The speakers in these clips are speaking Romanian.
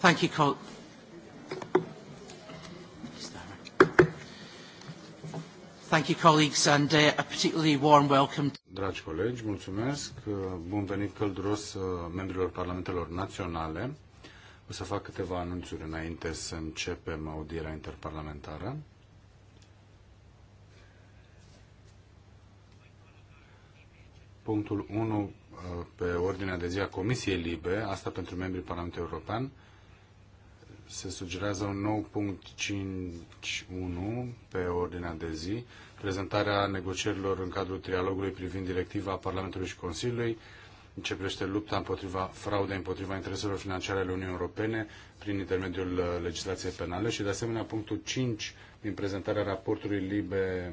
Thank you, Col. Thank you, colleagues, and uh, a particularly warm welcome. Dragi colegi, mulțumesc. Bun venit călduros uh, membrilor Parlamentelor Naționale. O să fac câteva anunțuri înainte să începem audierea interparlamentară. Punctul 1 uh, pe ordinea de zi a Comisiei Libe, asta pentru membrii Parlamentului European, se sugerează un nou punct 5.1 pe ordinea de zi, prezentarea negocierilor în cadrul trialogului privind directiva Parlamentului și Consiliului, începește lupta împotriva fraudei, împotriva intereselor financiare ale Uniunii Europene prin intermediul uh, legislației penale și, de asemenea, punctul 5 din prezentarea raportului LIBE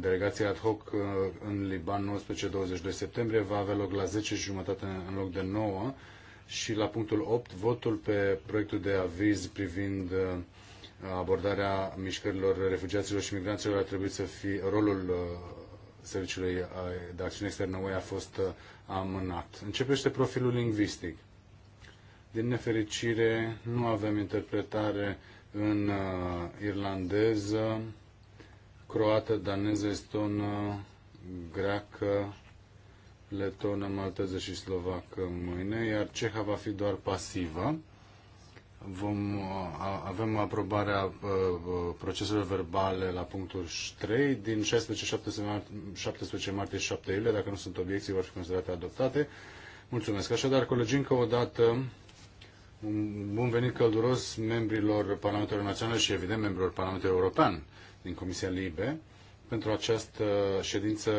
Delegația ad hoc uh, în Liban 19-22 septembrie va avea loc la 10 jumătate în loc de 9 și la punctul 8, votul pe proiectul de aviz privind uh, abordarea mișcărilor refugiaților și migranților a trebuit să fie rolul uh, Serviciului uh, de Acțiune Externă UE a fost amânat. Începește profilul lingvistic. Din nefericire, nu avem interpretare în irlandeză, croată, daneză, estonă, greacă, letonă, malteză și slovacă mâine, iar ceha va fi doar pasivă. Vom, avem aprobarea uh, uh, proceselor verbale la punctul 3 din 16-17 martie și 7 iulie. Dacă nu sunt obiecții, vor fi considerate adoptate. Mulțumesc. Așadar, colegi, încă o dată un bun venit călduros membrilor Parlamentului Național și, evident, membrilor Parlamentului European din Comisia Libe pentru această ședință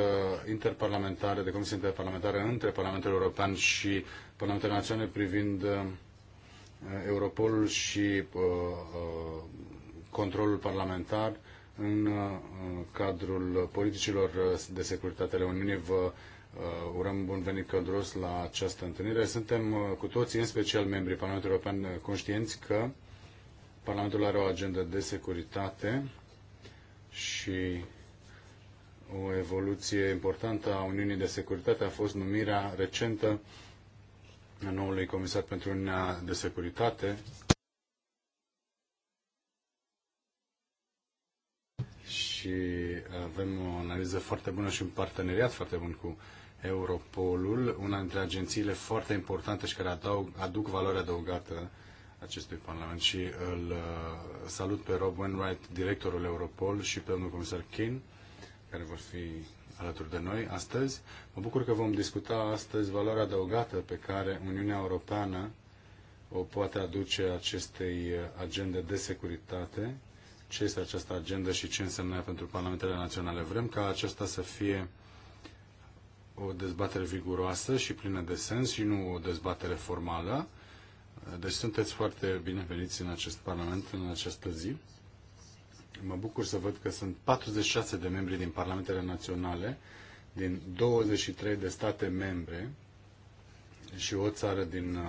interparlamentară, de Comisie Interparlamentară între Parlamentul European și Parlamentul Național privind uh, Europolul și uh, uh, controlul parlamentar în cadrul politicilor de securitate ale Uniunii. Vă urăm bun venit călduros la această întâlnire. Suntem cu toții, în special membrii Parlamentului European, conștienți că Parlamentul are o agendă de securitate și o evoluție importantă a Uniunii de Securitate a fost numirea recentă a noului comisar pentru Uniunea de Securitate. Și avem o analiză foarte bună și un parteneriat foarte bun cu Europolul, una dintre agențiile foarte importante și care adaug, aduc valoare adăugată acestui Parlament și îl uh, salut pe Rob Wainwright, directorul Europol și pe domnul comisar Keane care vor fi alături de noi astăzi. Mă bucur că vom discuta astăzi valoarea adăugată pe care Uniunea Europeană o poate aduce acestei agende de securitate. Ce este această agendă și ce însemna pentru Parlamentele Naționale? Vrem ca aceasta să fie o dezbatere viguroasă și plină de sens și nu o dezbatere formală. Deci sunteți foarte bineveniți în acest Parlament, în această zi. Mă bucur să văd că sunt 46 de membri din Parlamentele Naționale, din 23 de state membre și o țară din uh,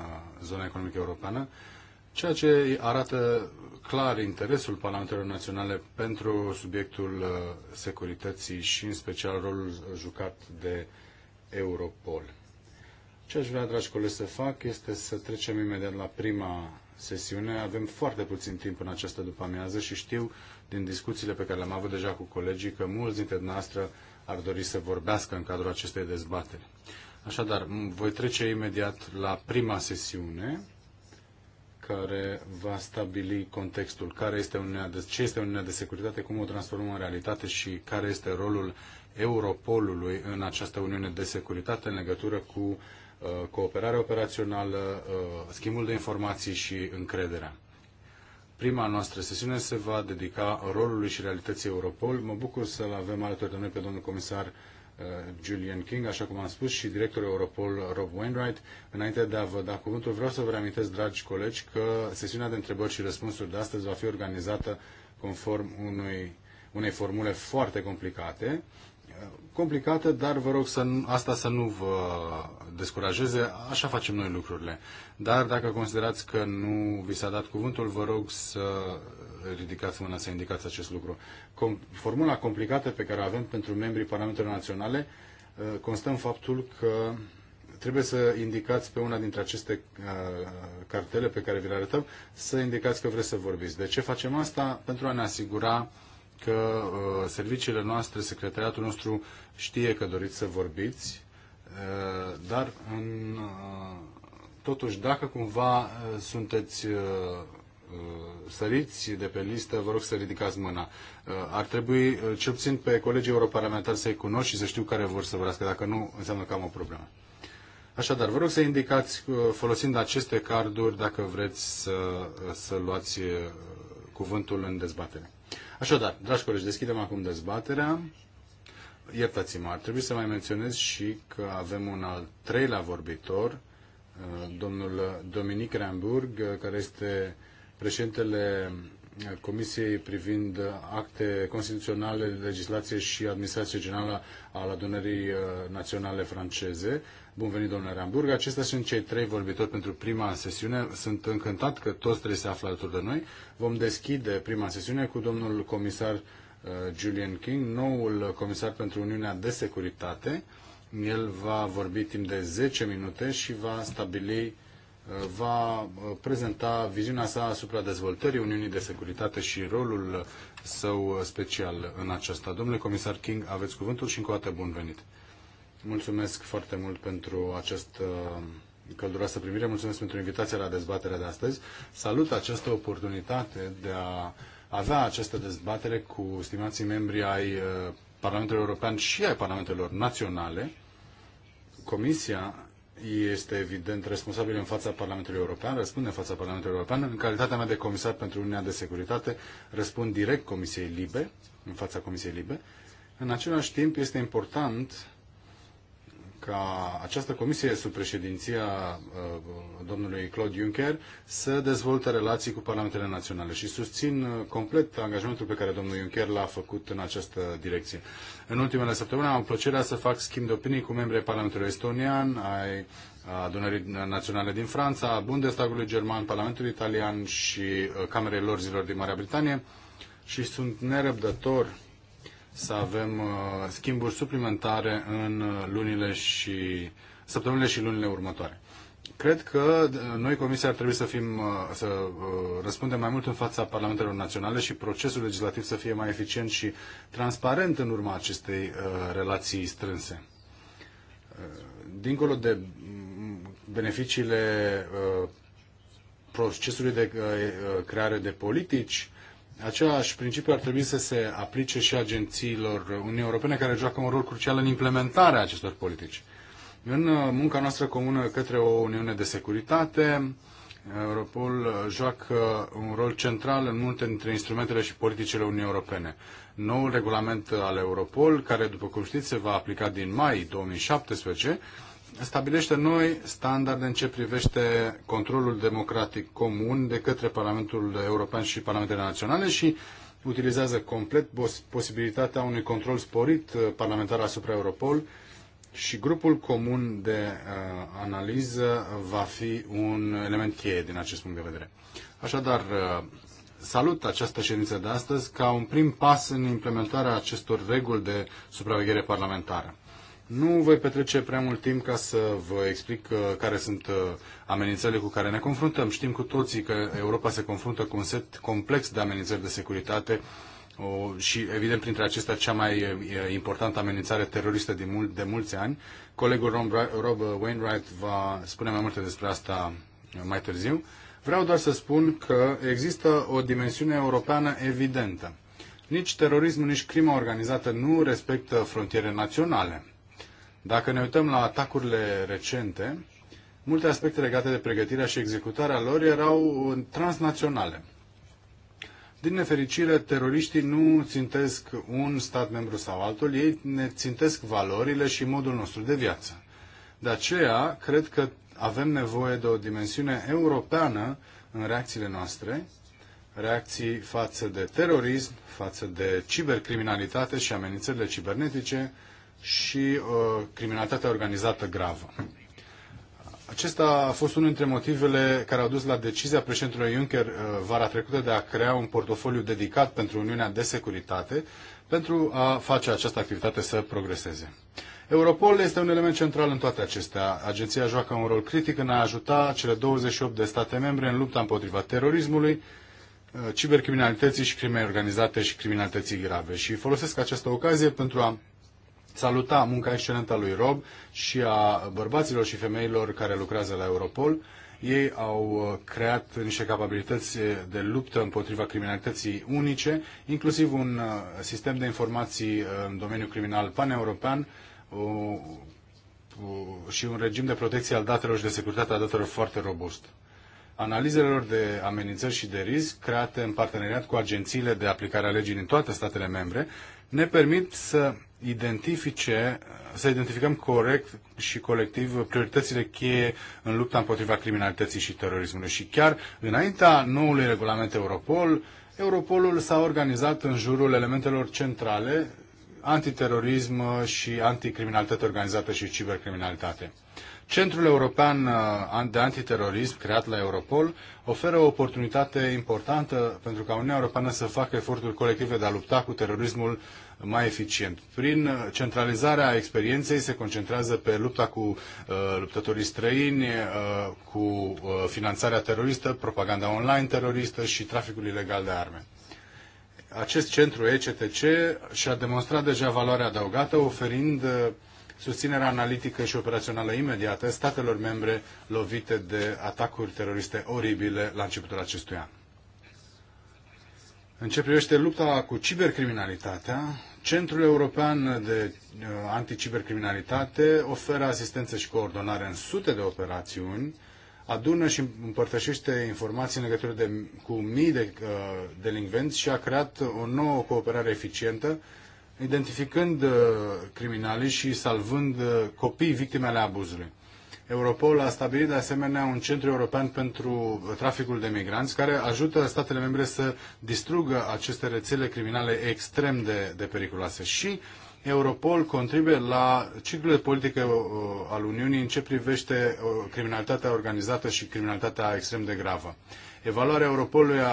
zona economică europeană, ceea ce arată clar interesul Parlamentelor Naționale pentru subiectul uh, securității și în special rolul jucat de Europol. Ce aș vrea, dragi colegi, să fac este să trecem imediat la prima sesiune. Avem foarte puțin timp în această după amiază și știu din discuțiile pe care le-am avut deja cu colegii că mulți dintre noastre ar dori să vorbească în cadrul acestei dezbateri. Așadar, voi trece imediat la prima sesiune care va stabili contextul, care este uniunea de, ce este Uniunea de Securitate, cum o transformăm în realitate și care este rolul Europolului în această Uniune de Securitate în legătură cu uh, cooperarea operațională, uh, schimbul de informații și încrederea. Prima noastră sesiune se va dedica rolului și realității Europol. Mă bucur să-l avem alături de noi pe domnul comisar uh, Julian King, așa cum am spus, și directorul Europol Rob Wainwright. Înainte de a vă da cuvântul, vreau să vă reamintesc, dragi colegi, că sesiunea de întrebări și răspunsuri de astăzi va fi organizată conform unui, unei formule foarte complicate. Complicată, dar vă rog să nu, asta să nu vă descurajeze. Așa facem noi lucrurile. Dar dacă considerați că nu vi s-a dat cuvântul, vă rog să ridicați mâna să indicați acest lucru. Com formula complicată pe care o avem pentru membrii Parlamentelor Naționale eh, constă în faptul că trebuie să indicați pe una dintre aceste eh, cartele pe care vi le arătăm, să indicați că vreți să vorbiți. De ce facem asta? Pentru a ne asigura că eh, serviciile noastre, secretariatul nostru știe că doriți să vorbiți, dar în Totuși, dacă cumva uh, sunteți uh, uh, săriți de pe listă, vă rog să ridicați mâna. Ar trebui, cel puțin pe colegii europarlamentari, să-i cunoști și să știu care vor să vorbească. Dacă nu, înseamnă că am o problemă. Așadar, vă rog să indicați, folosind aceste carduri, dacă vreți să, să luați cuvântul în dezbatere. Așadar, dragi colegi, deschidem acum dezbaterea. Iertați-mă, ar trebui să mai menționez și că avem un al treilea vorbitor, domnul Dominic Ramburg, care este președintele Comisiei privind acte constituționale, legislație și administrație generală al adunării uh, naționale franceze. Bun venit, domnule Ramburg. Acestea sunt cei trei vorbitori pentru prima sesiune. Sunt încântat că toți trei se află alături de noi. Vom deschide prima sesiune cu domnul comisar uh, Julian King, noul comisar pentru Uniunea de Securitate. El va vorbi timp de 10 minute și va stabili, uh, va uh, prezenta viziunea sa asupra dezvoltării Uniunii de Securitate și rolul său special în aceasta. Domnule comisar King, aveți cuvântul și încă o dată bun venit. Mulțumesc foarte mult pentru acest uh, călduroasă primire. Mulțumesc pentru invitația la dezbaterea de astăzi. Salut această oportunitate de a avea această dezbatere cu stimații membri ai Parlamentului European și ai Parlamentelor Naționale. Comisia este evident responsabilă în fața Parlamentului European, răspunde în fața Parlamentului European. În calitatea mea de comisar pentru Uniunea de Securitate, răspund direct Comisiei Libe, în fața Comisiei Libe. În același timp, este important ca această comisie sub președinția uh, domnului Claude Juncker să dezvolte relații cu parlamentele naționale și susțin uh, complet angajamentul pe care domnul Juncker l-a făcut în această direcție. În ultimele săptămâni am plăcerea să fac schimb de opinii cu membrii Parlamentului Estonian, ai Adunării Naționale din Franța, Bundestagului German, Parlamentului Italian și uh, Camerei Lorzilor din Marea Britanie și sunt nerăbdător să avem uh, schimburi suplimentare în uh, lunile și săptămânile și lunile următoare. Cred că uh, noi, Comisia, ar trebui să, fim, să răspundem mai mult în fața Parlamentelor Naționale și procesul legislativ să fie mai eficient și transparent în urma acestei relații strânse. Dincolo de beneficiile procesului de creare de politici, Același principiu ar trebui să se aplice și agențiilor Uniunii Europene care joacă un rol crucial în implementarea acestor politici. În uh, munca noastră comună către o Uniune de Securitate, uh, Europol uh, joacă un rol central în multe dintre instrumentele și politicile Uniunii Europene. Noul regulament al Europol, care, după cum știți, se va aplica din mai 2017, stabilește noi standarde în ce privește controlul democratic comun de către Parlamentul European și Parlamentele Naționale și utilizează complet posibilitatea unui control sporit uh, parlamentar asupra Europol și grupul comun de uh, analiză va fi un element cheie din acest punct de vedere. Așadar, uh, salut această ședință de astăzi ca un prim pas în implementarea acestor reguli de supraveghere parlamentară. Nu voi petrece prea mult timp ca să vă explic uh, care sunt uh, amenințările cu care ne confruntăm. Știm cu toții că Europa se confruntă cu un set complex de amenințări de securitate și, evident, printre acestea cea mai uh, importantă amenințare teroristă de, mul- de mulți ani. Colegul Rob Wainwright va spune mai multe despre asta mai târziu. Vreau doar să spun că există o dimensiune europeană evidentă. Nici terorismul, nici crima organizată nu respectă frontiere naționale. Dacă ne uităm la atacurile recente, multe aspecte legate de pregătirea și executarea lor erau uh, transnaționale. Din nefericire, teroriștii nu țintesc un stat membru sau altul, ei ne țintesc valorile și modul nostru de viață. De aceea, cred că avem nevoie de o dimensiune europeană în reacțiile noastre, reacții față de terorism, față de cibercriminalitate și amenințările cibernetice, și uh, criminalitatea organizată gravă. Acesta a fost unul dintre motivele care au dus la decizia președintelui Juncker uh, vara trecută de a crea un portofoliu dedicat pentru Uniunea de Securitate pentru a face această activitate să progreseze. Europol este un element central în toate acestea. Agenția joacă un rol critic în a ajuta cele 28 de state membre în lupta împotriva terorismului, uh, cibercriminalității și crimei organizate și criminalității grave. Și folosesc această ocazie pentru a saluta munca excelentă a lui Rob și a bărbaților și femeilor care lucrează la Europol. Ei au uh, creat niște capabilități de luptă împotriva criminalității unice, inclusiv un uh, sistem de informații uh, în domeniul criminal paneuropean și un regim de protecție al datelor și de securitate a datelor foarte robust analizelor de amenințări și de risc create în parteneriat cu agențiile de aplicare a legii din toate statele membre ne permit să identifice, să identificăm corect și colectiv prioritățile cheie în lupta împotriva criminalității și terorismului. Și chiar înaintea noului regulament Europol, Europolul s-a organizat în jurul elementelor centrale antiterorism și anticriminalitate organizată și cibercriminalitate. Centrul European uh, de Antiterorism, creat la Europol, oferă o oportunitate importantă pentru ca Uniunea Europeană să facă eforturi colective de a lupta cu terorismul mai eficient. Prin uh, centralizarea experienței se concentrează pe lupta cu uh, luptătorii străini, uh, cu finanțarea teroristă, propaganda online teroristă și traficul ilegal de arme. Acest centru ECTC și-a demonstrat deja valoarea adăugată oferind susținerea analitică și operațională imediată statelor membre lovite de atacuri teroriste oribile la începutul acestui an. În ce privește lupta cu cibercriminalitatea, Centrul European de uh, Anticibercriminalitate oferă asistență și coordonare în sute de operațiuni, adună și împărtășește informații în legătură de, cu mii de uh, delinvenți și a creat o nouă cooperare eficientă, identificând uh, criminalii și salvând uh, copii victime ale abuzului. Europol a stabilit de asemenea un centru european pentru traficul de migranți care ajută statele membre să distrugă aceste rețele criminale extrem de, de periculoase. Și uh, Europol contribuie la ciclul de politică uh, al Uniunii în ce privește uh, criminalitatea organizată și criminalitatea extrem de gravă. Evaluarea Europolului a,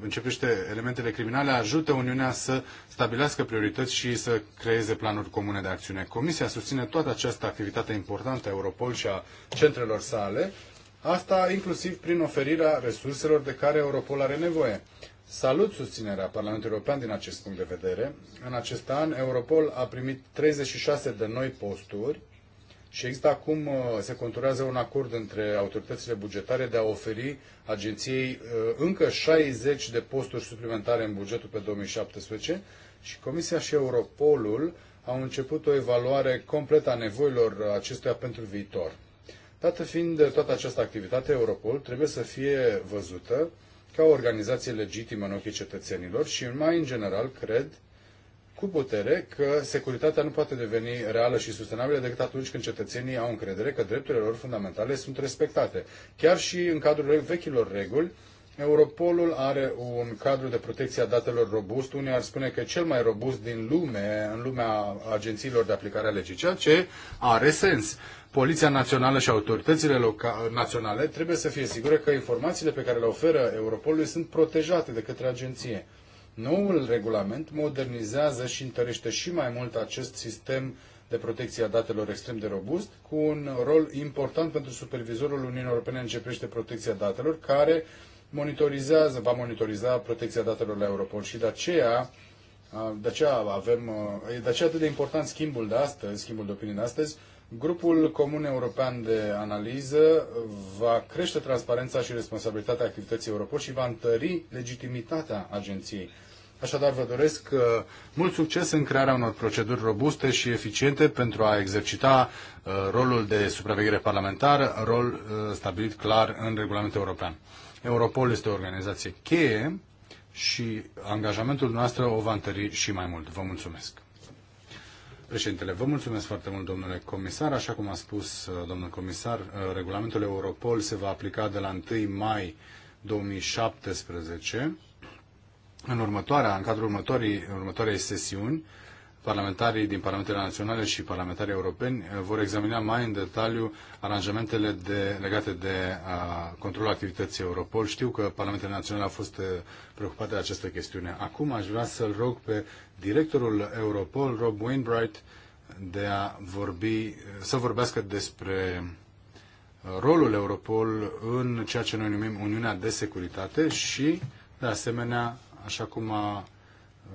uh, privește elementele criminale, ajută Uniunea să stabilească priorități și să creeze planuri comune de acțiune. Comisia susține toată această activitate importantă a Europol și a centrelor sale, asta inclusiv prin oferirea resurselor de care Europol are nevoie. Salut susținerea Parlamentului European din acest punct de vedere. În acest an, Europol a primit 36 de noi posturi și există acum, uh, se conturează un acord între autoritățile bugetare de a oferi agenției uh, încă 60 de posturi suplimentare în bugetul pe 2017 și Comisia și Europolul au început o evaluare completă a nevoilor acestuia pentru viitor. Dată fiind toată această activitate, Europol trebuie să fie văzută ca o organizație legitimă în ochii cetățenilor și mai în general cred cu putere că securitatea nu poate deveni reală și sustenabilă decât atunci când cetățenii au încredere că drepturile lor fundamentale sunt respectate. Chiar și în cadrul vechilor reguli, Europolul are un cadru de protecție a datelor robust. Unii ar spune că e cel mai robust din lume, în lumea agențiilor de aplicare a legii, ceea ce are sens. Poliția Națională și autoritățile naționale trebuie să fie sigure că informațiile pe care le oferă Europolului sunt protejate de către agenție. Noul regulament modernizează și întărește și mai mult acest sistem de protecție a datelor extrem de robust, cu un rol important pentru supervizorul Uniunii Europene în ce privește protecția datelor, care monitorizează, va monitoriza protecția datelor la Europol și de aceea de aceea avem, de aceea atât de important schimbul de astăzi, schimbul de opinii de astăzi, Grupul Comun European de Analiză va crește transparența și responsabilitatea activității Europol și va întări legitimitatea agenției. Așadar, vă doresc uh, mult succes în crearea unor proceduri robuste și eficiente pentru a exercita uh, rolul de supraveghere parlamentară, rol uh, stabilit clar în regulamentul european. Europol este o organizație cheie și angajamentul noastră o va întări și mai mult. Vă mulțumesc! Președintele, vă mulțumesc foarte mult, domnule comisar. Așa cum a spus uh, domnul comisar, uh, regulamentul Europol se va aplica de la 1 mai 2017 în următoarea, în cadrul următoarei, următoarei sesiuni parlamentarii din Parlamentele Naționale și parlamentarii europeni eh, vor examina mai în detaliu aranjamentele de, legate de a, controlul activității Europol. Știu că Parlamentele Naționale au fost eh, preocupate de această chestiune. Acum aș vrea să-l rog pe directorul Europol, Rob Wainwright, de a vorbi, eh, să vorbească despre rolul Europol în ceea ce noi numim Uniunea de Securitate și, de asemenea, așa cum a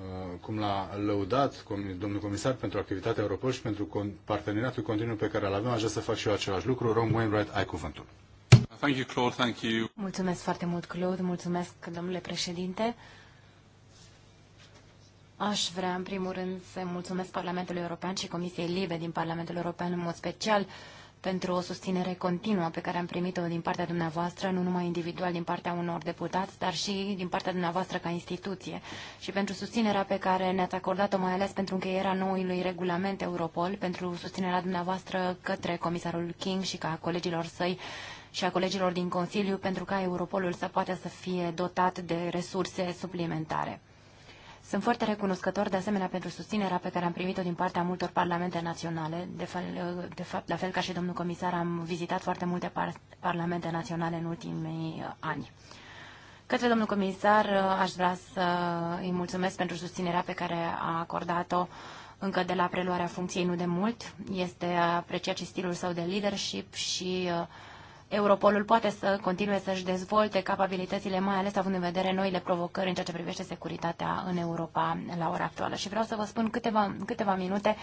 Uh, cum l-a lăudat domnul comisar pentru activitatea Europol și pentru parteneriatul continuu pe care îl avem. Aș vrea să fac și eu același lucru. Rom Wainwright, ai cuvântul. Thank you, Claude. Thank you. Mulțumesc foarte mult, Claude. Mulțumesc, domnule președinte. Aș vrea, în primul rând, să mulțumesc Parlamentului European și Comisiei Libe din Parlamentul European în mod special pentru o susținere continuă pe care am primit-o din partea dumneavoastră, nu numai individual din partea unor deputați, dar și din partea dumneavoastră ca instituție și pentru susținerea pe care ne-ați acordat-o, mai ales pentru încheierea noului regulament Europol, pentru susținerea dumneavoastră către comisarul King și ca colegilor săi și a colegilor din Consiliu pentru ca Europolul să poată să fie dotat de resurse suplimentare. Sunt foarte recunoscător de asemenea pentru susținerea pe care am primit-o din partea multor parlamente naționale. De, fel, de fapt, la fel ca și domnul comisar, am vizitat foarte multe par parlamente naționale în ultimii ani. Către domnul comisar, aș vrea să îi mulțumesc pentru susținerea pe care a acordat-o încă de la preluarea funcției nu de mult. Este apreciat și stilul său de leadership și uh, Europolul poate să continue să-și dezvolte capabilitățile, mai ales având în vedere noile provocări în ceea ce privește securitatea în Europa la ora actuală. Și vreau să vă spun câteva, câteva minute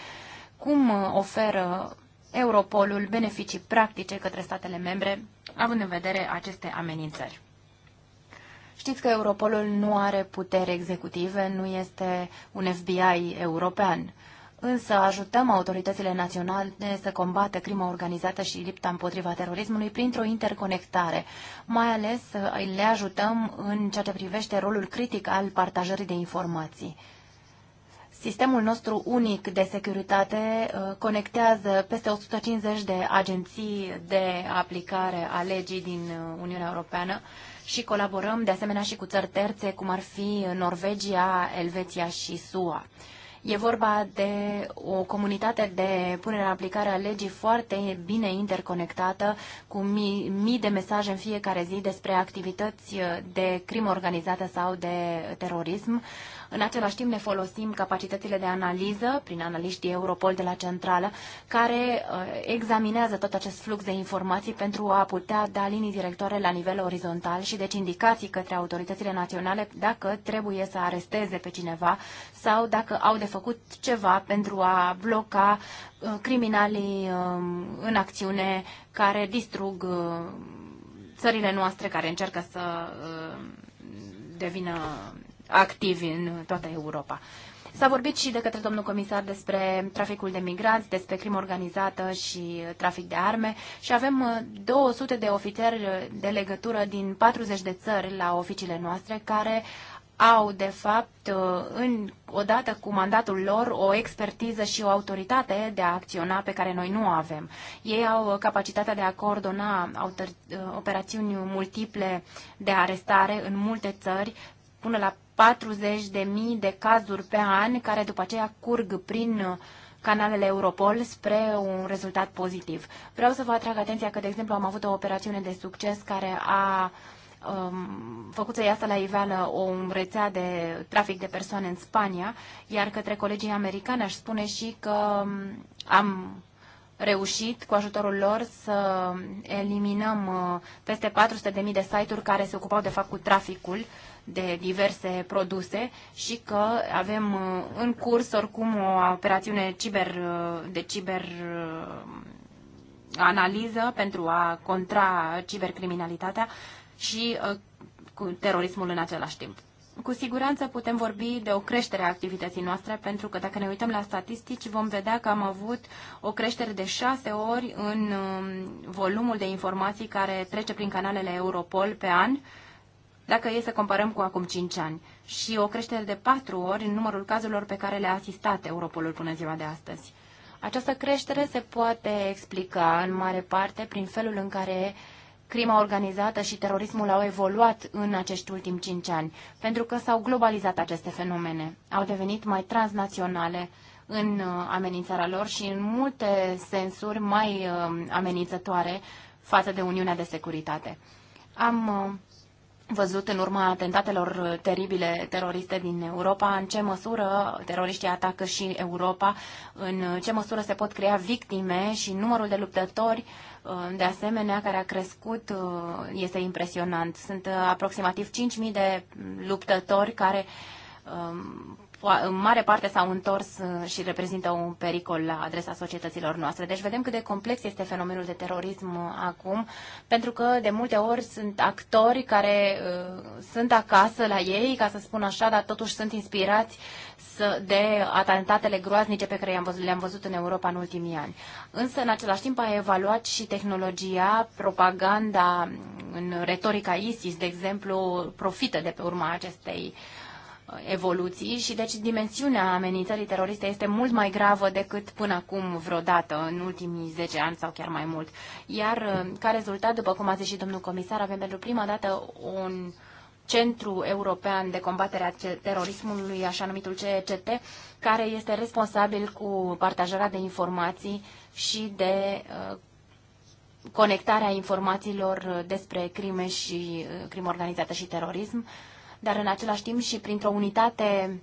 cum oferă Europolul beneficii practice către statele membre, având în vedere aceste amenințări. Știți că Europolul nu are putere executive, nu este un FBI european însă ajutăm autoritățile naționale să combată crima organizată și lipta împotriva terorismului printr-o interconectare. Mai ales le ajutăm în ceea ce privește rolul critic al partajării de informații. Sistemul nostru unic de securitate uh, conectează peste 150 de agenții de aplicare a legii din uh, Uniunea Europeană și colaborăm de asemenea și cu țări terțe, cum ar fi Norvegia, Elveția și SUA. E vorba de o comunitate de punere în aplicare a legii foarte bine interconectată, cu mii, mii de mesaje în fiecare zi despre activități de crimă organizată sau de terorism. În același timp ne folosim capacitățile de analiză prin analiștii Europol de la centrală, care uh, examinează tot acest flux de informații pentru a putea da linii directoare la nivel orizontal și deci indicații către autoritățile naționale dacă trebuie să aresteze pe cineva sau dacă au de făcut ceva pentru a bloca uh, criminalii um, în acțiune care distrug uh, țările noastre, care încearcă să devină activi în toată Europa. S-a vorbit și de către domnul comisar despre traficul de migranți, despre crimă organizată și trafic de arme și avem 200 uh, de ofițeri uh, de legătură din 40 de țări la oficiile noastre care au, de fapt, uh, în, odată cu mandatul lor, o expertiză și o autoritate de a acționa pe care noi nu o avem. Ei au capacitatea de a coordona operațiuni multiple de arestare în multe țări până la 40.000 de cazuri pe an care după aceea curg prin uh, canalele Europol spre un rezultat pozitiv. Vreau să vă atrag atenția că, de exemplu, am avut o operațiune de succes care a um, făcut să iasă la iveală o rețea de trafic de persoane în Spania, iar către colegii americani aș spune și că um, am reușit cu ajutorul lor să eliminăm uh, peste 400.000 de site-uri care se ocupau de fapt cu traficul de diverse produse și că avem uh, în curs oricum o operațiune ciber, uh, de ciber uh, analiză pentru a contra cibercriminalitatea și cu terorismul în același timp. Cu siguranță putem vorbi de o creștere a activității noastre, pentru că dacă ne uităm la statistici, vom vedea că am avut o creștere de șase ori în um, volumul de informații care trece prin canalele Europol pe an dacă e să comparăm cu acum 5 ani, și o creștere de 4 ori în numărul cazurilor pe care le-a asistat Europolul până ziua de astăzi. Această creștere se poate explica în mare parte prin felul în care crima organizată și terorismul au evoluat în acești ultimi 5 ani, pentru că s-au globalizat aceste fenomene, au devenit mai transnaționale în uh, amenințarea lor și în multe sensuri mai uh, amenințătoare față de Uniunea de Securitate. Am uh, văzut în urma atentatelor uh, teribile teroriste din Europa, în ce măsură teroriștii atacă și Europa, în uh, ce măsură se pot crea victime și numărul de luptători, uh, de asemenea, care a crescut, este impresionant. Sunt aproximativ 5.000 de luptători care um, în mare parte s-au întors uh, și reprezintă un pericol la adresa societăților noastre. Deci vedem cât de complex este fenomenul de terorism uh, acum, pentru că de multe ori sunt actori care uh, sunt acasă la ei, ca să spun așa, dar totuși sunt inspirați de atentatele groaznice pe care le-am văzut, le văzut în Europa în ultimii ani. Însă, în același timp, a evaluat și tehnologia, propaganda mm, în retorica ISIS, de exemplu, profită de pe urma acestei uh, evoluții și deci dimensiunea amenințării teroriste este mult mai gravă decât până acum vreodată, în ultimii 10 ani sau chiar mai mult. Iar uh, ca rezultat, după cum a zis și domnul comisar, avem pentru prima dată un Centru European de Combatere a Terorismului, așa numitul CECT, care este responsabil cu partajarea de informații și de uh, conectarea informațiilor uh, despre crime și crimă organizată și terorism dar în același timp și printr-o unitate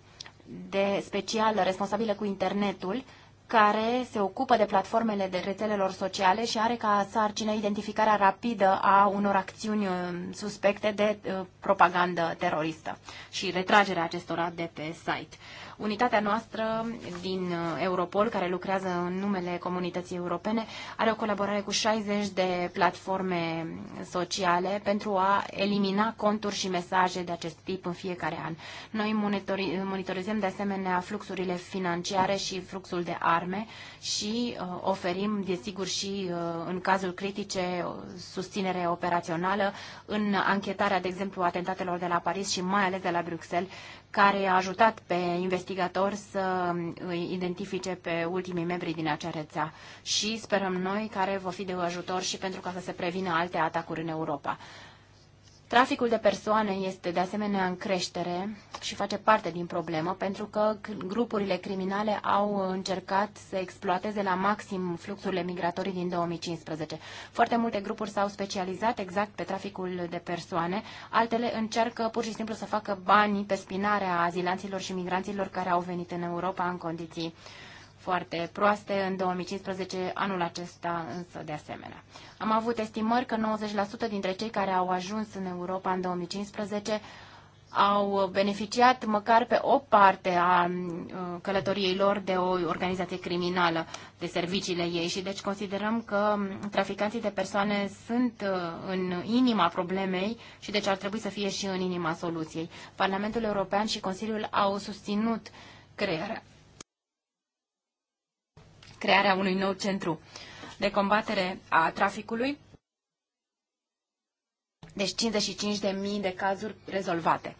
de specială responsabilă cu internetul, care se ocupă de platformele de rețelelor sociale și are ca sarcină identificarea rapidă a unor acțiuni uh, suspecte de uh, propagandă teroristă și retragerea acestora de pe site. Unitatea noastră din uh, Europol, care lucrează în numele comunității europene, are o colaborare cu 60 de platforme sociale pentru a elimina conturi și mesaje de acest tip în fiecare an. Noi monitorizăm de asemenea fluxurile financiare și fluxul de arme și uh, oferim, desigur, și uh, în cazul critice susținere operațională în anchetarea, de exemplu, atentatelor de la Paris și mai ales de la Bruxelles care a ajutat pe investigator să îi identifice pe ultimii membri din acea rețea și sperăm noi care vor fi de ajutor și pentru ca să se prevină alte atacuri în Europa. Traficul de persoane este de asemenea în creștere și face parte din problemă pentru că grupurile criminale au încercat să exploateze la maxim fluxurile migratorii din 2015. Foarte multe grupuri s-au specializat exact pe traficul de persoane, altele încearcă pur și simplu să facă bani pe spinarea azilanților și migranților care au venit în Europa în condiții uh, foarte proaste în 2015, anul acesta însă de asemenea. Am avut estimări că 90% dintre cei care au ajuns în Europa în 2015 au beneficiat măcar pe o parte a uh, călătoriei lor de o organizație criminală, de serviciile ei și deci considerăm că um, traficanții de persoane sunt uh, în inima problemei și deci ar trebui să fie și în inima soluției. Parlamentul European și Consiliul au susținut crearea crearea unui nou centru de combatere a traficului. Deci 55.000 de cazuri rezolvate.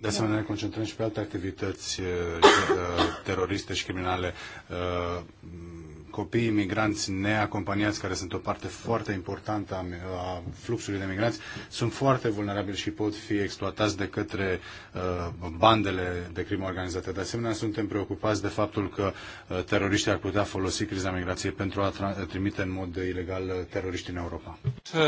De asemenea, ne concentrăm și pe alte activități eh, eh, teroriste și criminale eh, copiii migranți neacompaniați, care sunt o parte foarte importantă a, a fluxului de migranți, sunt foarte vulnerabili și pot fi exploatați de către uh, bandele de crimă organizată. De asemenea, suntem preocupați de faptul că uh, teroriștii ar putea folosi criza migrației pentru a trimite în mod ilegal uh, teroriști în Europa.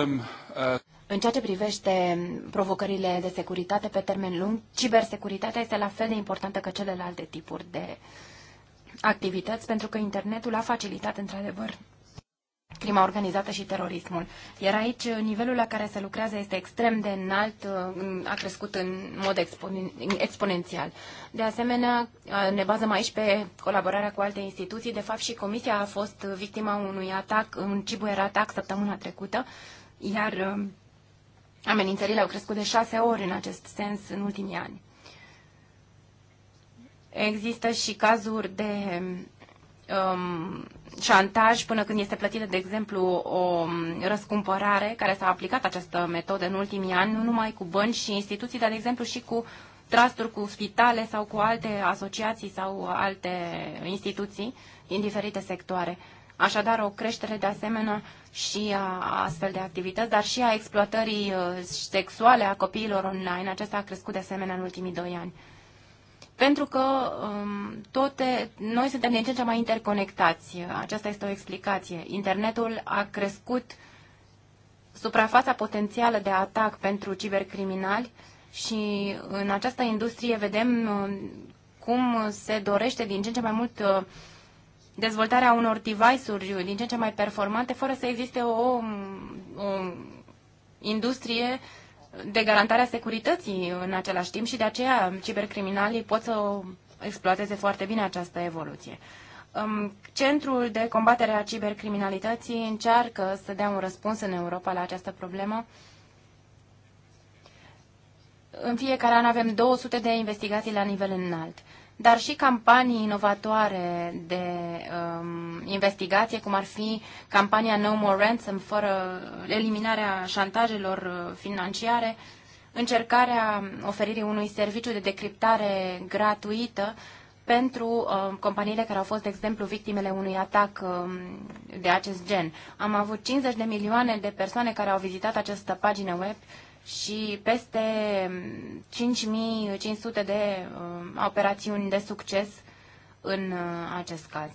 Um, uh... În ceea ce privește provocările de securitate pe termen lung, cibersecuritatea este la fel de importantă ca celelalte tipuri de uh, activități, pentru că internetul a facilitat, într-adevăr, crima organizată și terorismul. Iar aici uh, nivelul la care se lucrează este extrem de înalt, uh, a crescut în mod expon exponențial. De asemenea, uh, ne bazăm aici pe colaborarea cu alte instituții. De fapt, și Comisia a fost victima unui atac, un cibuier atac săptămâna trecută, iar amenințările au crescut de șase ori în acest sens în ultimii ani. Există și cazuri de um, șantaj până când este plătită, de exemplu, o um, răscumpărare care s-a aplicat această metodă în ultimii ani, nu numai cu bănci și instituții, dar, de exemplu, și cu trusturi, cu spitale sau cu alte asociații sau alte instituții din diferite sectoare. Așadar, o creștere de asemenea și a astfel de activități, dar și a exploatării uh, sexuale a copiilor online. Acesta a crescut de asemenea în ultimii doi ani. Pentru că um, toate, noi suntem din ce în ce mai interconectați. Aceasta este o explicație. Internetul a crescut suprafața potențială de atac pentru cibercriminali și în această industrie vedem um, cum se dorește din ce în ce mai mult uh, dezvoltarea unor device-uri din ce în ce mai performante, fără să existe o, um, o industrie de garantarea securității în același timp și de aceea cibercriminalii pot să exploateze foarte bine această evoluție. Centrul de combatere a cibercriminalității încearcă să dea un răspuns în Europa la această problemă. În fiecare an avem 200 de investigații la nivel înalt dar și campanii inovatoare de um, investigație, cum ar fi campania No More Ransom, fără eliminarea șantajelor uh, financiare, încercarea oferirii unui serviciu de decriptare gratuită pentru uh, companiile care au fost, de exemplu, victimele unui atac uh, de acest gen. Am avut 50 de milioane de persoane care au vizitat această pagină web uh, și peste 5500 mm, de mm, operațiuni de succes în mm, acest caz.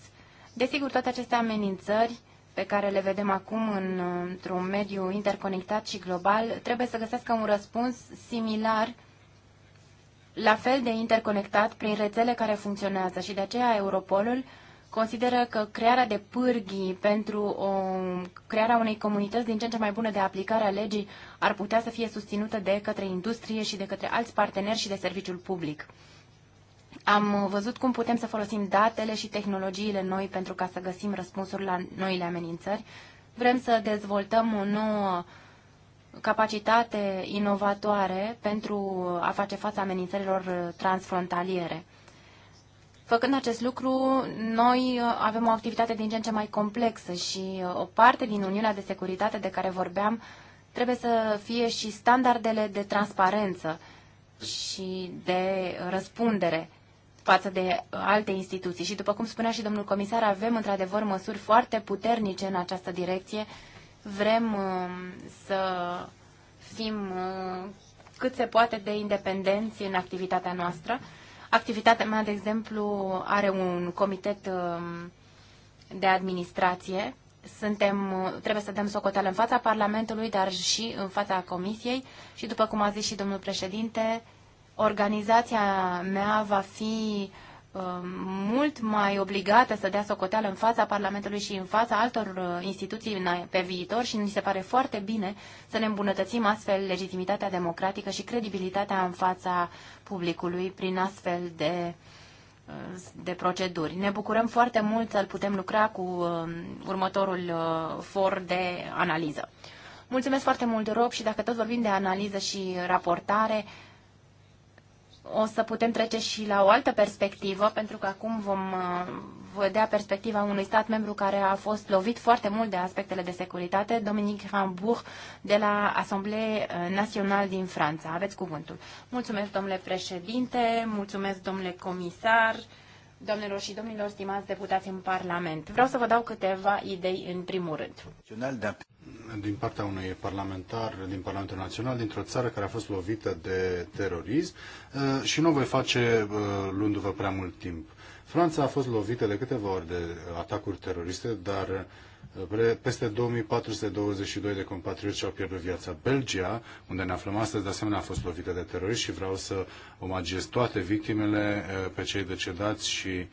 Desigur, toate aceste amenințări pe care le vedem acum în, într-un mediu interconectat și global trebuie să găsească un răspuns similar la fel de interconectat prin rețele care funcționează și de aceea Europolul consideră că crearea de pârghii pentru o, crearea unei comunități din ce în ce mai bune de aplicare a legii ar putea să fie susținută de către industrie și de către alți parteneri și de serviciul public. Am văzut cum putem să folosim datele și tehnologiile noi pentru ca să găsim răspunsuri la noile amenințări. Vrem să dezvoltăm o nouă capacitate inovatoare pentru a face față amenințărilor transfrontaliere. Făcând acest lucru, noi uh, avem o activitate din ce în ce mai complexă și uh, o parte din Uniunea de Securitate de care vorbeam trebuie să fie și standardele de transparență și de răspundere față de uh, alte instituții. Și după cum spunea și domnul comisar, avem într-adevăr măsuri foarte puternice în această direcție. Vrem să fim cât se poate de independenți în activitatea noastră Activitatea mea, de exemplu, are un comitet um, de administrație. Suntem, trebuie să dăm socoteală în fața Parlamentului, dar și în fața Comisiei și, după cum a zis și domnul președinte, organizația mea va fi uh, Uh, mult mai obligată să dea socoteală în fața Parlamentului și în fața altor uh, instituții pe viitor și mi se pare foarte bine să ne îmbunătățim astfel legitimitatea democratică și credibilitatea în fața publicului prin astfel de uh, de proceduri. Ne bucurăm foarte mult să putem lucra cu următorul for de analiză. Mulțumesc foarte mult, Rob, și dacă tot vorbim de analiză și raportare, o să putem trece și la o altă perspectivă, pentru că acum vom uh, vedea perspectiva unui stat membru care a fost lovit foarte mult de aspectele de securitate, Dominic Rambourg, de la Asamblee uh, Națională din Franța. Aveți cuvântul. Mulțumesc, domnule președinte, mulțumesc, domnule comisar, doamnelor și domnilor, stimați deputați în Parlament. Vreau să vă dau câteva idei în primul rând din partea unui parlamentar din Parlamentul Național dintr-o țară care a fost lovită de terorism uh, și nu o voi face uh, luându-vă prea mult timp. Franța a fost lovită de câteva ori de atacuri teroriste, dar uh, peste 2422 de compatrioți și-au pierdut viața. Belgia, unde ne aflăm astăzi, de asemenea a fost lovită de teroriști și vreau să omagiez toate victimele pe cei decedați și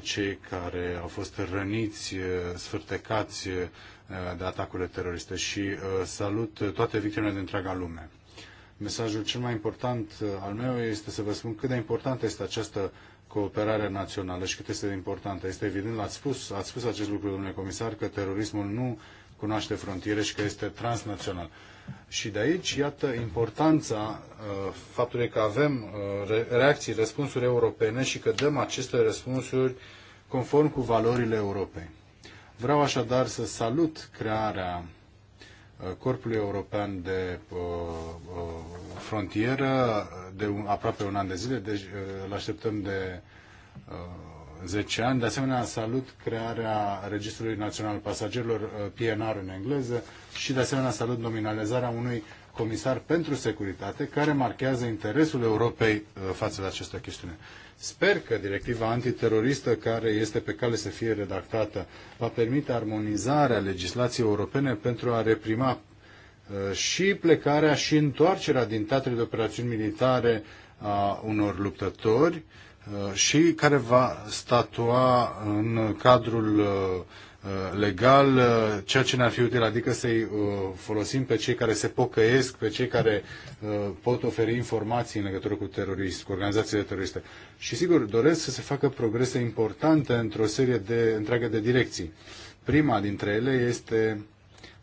cei care au fost răniți, sfârtecați, de atacurile teroriste și uh, salut toate victimele din întreaga lume. Mesajul cel mai important uh, al meu este să vă spun cât de importantă este această cooperare națională și cât este de importantă. Este evident, l-ați spus, ați spus acest lucru, domnule comisar, că terorismul nu cunoaște frontiere și că este transnațional. Și de aici, iată, importanța uh, faptului că avem reacții, răspunsuri europene și că dăm aceste răspunsuri conform cu valorile europene. Vreau așadar să salut crearea uh, Corpului European de uh, uh, Frontieră de un, aproape un an de zile, deci îl așteptăm de 10 ani. De asemenea, salut crearea Registrului Național Pasagerilor, PNR în engleză, și de asemenea salut nominalizarea unui comisar pentru securitate care marchează interesul Europei față de această chestiune. Sper că directiva antiteroristă care este pe cale să fie redactată va permite armonizarea legislației europene pentru a reprima uh, și plecarea și întoarcerea din teatre de operațiuni militare a unor luptători uh, și care va statua în cadrul uh, Uh, legal, uh, ceea ce ne-ar fi util, adică să-i uh, folosim pe cei care se pocăiesc, pe cei care pot oferi informații în legătură cu teroriști, cu organizațiile teroriste. Și sigur, doresc să se facă progrese importante într-o serie de întreagă de direcții. Prima dintre ele este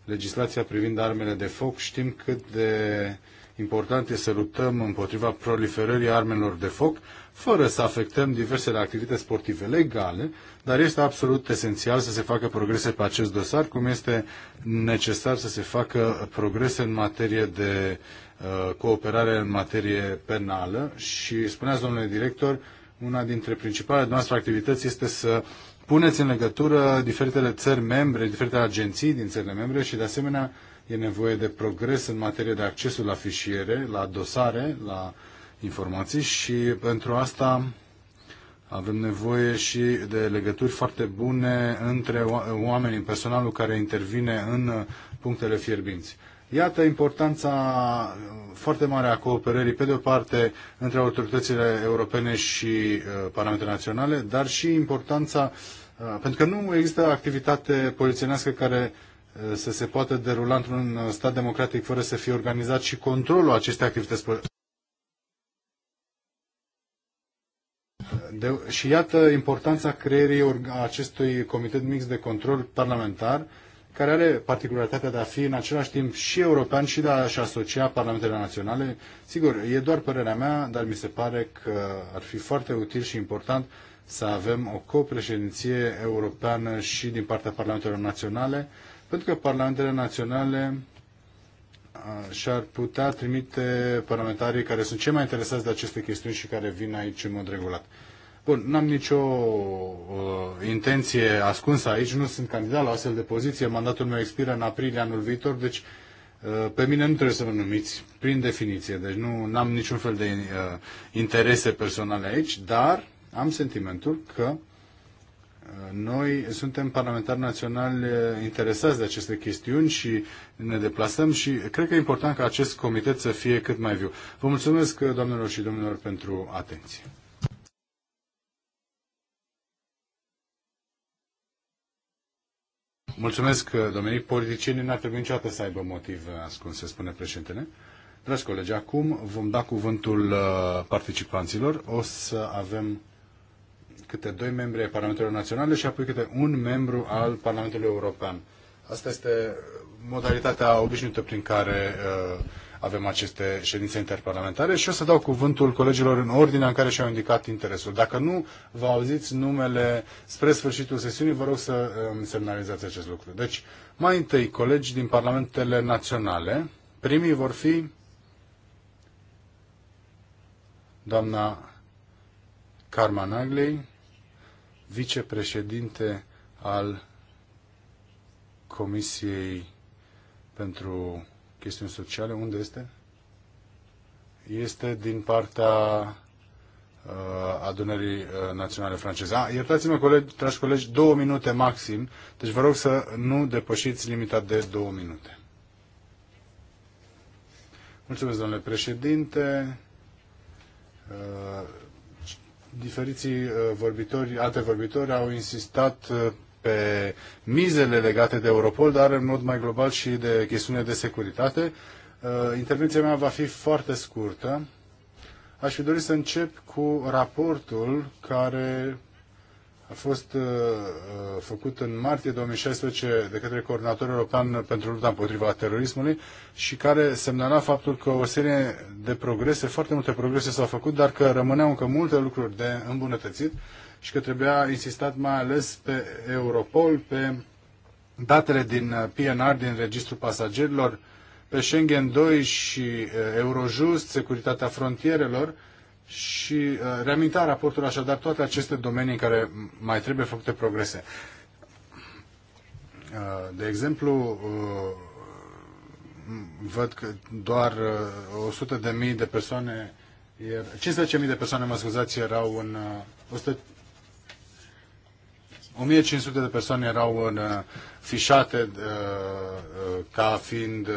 legislația privind armele de foc. Știm cât de uh, Important este să luptăm împotriva proliferării armelor de foc, fără să afectăm diversele activități sportive legale, dar este absolut esențial să se facă progrese pe acest dosar, cum este necesar să se facă progrese în materie de uh, cooperare în materie penală și spuneați, domnule director, una dintre principalele noastre activități este să puneți în legătură diferitele țări membre, diferitele agenții din țările membre și, de asemenea, E nevoie de progres în materie de accesul la fișiere, la dosare, la informații și pentru asta avem nevoie și de legături foarte bune între oamenii, personalul care intervine în punctele fierbinți. Iată importanța uh, foarte mare a cooperării, pe de-o parte, între autoritățile europene și uh, parametre naționale, dar și importanța, uh, pentru că nu există activitate polițienească care să se poată derula într-un stat democratic fără să fie organizat și controlul acestei activități. De, și iată importanța creierii acestui comitet mix de control parlamentar, care are particularitatea de a fi în același timp și european și de a-și asocia parlamentele naționale. Sigur, e doar părerea mea, dar mi se pare că ar fi foarte util și important să avem o copreședinție europeană și din partea parlamentelor naționale Cred că parlamentele naționale și-ar putea trimite parlamentarii care sunt cei mai interesați de aceste chestiuni și care vin aici în mod regulat. Bun, n-am nicio uh, intenție ascunsă aici, nu sunt candidat la astfel de poziție, mandatul meu expiră în aprilie anul viitor, deci uh, pe mine nu trebuie să mă numiți, prin definiție, deci nu am niciun fel de uh, interese personale aici, dar am sentimentul că uh, noi suntem parlamentari naționali interesați de aceste chestiuni și ne deplasăm și cred că e important ca acest comitet să fie cât mai viu. Vă mulțumesc, doamnelor și domnilor, pentru atenție. Mulțumesc, Dominic. Politicienii n-ar trebui niciodată să aibă motiv ascuns, se spune președintele. Dragi colegi, acum vom da cuvântul uh, participanților. O să avem câte doi membri ai Parlamentului național și apoi câte un membru al Parlamentului European. Asta este modalitatea obișnuită prin care uh, avem aceste ședințe interparlamentare și o să dau cuvântul colegilor în ordinea în care și-au indicat interesul. Dacă nu vă auziți numele spre sfârșitul sesiunii, vă rog să îmi um, semnalizați acest lucru. Deci, mai întâi, colegi din parlamentele naționale, primii vor fi doamna Carmen Agley, vicepreședinte al Comisiei pentru chestiuni sociale. Unde este? Este din partea uh, adunării uh, naționale franceze. Ah, iertați-mă, colegi, dragi colegi, două minute maxim, deci vă rog să nu depășiți limita de două minute. Mulțumesc, domnule președinte. Uh, diferiții uh, vorbitori, antevorbitori au insistat uh, pe mizele legate de Europol, dar în mod mai global și de chestiune de securitate. Uh, intervenția mea va fi foarte scurtă. Aș fi dorit să încep cu raportul care a fost uh, uh, făcut în martie 2016 de către Coordonatorul European pentru lupta împotriva terorismului și care semnala faptul că o serie de progrese, foarte multe progrese s-au făcut, dar că rămâneau încă multe lucruri de îmbunătățit și că trebuia insistat mai ales pe Europol, pe datele din uh, PNR, din Registrul Pasagerilor, pe Schengen 2 și uh, Eurojust, securitatea frontierelor, și uh, reaminta raportul așadar toate aceste domenii în care mai trebuie făcute progrese. Uh, de exemplu, uh, văd că doar 100.000 de, de persoane, 15.000 de persoane, mă scuzați, erau în, 100, 1500 de persoane erau în, uh, fișate uh, uh, ca fiind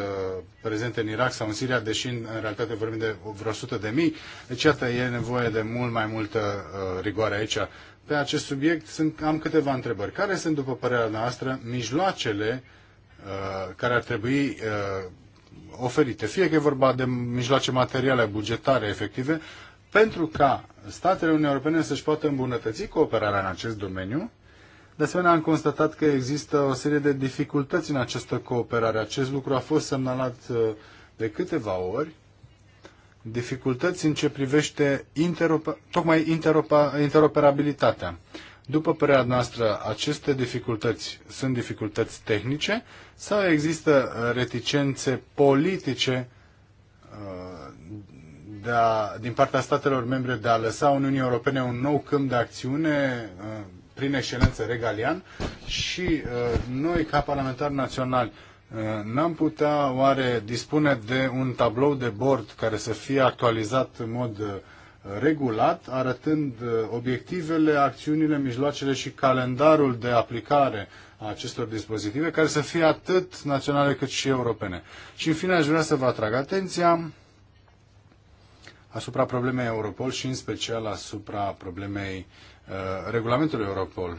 prezente în Irak sau în Siria, deși în, realitate vorbim de vreo 100 de mii. Deci, iată, e nevoie de mult mai multă rigoare aici. Pe acest subiect sunt, am câteva întrebări. Care sunt, după părerea noastră, mijloacele care ar trebui oferite, fie că e vorba de mijloace materiale, bugetare, efective, pentru ca statele Uniunii Europene să-și poată îmbunătăți cooperarea în acest domeniu de asemenea, am constatat că există o serie de dificultăți în această cooperare. Acest lucru a fost semnalat uh, de câteva ori. Dificultăți în ce privește interoper- tocmai interoper- interoperabilitatea. După părerea noastră, aceste dificultăți sunt dificultăți tehnice sau există uh, reticențe politice uh, de a, din partea statelor membre de a lăsa Uniunii Europene un nou câmp de acțiune prin excelență regalian și uh, noi, ca parlamentari naționali, uh, N-am putea oare dispune de un tablou de bord care să fie actualizat în mod uh, regulat, arătând obiectivele, acțiunile, mijloacele și calendarul de aplicare a acestor dispozitive, care să fie atât naționale cât și europene. Și în fine aș vrea să vă atrag atenția asupra problemei Europol și în special asupra problemei uh, Uh, regulamentul Europol.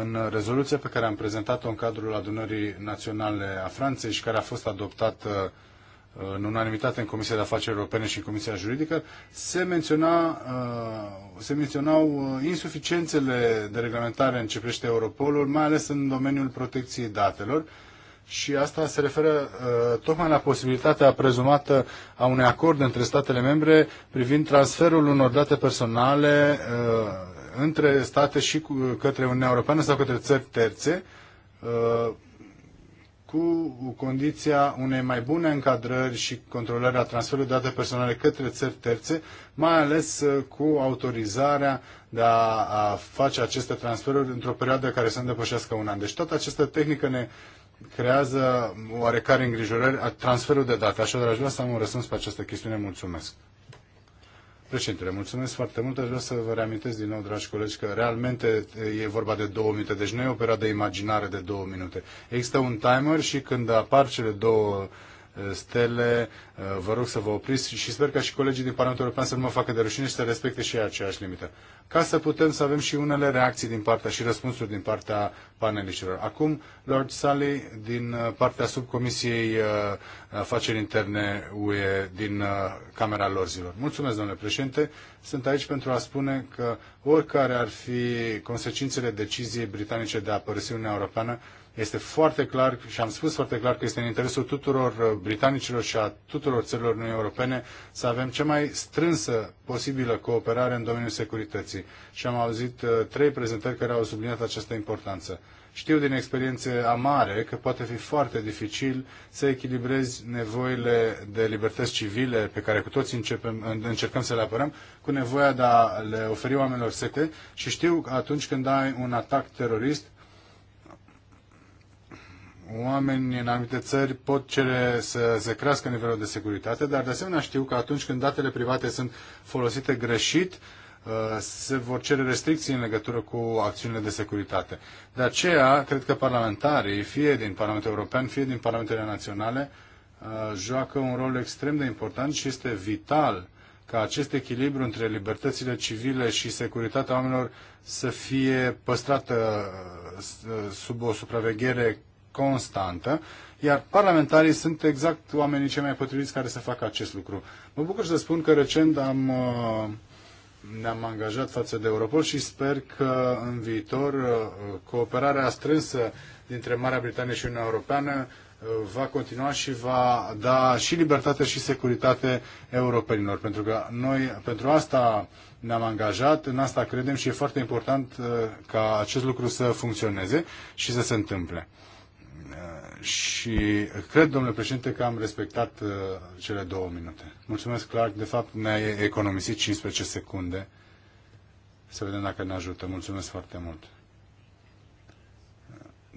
În rezoluția pe care am prezentat-o în cadrul adunării naționale a Franței și care a fost adoptată uh, în unanimitate în Comisia de Afaceri Europene și în Comisia Juridică, se, menționa, uh, se menționau insuficiențele de reglementare în ce privește Europolul, mai ales în domeniul protecției datelor. Și asta se referă tocmai la posibilitatea prezumată a unui acord între statele membre privind transferul unor date personale între state și către Uniunea Europeană sau către țări terțe, uh, cu condiția unei mai bune încadrări și controlări a transferului de date personale către țări terțe, mai ales uh, cu autorizarea de a, face aceste transferuri într-o perioadă care să nu depășească un an. Deci toată această tehnică ne creează oarecare îngrijorări a transferul de date. Așadar, aș vrea să am un răspuns pe această chestiune. Mulțumesc. Președintele, mulțumesc foarte mult. Aș vrea să vă reamintesc din nou, dragi colegi, că realmente e vorba de două minute, deci nu e o perioadă imaginară de două minute. Există un timer și când apar cele două stele. Uh, vă rog să vă opriți și sper ca și colegii din Parlamentul European să nu mă facă de rușine și să respecte și ei aceeași limită. Ca să putem să avem și unele reacții din partea și răspunsuri din partea panelicilor. Acum, Lord Sally, din uh, partea subcomisiei uh, afaceri interne UE din Camera Lorzilor. Mulțumesc, domnule președinte. Sunt aici pentru a spune că oricare ar fi consecințele deciziei britanice de a părăsi Uniunea Europeană, este foarte clar și am spus foarte clar că este în interesul tuturor uh, britanicilor și a tuturor țărilor Uniunii Europene să avem cea mai strânsă posibilă cooperare în domeniul securității. Și am auzit uh, trei prezentări care au subliniat această importanță. Știu din experiențe amare că poate fi foarte dificil să echilibrezi nevoile de libertăți civile pe care cu toți începem, încercăm să le apărăm cu nevoia de a le oferi oamenilor sete și știu că atunci când ai un atac terorist oameni în anumite țări pot cere să se crească nivelul de securitate, dar de asemenea știu că atunci când datele private sunt folosite greșit, uh, se vor cere restricții în legătură cu acțiunile de securitate. De aceea, cred că parlamentarii, fie din Parlamentul European, fie din Parlamentele Naționale, uh, joacă un rol extrem de important și este vital ca acest echilibru între libertățile civile și securitatea oamenilor să fie păstrată uh, sub o supraveghere constantă, iar parlamentarii sunt exact oamenii cei mai potriviți care să facă acest lucru. Mă bucur să spun că recent am, uh, ne-am angajat față de Europol și sper că în viitor uh, cooperarea strânsă dintre Marea Britanie și Uniunea Europeană uh, va continua și va da și libertate și securitate europenilor, pentru că noi pentru asta ne-am angajat, în asta credem și e foarte important ca acest lucru să funcționeze și să se întâmple și cred, domnule președinte, că am respectat uh, cele două minute. Mulțumesc, Clark. De fapt, mi a economisit 15 secunde. Să vedem dacă ne ajută. Mulțumesc foarte mult.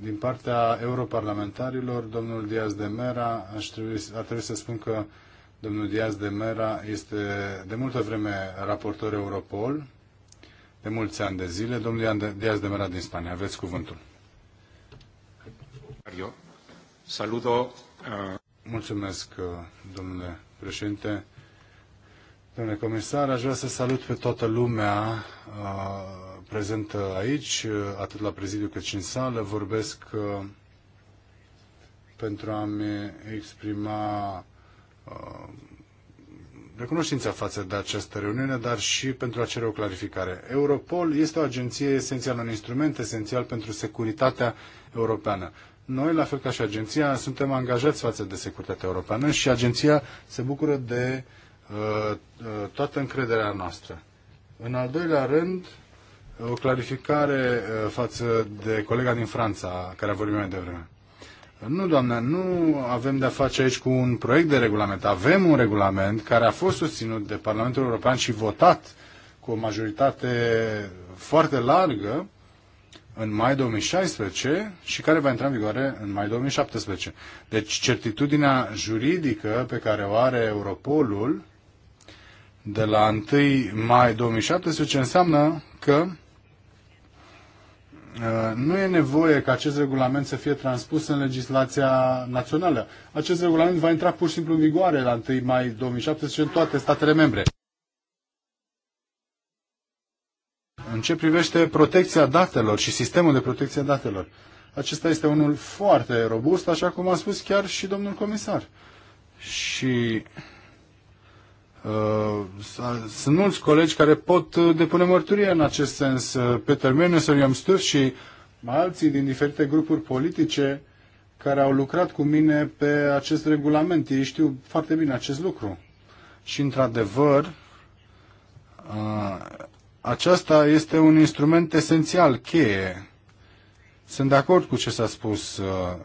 Din partea europarlamentarilor, domnul Diaz de Mera, aș trebui, ar trebui să spun că domnul Diaz de Mera este de multă vreme raportor Europol, de mulți ani de zile. Domnul Diaz de Mera din Spania, aveți cuvântul. Eu. Saludo. Uh, Mulțumesc, uh, domnule președinte. Domnule comisar, aș vrea să salut pe toată lumea uh, prezentă aici, atât la prezidiu cât și în sală. Vorbesc pentru a-mi exprima recunoștința față de această reuniune, dar și pentru a cere o clarificare. Europol este o agenție esențială, un instrument esențial pentru securitatea europeană. Noi, la fel ca și agenția, suntem angajați față de securitatea europeană și agenția se bucură de uh, uh toată încrederea noastră. În al doilea rând, o clarificare uh, față de colega din Franța, care a vorbit mai devreme. Nu, doamne, nu avem de-a face aici cu un proiect de regulament. Avem un regulament care a fost susținut de Parlamentul European și votat cu o majoritate foarte largă în mai 2016 și care va intra în vigoare în mai 2017. Deci certitudinea juridică pe care o are Europolul de la 1 mai 2017 înseamnă că uh, nu e nevoie ca acest regulament să fie transpus în legislația națională. Acest regulament va intra pur și simplu în vigoare la 1 mai 2017 în toate statele membre. în ce privește protecția datelor și sistemul de protecție a datelor. Acesta este unul foarte robust, așa cum a spus chiar și domnul comisar. Și uh, sunt mulți colegi care pot uh, depune mărturie în acest sens. Uh, Peter Menesor, Iom Stuf și alții din diferite grupuri politice care au lucrat cu mine pe acest regulament. Ei știu foarte bine acest lucru. Și, într-adevăr, uh, aceasta este un instrument esențial, cheie. Sunt de acord cu ce s-a spus. Uh,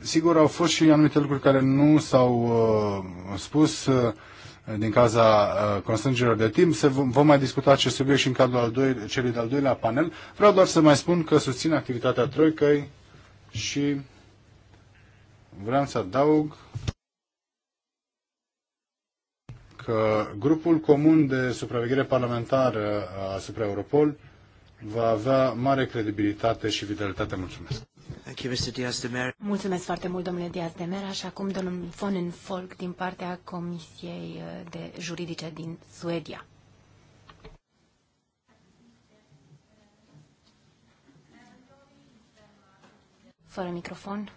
Sigur, au fost și anumite lucruri care nu s-au uh, spus uh, din cauza uh, constrângerilor de timp. Se vom, vom mai discuta acest subiect și în cadrul al doi, celui de-al doilea panel. Vreau doar să mai spun că susțin activitatea Troicăi și vreau să adaug că grupul comun de supraveghere parlamentară asupra Europol va avea mare credibilitate și vitalitate. Mulțumesc! Mulțumesc foarte mult, domnule Diaz de Mera, și acum domnul Fonen Folk din partea Comisiei de Juridice din Suedia. fără microfon.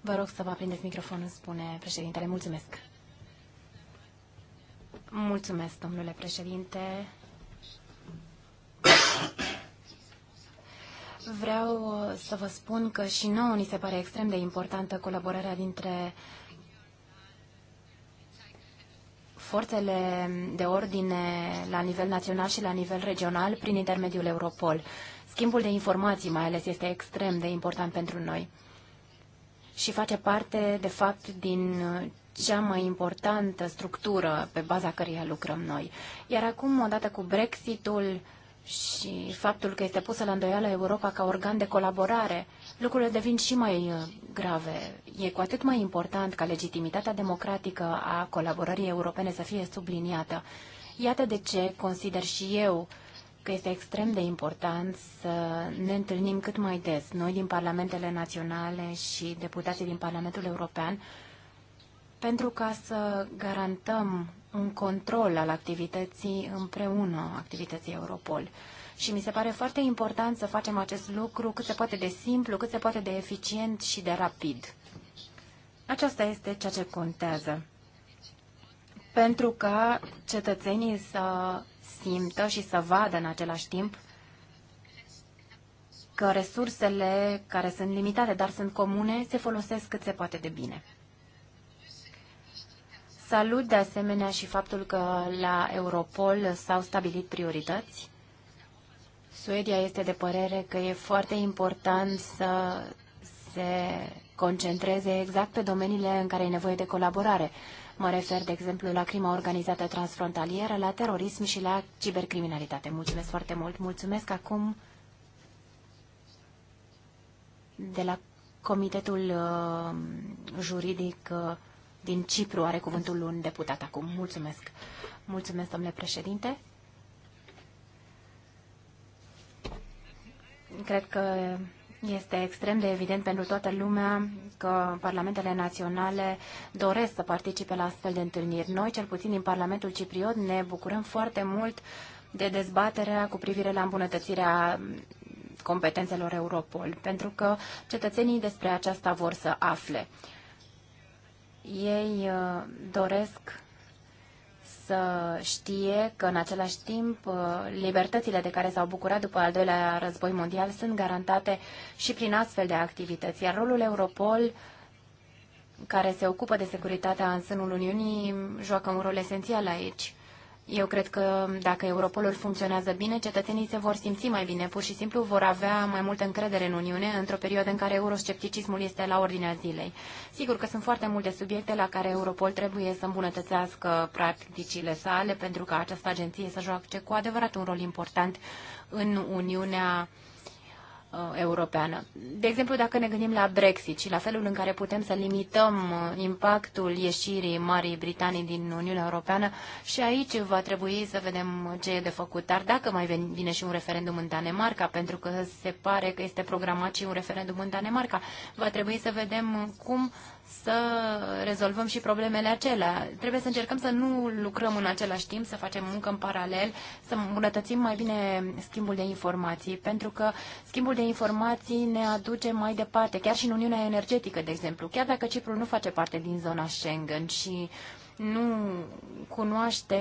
Vă rog să vă aprindeți microfonul, spune președintele. Mulțumesc. Mulțumesc, domnule președinte. Vreau uh, să vă spun că și nouă ni se pare extrem de importantă colaborarea dintre forțele de ordine la nivel național și la nivel regional prin intermediul Europol. Schimbul de informații, mai ales, este extrem de important pentru noi și face parte, de fapt, din uh, cea mai importantă structură pe baza căreia lucrăm noi. Iar acum, odată cu Brexitul și faptul că este pusă la îndoială Europa ca organ de colaborare, lucrurile devin și mai uh, grave. E cu atât mai important ca legitimitatea democratică a colaborării europene să fie subliniată. Iată de ce consider și eu uh, că este extrem de important să ne întâlnim cât mai des, noi din parlamentele naționale și deputații din Parlamentul European, pentru ca să garantăm un control al activității împreună, activității Europol. Și mi se pare foarte important să facem acest lucru cât se poate de simplu, cât se poate de eficient și de rapid. Aceasta este ceea ce contează. Pentru ca cetățenii să simtă și să vadă în același timp că resursele care sunt limitate, dar sunt comune, se folosesc cât se poate de bine. Salut de asemenea și faptul că la Europol s-au stabilit priorități. Suedia este de părere că e foarte important să se concentreze exact pe domeniile în care e nevoie de colaborare. Mă refer, de exemplu, la crima organizată transfrontalieră, la terorism și la cibercriminalitate. Mulțumesc foarte mult. Mulțumesc acum de la Comitetul uh, Juridic uh, din Cipru. Are cuvântul un deputat acum. Mulțumesc. Mulțumesc, domnule președinte. Cred că este extrem de evident pentru toată lumea că parlamentele naționale doresc să participe la astfel de întâlniri. Noi, cel puțin din Parlamentul Cipriot, ne bucurăm foarte mult de dezbaterea cu privire la îmbunătățirea competențelor Europol, pentru că cetățenii despre aceasta vor să afle. Ei uh, doresc să știe că în același timp uh, libertățile de care s-au bucurat după al doilea război mondial sunt garantate și prin astfel de activități, iar rolul Europol care se ocupă de securitatea în sânul Uniunii joacă un rol esențial aici. Eu cred că dacă Europolul funcționează bine, cetățenii se vor simți mai bine, pur și simplu vor avea mai multă încredere în Uniune într-o perioadă în care euroscepticismul este la ordinea zilei. Sigur că sunt foarte multe subiecte la care Europol trebuie să îmbunătățească practicile sale pentru ca această agenție să joace cu adevărat un rol important în Uniunea Uh, europeană. De exemplu, dacă ne gândim la Brexit și la felul în care putem să limităm uh, impactul ieșirii Marii Britanii din Uniunea Europeană, și aici va trebui să vedem ce e de făcut. Dar dacă mai vine și un referendum în Danemarca, pentru că se pare că este programat și un referendum în Danemarca, va trebui să vedem cum să rezolvăm și problemele acelea. Trebuie să încercăm să nu lucrăm în același timp, să facem muncă în paralel, să îmbunătățim mai bine schimbul de informații, pentru că schimbul de informații ne aduce mai departe, chiar și în Uniunea Energetică, de exemplu. Chiar dacă Cipru nu face parte din zona Schengen și nu cunoaște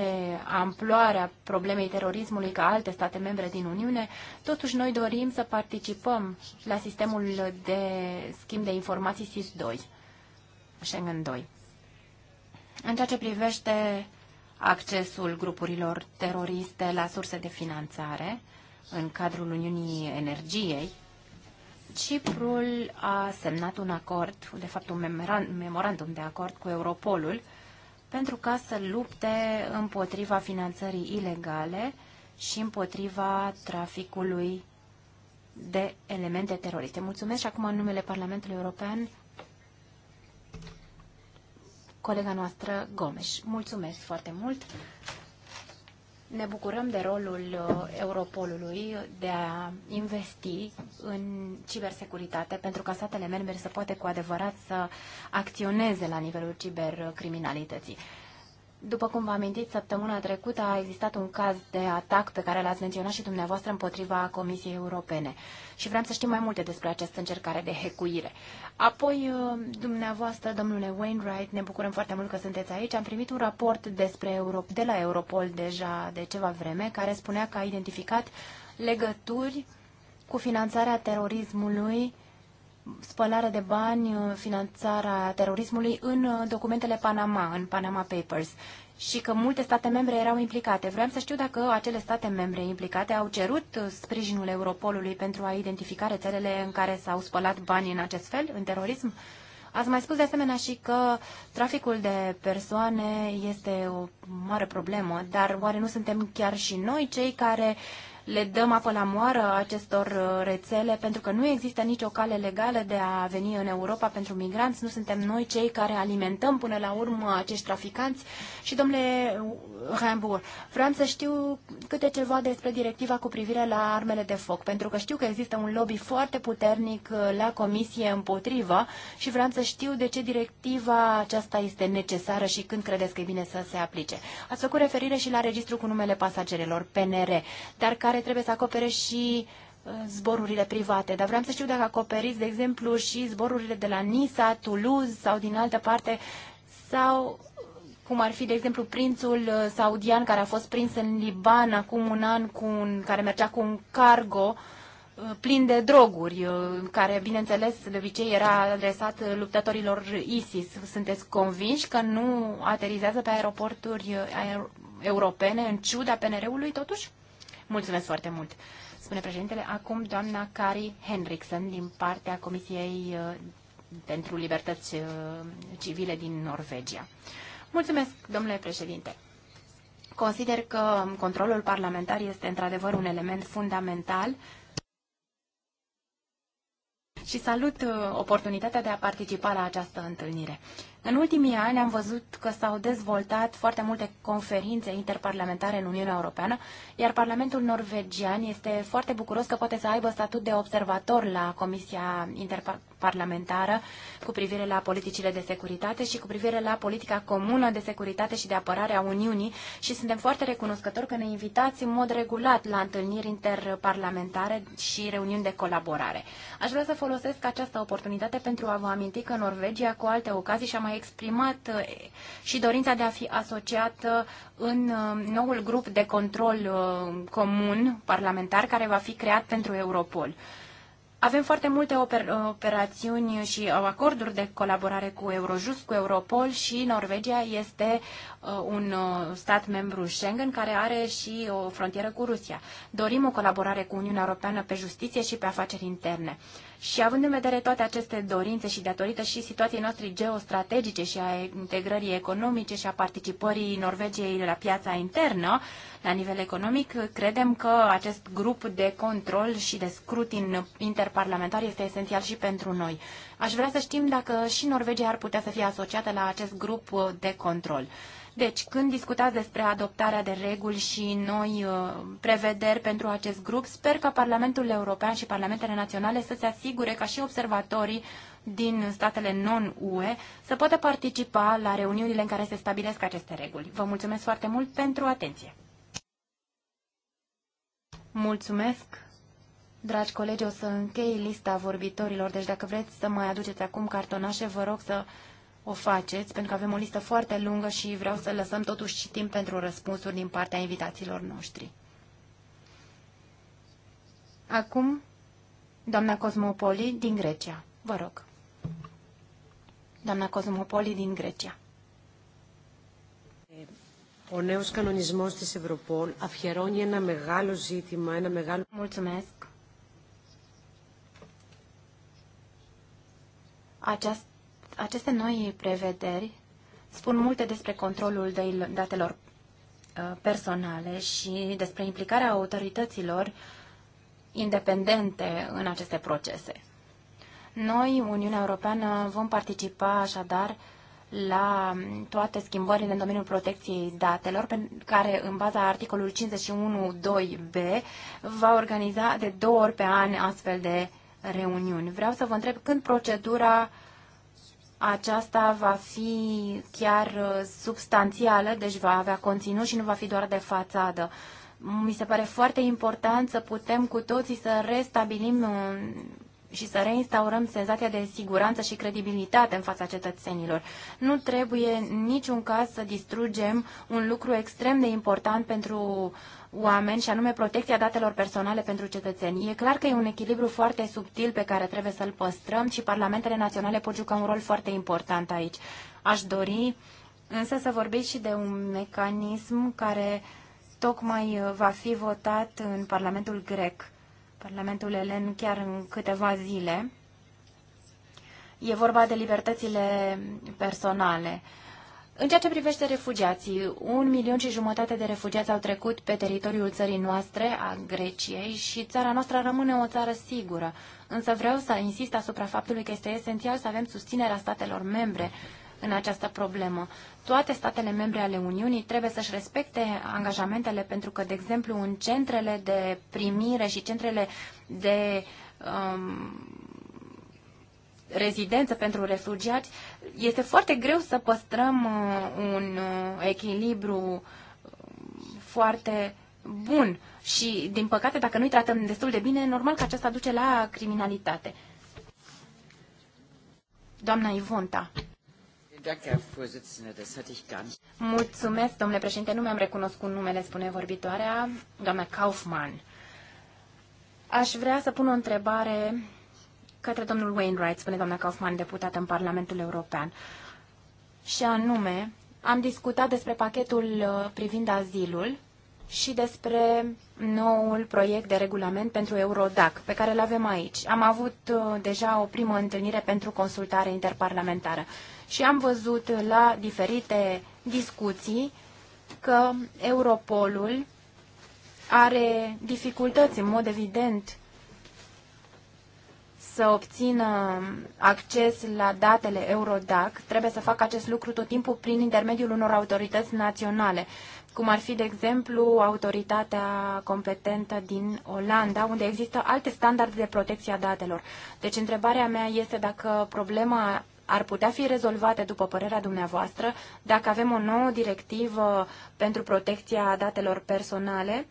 amploarea problemei terorismului ca alte state membre din Uniune, totuși noi dorim să participăm la sistemul de schimb de informații SIS-2. Schengen 2. În ceea ce privește accesul grupurilor teroriste la surse de finanțare în cadrul Uniunii Energiei, Ciprul a semnat un acord, de fapt un memorandum de acord cu Europolul, pentru ca să lupte împotriva finanțării ilegale și împotriva traficului de elemente teroriste. Mulțumesc și acum în numele Parlamentului European, colega noastră Gomes. Mulțumesc foarte mult! Ne bucurăm de rolul uh, Europolului de a investi în cibersecuritate pentru ca statele membre să poată cu adevărat să acționeze la nivelul cibercriminalității. După cum vă amintiți, săptămâna trecută a existat un caz de atac pe care l-ați menționat și dumneavoastră împotriva Comisiei Europene și vrem să știm mai multe despre această încercare de hecuire. Apoi, uh, dumneavoastră, domnule Wainwright, ne bucurăm foarte mult că sunteți aici. Am primit un raport despre Euro- de la Europol deja de ceva vreme care spunea că a identificat legături cu finanțarea terorismului spălare de bani, uh, finanțarea terorismului în uh, documentele Panama, în Panama Papers și că multe state membre erau implicate. Vreau să știu dacă acele state membre implicate au cerut uh, sprijinul Europolului pentru a identifica rețelele în care s-au spălat bani în acest fel, în terorism? Ați mai spus de asemenea și că traficul de persoane este o mare problemă, dar oare nu suntem chiar și noi cei care uh, le dăm apă la moară acestor uh, rețele, pentru că nu există nicio cale legală de a veni în Europa pentru migranți. Nu suntem noi cei care alimentăm până la urmă acești traficanți. Și, domnule uh, Rambur, vreau să știu câte ceva despre directiva cu privire la armele de foc, pentru că știu că există un lobby foarte puternic uh, la Comisie împotrivă și vreau să știu de ce directiva aceasta este necesară și când credeți că e bine să se aplice. Ați făcut referire și la registrul cu numele pasagerilor, PNR, dar care care trebuie să acopere și uh, zborurile private, dar vreau să știu dacă acoperiți, de exemplu, și zborurile de la Nisa, Toulouse sau din altă parte, sau cum ar fi, de exemplu, prințul uh, saudian care a fost prins în Liban acum un an, cu un, care mergea cu un cargo uh, plin de droguri, care, bineînțeles, de obicei era adresat luptătorilor ISIS. Sunteți convinși că nu aterizează pe aeroporturi aer europene în ciuda PNR-ului, totuși? Mulțumesc foarte mult, spune președintele. Acum doamna Cari Henriksen din partea Comisiei uh, pentru Libertăți uh, Civile din Norvegia. Mulțumesc, domnule președinte. Consider că controlul parlamentar este într-adevăr un element fundamental și salut uh, oportunitatea de a participa la această întâlnire. În ultimii ani am văzut că s-au dezvoltat foarte multe conferințe interparlamentare în Uniunea Europeană, iar Parlamentul norvegian este foarte bucuros că poate să aibă statut de observator la Comisia Interpar parlamentară cu privire la politicile de securitate și cu privire la politica comună de securitate și de apărare a Uniunii și suntem foarte recunoscători că ne invitați în mod regulat la întâlniri interparlamentare și reuniuni de colaborare. Aș vrea să folosesc această oportunitate pentru a vă aminti că Norvegia cu alte ocazii și-a mai exprimat eh, și dorința de a fi asociată eh, în eh, noul grup de control comun parlamentar care va fi creat pentru Europol. Avem foarte multe oper- operațiuni și acorduri de colaborare cu Eurojust, cu Europol și Norvegia este uh, un uh, stat membru Schengen care are și o frontieră cu Rusia. Dorim o colaborare cu Uniunea Europeană pe justiție și pe afaceri interne. Și având în vedere toate aceste dorințe și datorită și situației noastre geostrategice și a integrării economice și a participării Norvegiei la piața internă, la nivel economic, credem că acest grup de control și de scrutin interparlamentar este esențial și pentru noi. Aș vrea să știm dacă și Norvegia ar putea să fie asociată la acest grup de control. Deci, când discutați despre adoptarea de reguli și noi uh, prevederi pentru acest grup, sper ca Parlamentul European și Parlamentele Naționale să se asigure ca și observatorii din statele non-UE să poată participa la reuniunile în care se stabilesc aceste reguli. Vă mulțumesc foarte mult pentru atenție! Mulțumesc! Dragi colegi, o să închei lista vorbitorilor, deci dacă vreți să mai aduceți acum cartonașe, vă rog să o faceți, pentru că avem o listă foarte lungă și vreau să lăsăm totuși timp pentru răspunsuri din partea invitațiilor noștri. Acum, doamna Cosmopoli din Grecia. Vă rog. Doamna Cosmopoli din Grecia. Ο νέος κανονισμός της Ευρωπόλ αφιερώνει ένα μεγάλο ζήτημα, ένα μεγάλο... Mulțumesc. Această aceste noi prevederi spun multe despre controlul de datelor uh, personale și despre implicarea autorităților independente în aceste procese. Noi, Uniunea Europeană, vom participa așadar la toate schimbările în domeniul protecției datelor, pe care, în baza articolului 51.2b, va organiza de două ori pe an astfel de reuniuni. Vreau să vă întreb când procedura uh, aceasta va fi chiar uh, substanțială, deci va avea conținut și nu va fi doar de fațadă. Mi se pare foarte important să putem cu toții să restabilim uh, și să reinstaurăm senzația de siguranță și credibilitate în fața cetățenilor. Nu trebuie în niciun caz să distrugem un lucru extrem de important pentru oameni și anume protecția datelor personale pentru cetățeni. E clar că e un echilibru foarte subtil pe care trebuie să-l păstrăm și parlamentele naționale pot juca un rol foarte important aici. Aș dori însă să vorbiți și de un mecanism care tocmai uh, va fi votat în Parlamentul grec, Parlamentul elen chiar în câteva zile. E vorba de libertățile personale. Uh, în ceea ce privește refugiații, un milion și jumătate de refugiați au trecut pe teritoriul țării noastre, a Greciei, și țara noastră rămâne o țară sigură. Însă vreau să insist asupra faptului că este esențial să avem susținerea statelor membre în această problemă. Toate statele membre ale Uniunii trebuie să-și respecte angajamentele pentru că, de exemplu, în centrele de primire și centrele de um, rezidență pentru refugiați, este foarte greu să păstrăm uh, un uh, echilibru uh, foarte bun și, din păcate, dacă nu-i tratăm destul de bine, normal că aceasta duce la criminalitate. Doamna Ivonta. Mulțumesc, domnule președinte. Nu mi-am recunoscut numele, spune vorbitoarea, doamna Kaufmann. Aș vrea să pun o întrebare către domnul Wainwright, spune doamna Kaufman, deputată în Parlamentul European. Și anume, am discutat despre pachetul uh, privind azilul și despre noul proiect de regulament pentru Eurodac, pe care îl avem aici. Am avut uh, deja o primă întâlnire pentru consultare interparlamentară și am văzut la diferite discuții că Europolul are dificultăți, în mod evident, să obțină acces la datele Eurodac, trebuie să facă acest lucru tot timpul prin intermediul unor autorități naționale, cum ar fi, de exemplu, autoritatea competentă din Olanda, unde există alte standarde de protecție a datelor. Deci, întrebarea mea este dacă problema ar putea fi rezolvate, după părerea dumneavoastră, dacă avem o nouă directivă pentru protecția datelor personale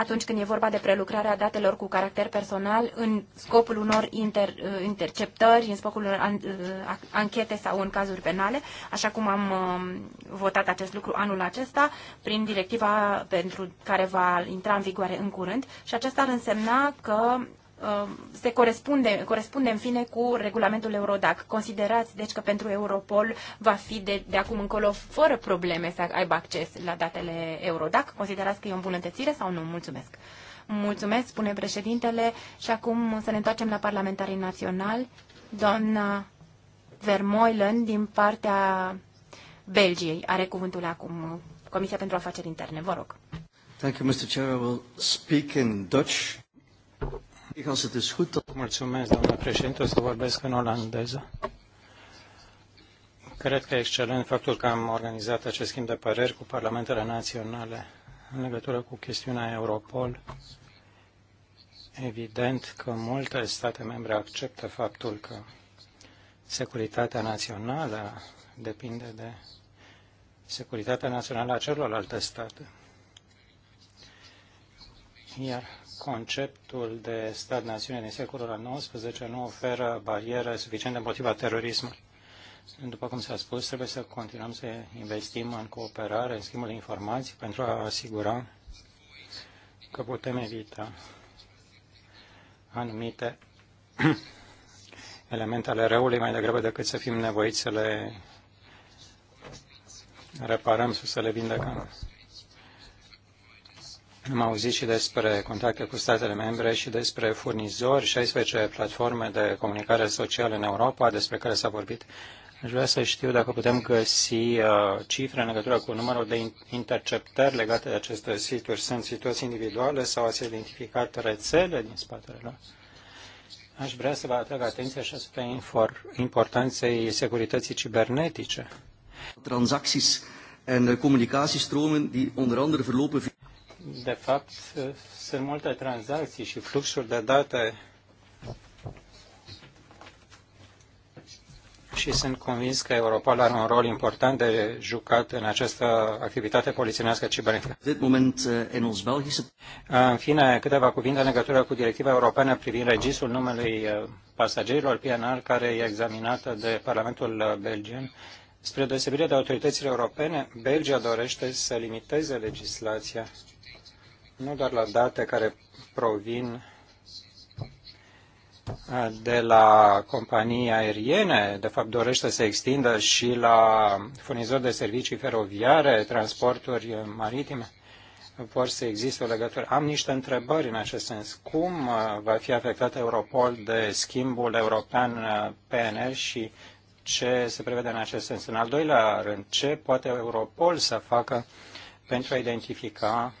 atunci când e vorba de prelucrarea datelor cu caracter personal în scopul unor inter, uh, interceptări, în scopul unor uh, an, anchete sau în cazuri penale, așa cum am um, votat acest lucru anul acesta prin directiva pentru care va intra în vigoare în curând și aceasta ar însemna că Um, se corespunde, corespunde în fine cu regulamentul Eurodac. Considerați deci că pentru Europol va fi de, de acum încolo fără probleme să aibă acces la datele Eurodac? Considerați că e o îmbunătățire sau nu? Mulțumesc! Mulțumesc, spune președintele. Și acum să ne întoarcem la parlamentarii naționali. Doamna Vermeulen din partea Belgiei are cuvântul acum. Comisia pentru Afaceri Interne, vă rog. Thank you, Mr. Chair. I will speak in Dutch. Mulțumesc, doamnă președinte. O să vorbesc în olandeză. Cred că e excelent faptul că am organizat acest schimb de păreri cu parlamentele naționale în legătură cu chestiunea Europol. Evident că multe state membre acceptă faptul că securitatea națională depinde de securitatea națională a celorlalte state. Iar conceptul de stat-națiune din secolul al XIX nu oferă barieră suficientă împotriva terorismului. După cum s-a spus, trebuie să continuăm să investim în cooperare, în schimbul de informații, pentru a asigura că putem evita anumite elemente ale răului mai degrabă decât să fim nevoiți să le reparăm sau să le vindecăm. Am auzit și despre contacte cu statele membre și despre furnizori, 16 platforme de comunicare socială în Europa, despre care s-a vorbit. Aș vrea să știu dacă putem găsi uh, cifre în legătură cu numărul de interceptări legate de aceste situri. Sunt situații individuale sau ați identificat rețele din spatele lor? Aș vrea să vă atrag atenția și asupra importanței securității cibernetice. Transacții și comunicații comunicatiestromen, care, onder andere verlopen de fapt, sunt multe tranzacții și fluxuri de date și sunt convins că Europol are un rol important de jucat în această activitate polițienească cibernetică. Uh, în fine, câteva cuvinte în legătură cu directiva europeană privind registrul numelui uh, pasagerilor PNR, care e examinată de Parlamentul uh, belgian. Spre deosebire de autoritățile europene, Belgia dorește să limiteze legislația nu doar la date care provin de la companii aeriene, de fapt dorește să extindă și la furnizori de servicii feroviare, transporturi maritime, vor să existe o legătură. Am niște întrebări în acest sens. Cum va fi afectat Europol de schimbul european PNR și ce se prevede în acest sens? În al doilea rând, ce poate Europol să facă pentru a identifica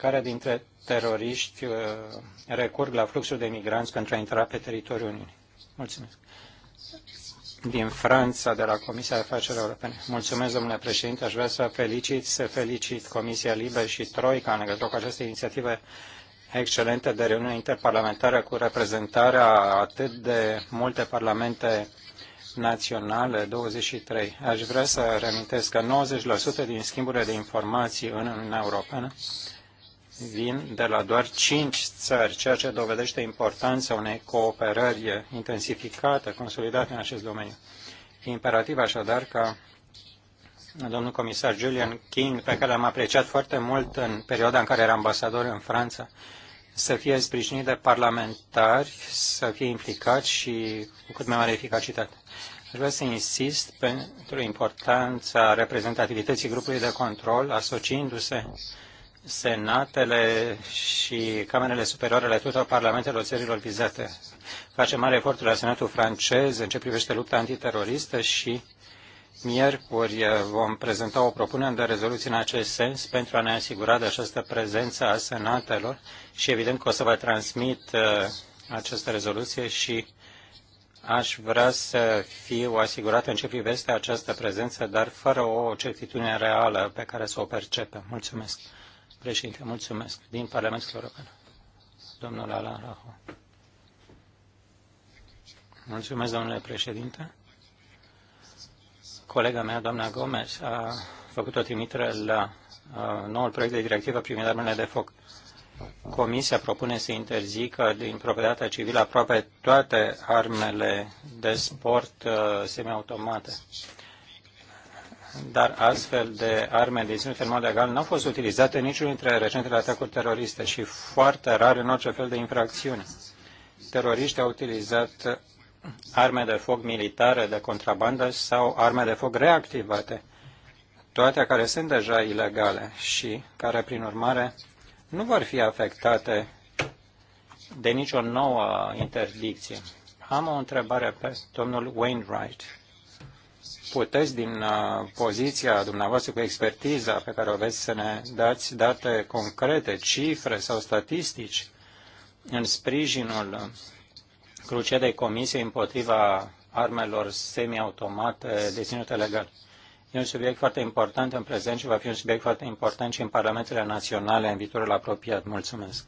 care dintre teroriști uh, recurg la fluxul de migranți pentru a intra pe teritoriul Uniunii. Mulțumesc. Din Franța, de la Comisia de Afaceri Europene. Mulțumesc, domnule președinte. Aș vrea să felicit, să felicit Comisia Libe și Troica în legătură cu această inițiativă excelentă de reuniune interparlamentară cu reprezentarea atât de multe parlamente naționale, 23. Aș vrea să reamintesc că 90% din schimburile de informații în Uniunea Europeană vin de la doar cinci țări, ceea ce dovedește importanța unei cooperări intensificate, consolidate în acest domeniu. E imperativ așadar ca domnul comisar Julian King, pe care l-am apreciat foarte mult în perioada în care era ambasador în Franța, să fie sprijinit de parlamentari, să fie implicat și cu cât mai mare eficacitate. Aș vrea să insist pentru importanța reprezentativității grupului de control, asociindu-se senatele și camerele superioare ale tuturor parlamentelor țărilor vizate. Face mare efortul la Senatul francez în ce privește lupta antiteroristă și miercuri vom prezenta o propunere de rezoluție în acest sens pentru a ne asigura de această prezență a senatelor și evident că o să vă transmit uh, această rezoluție și aș vrea să fiu asigurat în ce privește această prezență, dar fără o certitudine reală pe care să o percepem. Mulțumesc! Președinte, mulțumesc. Din Parlamentul European, domnul Alan Raho. Mulțumesc, domnule președinte. Colega mea, doamna Gomes, a făcut o trimitere la uh, noul proiect de directivă privind armele de foc. Comisia propune să interzică din proprietatea civilă aproape toate armele de sport uh, semiautomate. automate dar astfel de arme de ținut în mod legal n-au fost utilizate în niciunul dintre recentele atacuri teroriste și foarte rar în orice fel de infracțiune. Teroriștii au utilizat arme de foc militare de contrabandă sau arme de foc reactivate, toate care sunt deja ilegale și care, prin urmare, nu vor fi afectate de nicio nouă interdicție. Am o întrebare pe domnul Wainwright puteți din uh, poziția dumneavoastră cu expertiza pe care o veți să ne dați date concrete, cifre sau statistici în sprijinul uh, crucedei Comisiei împotriva armelor semiautomate deținute legal. E un subiect foarte important în prezent și va fi un subiect foarte important și în parlamentele naționale în viitorul apropiat. Mulțumesc.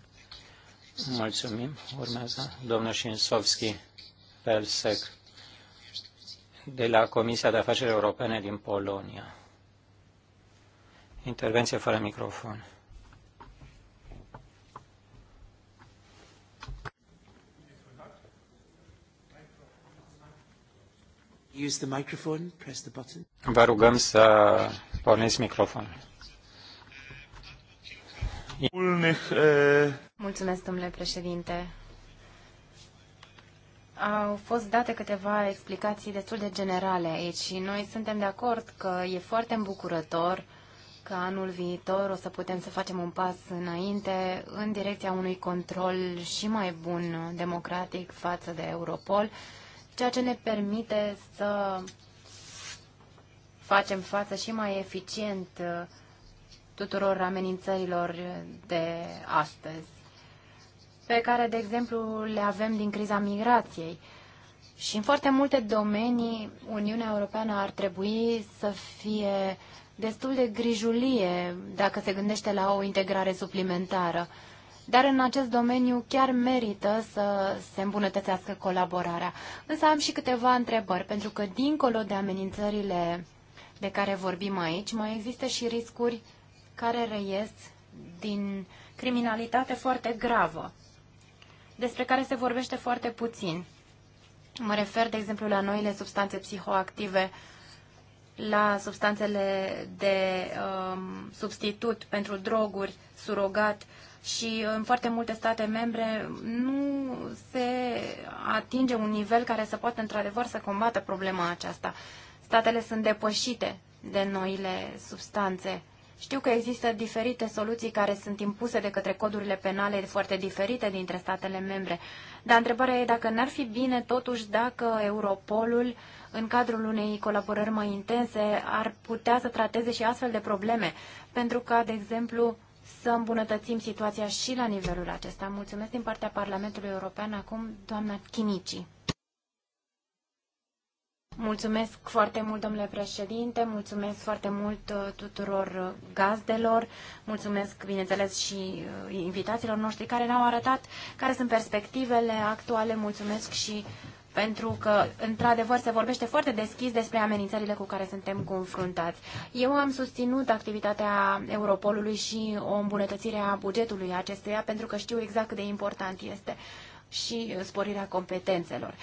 Mulțumim. Urmează domnul Șinsovski, Pelsec de la Comisia de Afaceri Europene din Polonia. Intervenție fără microfon. Use the microphone, press the button. Vă rugăm să porniți microfonul. Mulțumesc, domnule președinte. Au fost date câteva explicații destul de generale aici și noi suntem de acord că e foarte îmbucurător că anul viitor o să putem să facem un pas înainte în direcția unui control și mai bun democratic față de Europol, ceea ce ne permite să facem față și mai eficient tuturor amenințărilor de astăzi pe care, de exemplu, le avem din criza migrației. Și în foarte multe domenii, Uniunea Europeană ar trebui să fie destul de grijulie dacă se gândește la o integrare suplimentară. Dar în acest domeniu chiar merită să se îmbunătățească colaborarea. Însă am și câteva întrebări, pentru că dincolo de amenințările de care vorbim aici, mai există și riscuri care reies din criminalitate foarte gravă despre care se vorbește foarte puțin. Mă refer, de exemplu, la noile substanțe psihoactive, la substanțele de um, substitut pentru droguri, surogat și în foarte multe state membre nu se atinge un nivel care să poată într-adevăr să combată problema aceasta. Statele sunt depășite de noile substanțe știu că există diferite soluții care sunt impuse de către codurile penale foarte diferite dintre statele membre, dar întrebarea e dacă n-ar fi bine totuși dacă Europolul, în cadrul unei colaborări mai intense, ar putea să trateze și astfel de probleme, pentru ca, de exemplu, să îmbunătățim situația și la nivelul acesta. Mulțumesc din partea Parlamentului European acum, doamna Chinici. Mulțumesc foarte mult, domnule președinte, mulțumesc foarte mult uh, tuturor uh, gazdelor, mulțumesc, bineînțeles, și uh, invitațiilor noștri care ne-au arătat care sunt perspectivele actuale, mulțumesc și pentru că, într-adevăr, se vorbește foarte deschis despre amenințările cu care suntem confruntați. Eu am susținut activitatea Europolului și o îmbunătățire a bugetului acestuia, pentru că știu exact cât de important este și sporirea competențelor.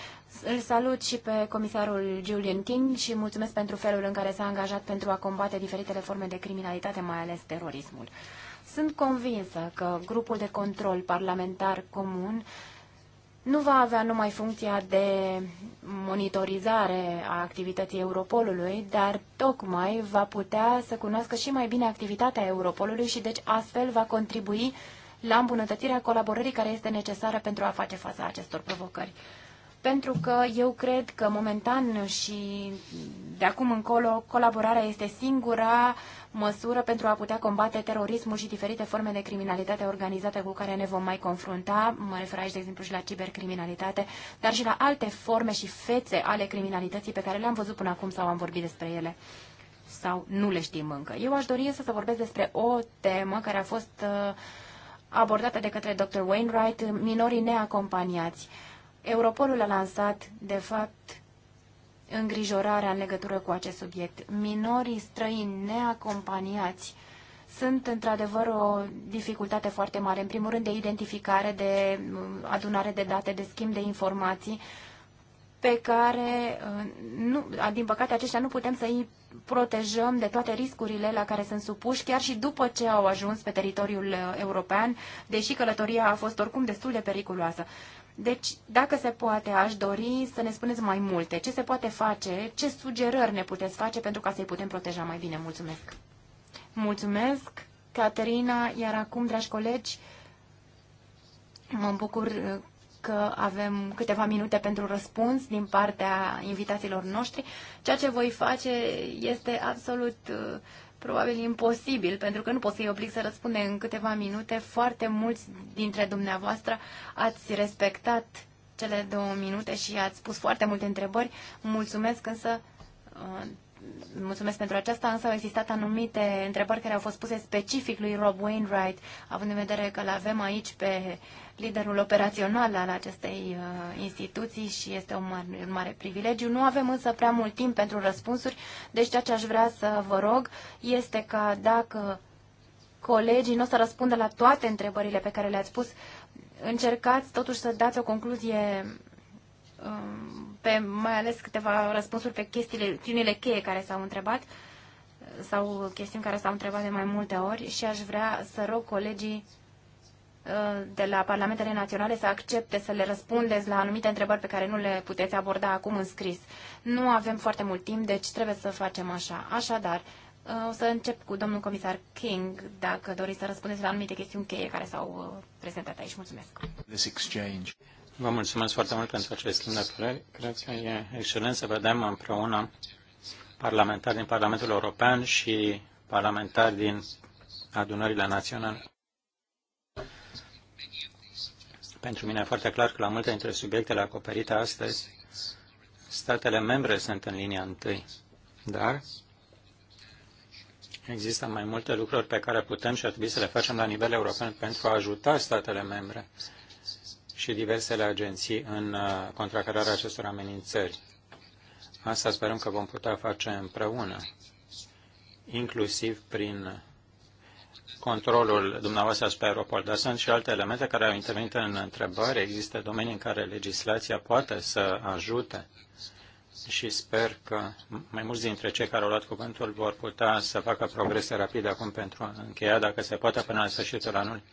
Îl salut și pe comisarul Julian King și mulțumesc pentru felul în care s-a angajat pentru a combate diferitele forme de criminalitate, mai ales terorismul. Sunt convinsă că grupul de control parlamentar comun nu va avea numai funcția de monitorizare a activității Europolului, dar tocmai va putea să cunoască și mai bine activitatea Europolului și deci astfel va contribui la îmbunătățirea colaborării care este necesară pentru a face fața acestor provocări. Pentru că eu cred că momentan și de acum încolo colaborarea este singura măsură pentru a putea combate terorismul și diferite forme de criminalitate organizată cu care ne vom mai confrunta. Mă refer aici, de exemplu, și la cibercriminalitate, dar și la alte forme și fețe ale criminalității pe care le-am văzut până acum sau am vorbit despre ele sau nu le știm încă. Eu aș dori să, să vorbesc despre o temă care a fost uh, abordată de către Dr. Wainwright, minorii neacompaniați. Europolul a lansat, de fapt, îngrijorarea în legătură cu acest subiect. Minorii străini neacompaniați sunt într-adevăr o dificultate foarte mare, în primul rând de identificare, de mm, adunare de date, de schimb de informații, pe care, uh, nu, din păcate, aceștia nu putem să îi protejăm de toate riscurile la care sunt supuși, chiar și după ce au ajuns pe teritoriul uh, european, deși călătoria a fost oricum destul de periculoasă. Deci, dacă se poate, aș dori să ne spuneți mai multe. Ce se poate face? Ce sugerări ne puteți face pentru ca să-i putem proteja mai bine? Mulțumesc! Mulțumesc, Caterina, iar acum, dragi colegi, mă bucur uh, că avem câteva minute pentru răspuns din partea invitațiilor noștri. Ceea ce voi face este absolut uh, probabil imposibil, pentru că nu pot să-i oblig să răspunde în câteva minute. Foarte mulți dintre dumneavoastră ați respectat cele două minute și ați pus foarte multe întrebări. Mulțumesc însă uh, mulțumesc pentru aceasta, însă au existat anumite întrebări care au fost puse specific lui Rob Wainwright, având în vedere că îl avem aici pe uh, liderul operațional al acestei uh, instituții și este un mare, un mare privilegiu. Nu avem însă prea mult timp pentru răspunsuri, deci ceea ce aș vrea să vă rog este că dacă colegii nu o să răspundă la toate întrebările pe care le-ați pus, încercați totuși să dați o concluzie um, pe mai ales câteva răspunsuri pe chestiile, chestiunile cheie care s-au întrebat sau chestiuni care s-au întrebat de mai multe ori și aș vrea să rog colegii Uh, de la Parlamentele Naționale să accepte să le răspundeți la anumite întrebări pe care nu le puteți aborda acum în scris. Nu avem foarte mult timp, deci trebuie să facem așa. Așadar, uh, o să încep cu domnul comisar King, dacă doriți să răspundeți la anumite chestiuni cheie care s-au uh, prezentat aici. Mulțumesc! This exchange. Vă mulțumesc foarte mult pentru acest schimb de păreri. Cred că e excelent să vedem împreună parlamentari din Parlamentul European și parlamentari din adunările naționale pentru mine e foarte clar că la multe dintre subiectele acoperite astăzi, statele membre sunt în linia întâi. Dar există mai multe lucruri pe care putem și ar trebui să le facem la nivel european pentru a ajuta statele membre și diversele agenții în uh, contracararea acestor amenințări. Asta sperăm că vom putea face împreună, inclusiv prin controlul dumneavoastră asupra aeroport, dar sunt și alte elemente care au intervenit în întrebări. Există domenii în care legislația poate să ajute și sper că mai mulți dintre cei care au luat cuvântul vor putea să facă progrese rapide acum pentru a încheia, dacă se poate, până la sfârșitul anului.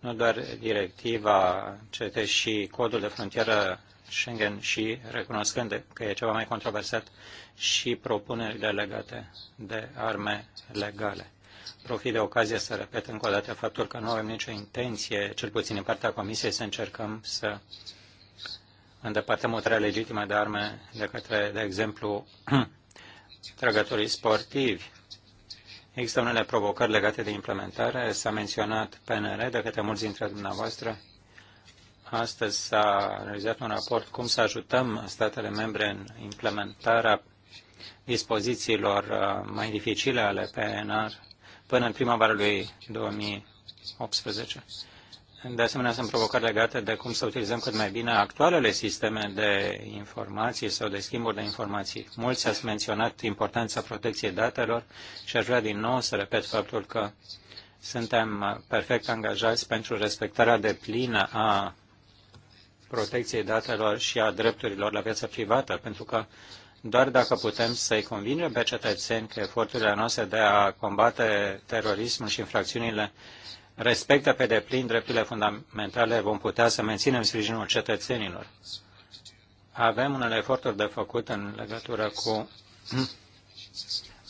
Nu doar directiva CT și codul de frontieră Schengen și recunoscând că e ceva mai controversat și propunerile legate de arme legale profit de ocazie să repet încă o dată faptul că nu avem nicio intenție, cel puțin din partea Comisiei, să încercăm să îndepărtăm o trea legitimă de arme de către, de exemplu, trăgătorii sportivi. Există unele provocări legate de implementare. S-a menționat PNR de către mulți dintre dumneavoastră. Astăzi s-a realizat un raport cum să ajutăm statele membre în implementarea dispozițiilor uh, mai dificile ale PNR până în primăvara lui 2018. De asemenea, sunt provocări legate de cum să utilizăm cât mai bine actualele sisteme de informații sau de schimburi de informații. Mulți ați menționat importanța protecției datelor și aș vrea din nou să repet faptul că suntem perfect angajați pentru respectarea de plină a protecției datelor și a drepturilor la viața privată, pentru că doar dacă putem să-i convingem pe cetățeni că eforturile noastre de a combate terorismul și infracțiunile respectă pe deplin drepturile fundamentale, vom putea să menținem sprijinul cetățenilor. Avem unele eforturi de făcut în legătură cu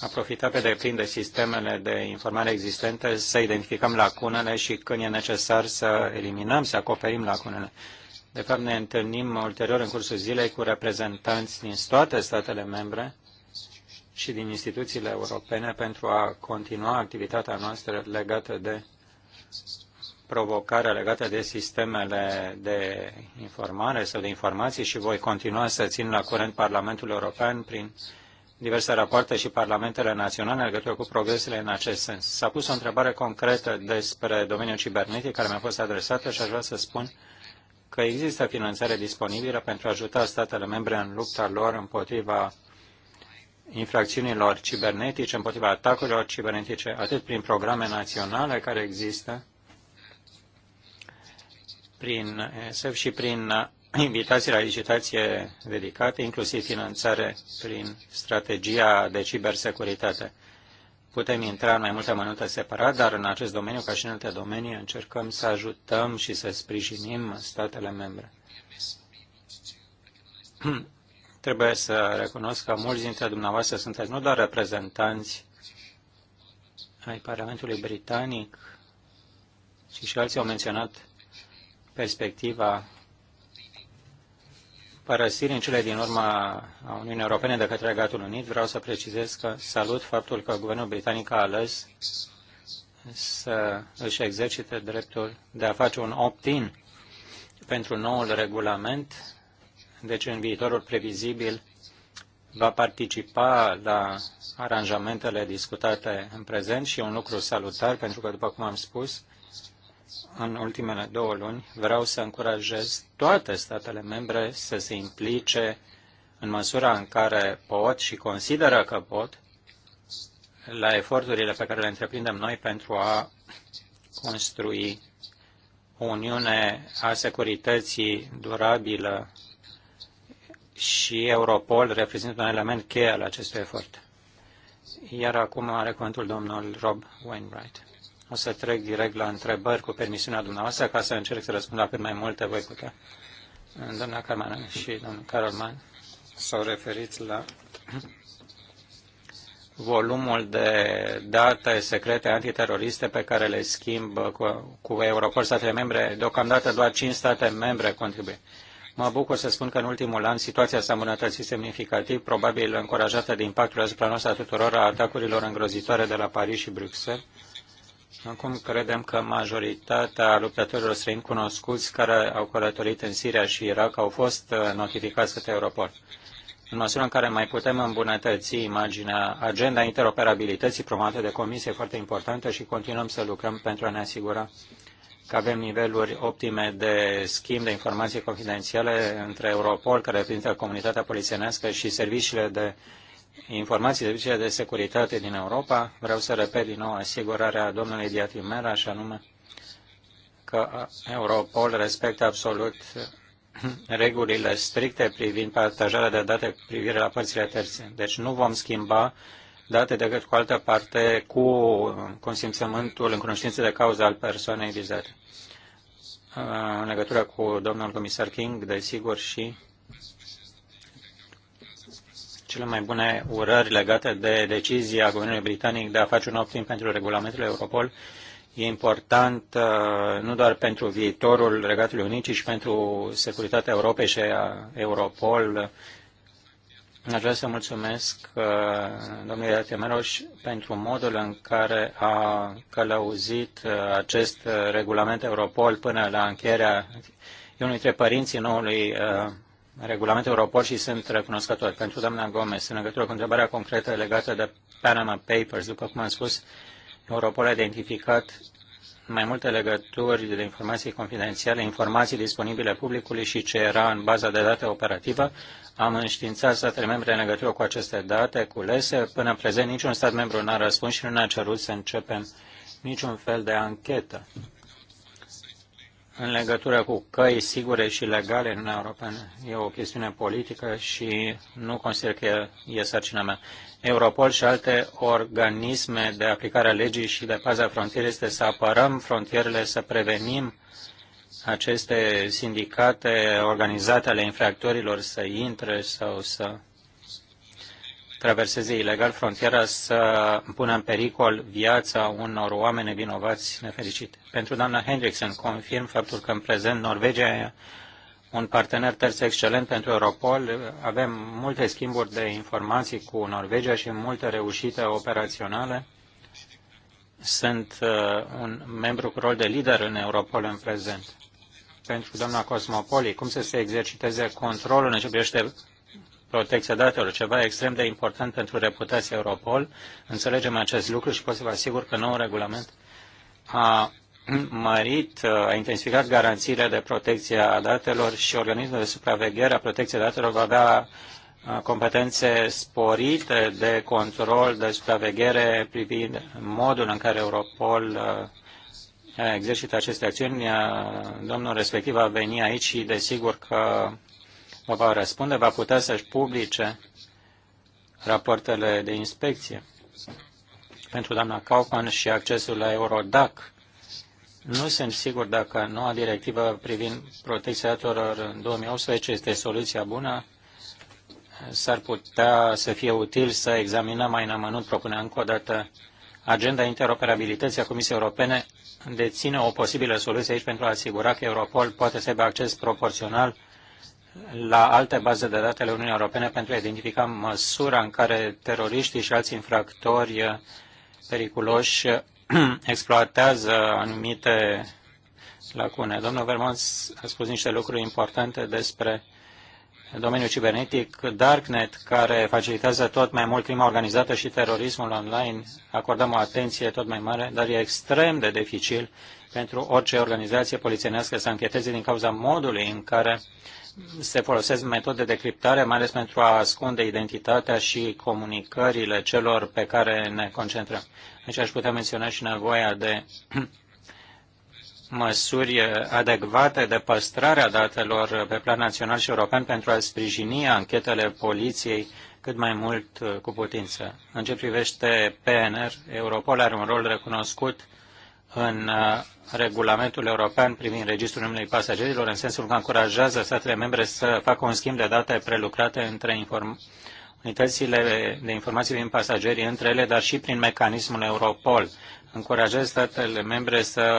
a profita pe deplin de sistemele de informare existente, să identificăm lacunele și când e necesar să eliminăm, să acoperim lacunele. De fapt, ne întâlnim ulterior în cursul zilei cu reprezentanți din toate statele membre și din instituțiile europene pentru a continua activitatea noastră legată de provocarea legată de sistemele de informare sau de informații și voi continua să țin la curent Parlamentul European prin diverse rapoarte și parlamentele naționale în legătură cu progresele în acest sens. S-a pus o întrebare concretă despre domeniul cibernetic care mi-a fost adresată și aș vrea să spun că există finanțare disponibilă pentru a ajuta statele membre în lupta lor împotriva infracțiunilor cibernetice, împotriva atacurilor cibernetice, atât prin programe naționale care există, prin ESF și prin invitații la licitație dedicate, inclusiv finanțare prin strategia de cibersecuritate. Putem intra în mai multe amănunte separat, dar în acest domeniu, ca și în alte domenii, încercăm să ajutăm și să sprijinim statele membre. Trebuie să recunosc că mulți dintre dumneavoastră sunteți nu doar reprezentanți ai Parlamentului Britanic, și și alții au menționat perspectiva părăsirii în cele din urmă a Uniunii Europene de către Regatul Unit, vreau să precizez că salut faptul că guvernul britanic a ales să își exercite dreptul de a face un opt-in pentru noul regulament, deci în viitorul previzibil va participa la aranjamentele discutate în prezent și un lucru salutar, pentru că, după cum am spus, în ultimele două luni, vreau să încurajez toate statele membre să se implice în măsura în care pot și consideră că pot la eforturile pe care le întreprindem noi pentru a construi o uniune a securității durabilă și Europol reprezintă un element cheie al acestui efort. Iar acum are cuvântul domnul Rob Wainwright. O să trec direct la întrebări cu permisiunea dumneavoastră ca să încerc să răspund la cât mai multe voi putea. Doamna Cameron și domnul Carolman s-au referit la volumul de date secrete antiteroriste pe care le schimb cu, cu Europol statele membre. Deocamdată doar 5 state membre contribuie. Mă bucur să spun că în ultimul an situația s-a îmbunătățit semnificativ, probabil încurajată de impactul asupra noastră a tuturor a atacurilor îngrozitoare de la Paris și Bruxelles Acum credem că majoritatea luptătorilor străini cunoscuți care au călătorit în Siria și Irak au fost uh, notificați către Europol. În măsura în care mai putem îmbunătăți imaginea, agenda interoperabilității promovată de comisie e foarte importantă și continuăm să lucrăm pentru a ne asigura că avem niveluri optime de schimb de informații confidențiale între Europol, care reprezintă comunitatea polițienească, și serviciile de informații serviciile de securitate din Europa, vreau să repet din nou asigurarea domnului Diatimera, și anume că Europol respectă absolut regulile stricte privind partajarea de date cu privire la părțile terțe. Deci nu vom schimba date decât cu altă parte cu consimțământul în cunoștință de cauză al persoanei vizate. În legătură cu domnul comisar King, desigur, și cele mai bune urări legate de decizia Guvernului Britanic de a face un optim pentru regulamentul Europol. E important uh, nu doar pentru viitorul Regatului Unit, ci și pentru securitatea Europei și a Europol. Aș vrea să mulțumesc uh, domnului Atemeroș pentru modul în care a călăuzit uh, acest regulament Europol până la încheierea unui dintre părinții noului uh, regulamentul Europol și sunt recunoscător pentru doamna Gomez. În legătură cu întrebarea concretă legată de Panama Papers, după cum am spus, Europol a identificat mai multe legături de informații confidențiale, informații disponibile publicului și ce era în baza de date operativă. Am înștiințat statele membre în legătură cu aceste date culese. Până în prezent, niciun stat membru n-a răspuns și nu ne-a cerut să începem niciun fel de anchetă în legătură cu căi sigure și legale în Uniunea Europeană. E o chestiune politică și nu consider că e sarcina mea. Europol și alte organisme de aplicare a legii și de paza frontierei este să apărăm frontierele, să prevenim aceste sindicate organizate ale infractorilor să intre sau să traverseze ilegal frontiera să pună în pericol viața unor oameni nevinovați nefericite. Pentru doamna Hendrickson, confirm faptul că în prezent Norvegia e un partener terț excelent pentru Europol. Avem multe schimburi de informații cu Norvegia și multe reușite operaționale. Sunt uh, un membru cu rol de lider în Europol în prezent. Pentru doamna Cosmopoli, cum să se exerciteze controlul în ce privește protecția datelor, ceva extrem de important pentru reputația Europol. Înțelegem acest lucru și pot să vă asigur că noul regulament a mărit, a intensificat garanțiile de protecție a datelor și organismul de supraveghere a protecției datelor va avea competențe sporite de control, de supraveghere privind modul în care Europol exercită aceste acțiuni. Domnul respectiv va veni aici și desigur că o va răspunde, va putea să-și publice rapoartele de inspecție. Pentru doamna Kaufman și accesul la Eurodac, nu sunt sigur dacă noua directivă privind protecția datorilor în 2018 este soluția bună. S-ar putea să fie util să examinăm mai în amănunt, propunea încă o dată, agenda interoperabilității a Comisiei Europene deține o posibilă soluție aici pentru a asigura că Europol poate să aibă acces proporțional la alte baze de date ale Uniunii Europene pentru a identifica măsura în care teroriștii și alți infractori periculoși exploatează anumite lacune. Domnul Vermont a spus niște lucruri importante despre domeniul cibernetic Darknet, care facilitează tot mai mult crima organizată și terorismul online. Acordăm o atenție tot mai mare, dar e extrem de dificil pentru orice organizație polițienească să încheteze din cauza modului în care uh, se folosesc metode de criptare, mai ales pentru a ascunde identitatea și comunicările celor pe care ne concentrăm. Deci aș putea menționa și nevoia de măsuri adecvate de păstrare a datelor pe plan național și european pentru a sprijini anchetele poliției cât mai mult uh, cu putință. În ce privește PNR, Europol are un rol recunoscut în uh, regulamentul european privind registrul numelui pasagerilor, în sensul că încurajează statele membre să facă un schimb de date prelucrate între unitățile de informații din pasagerii între ele, dar și prin mecanismul Europol. Încurajez statele membre să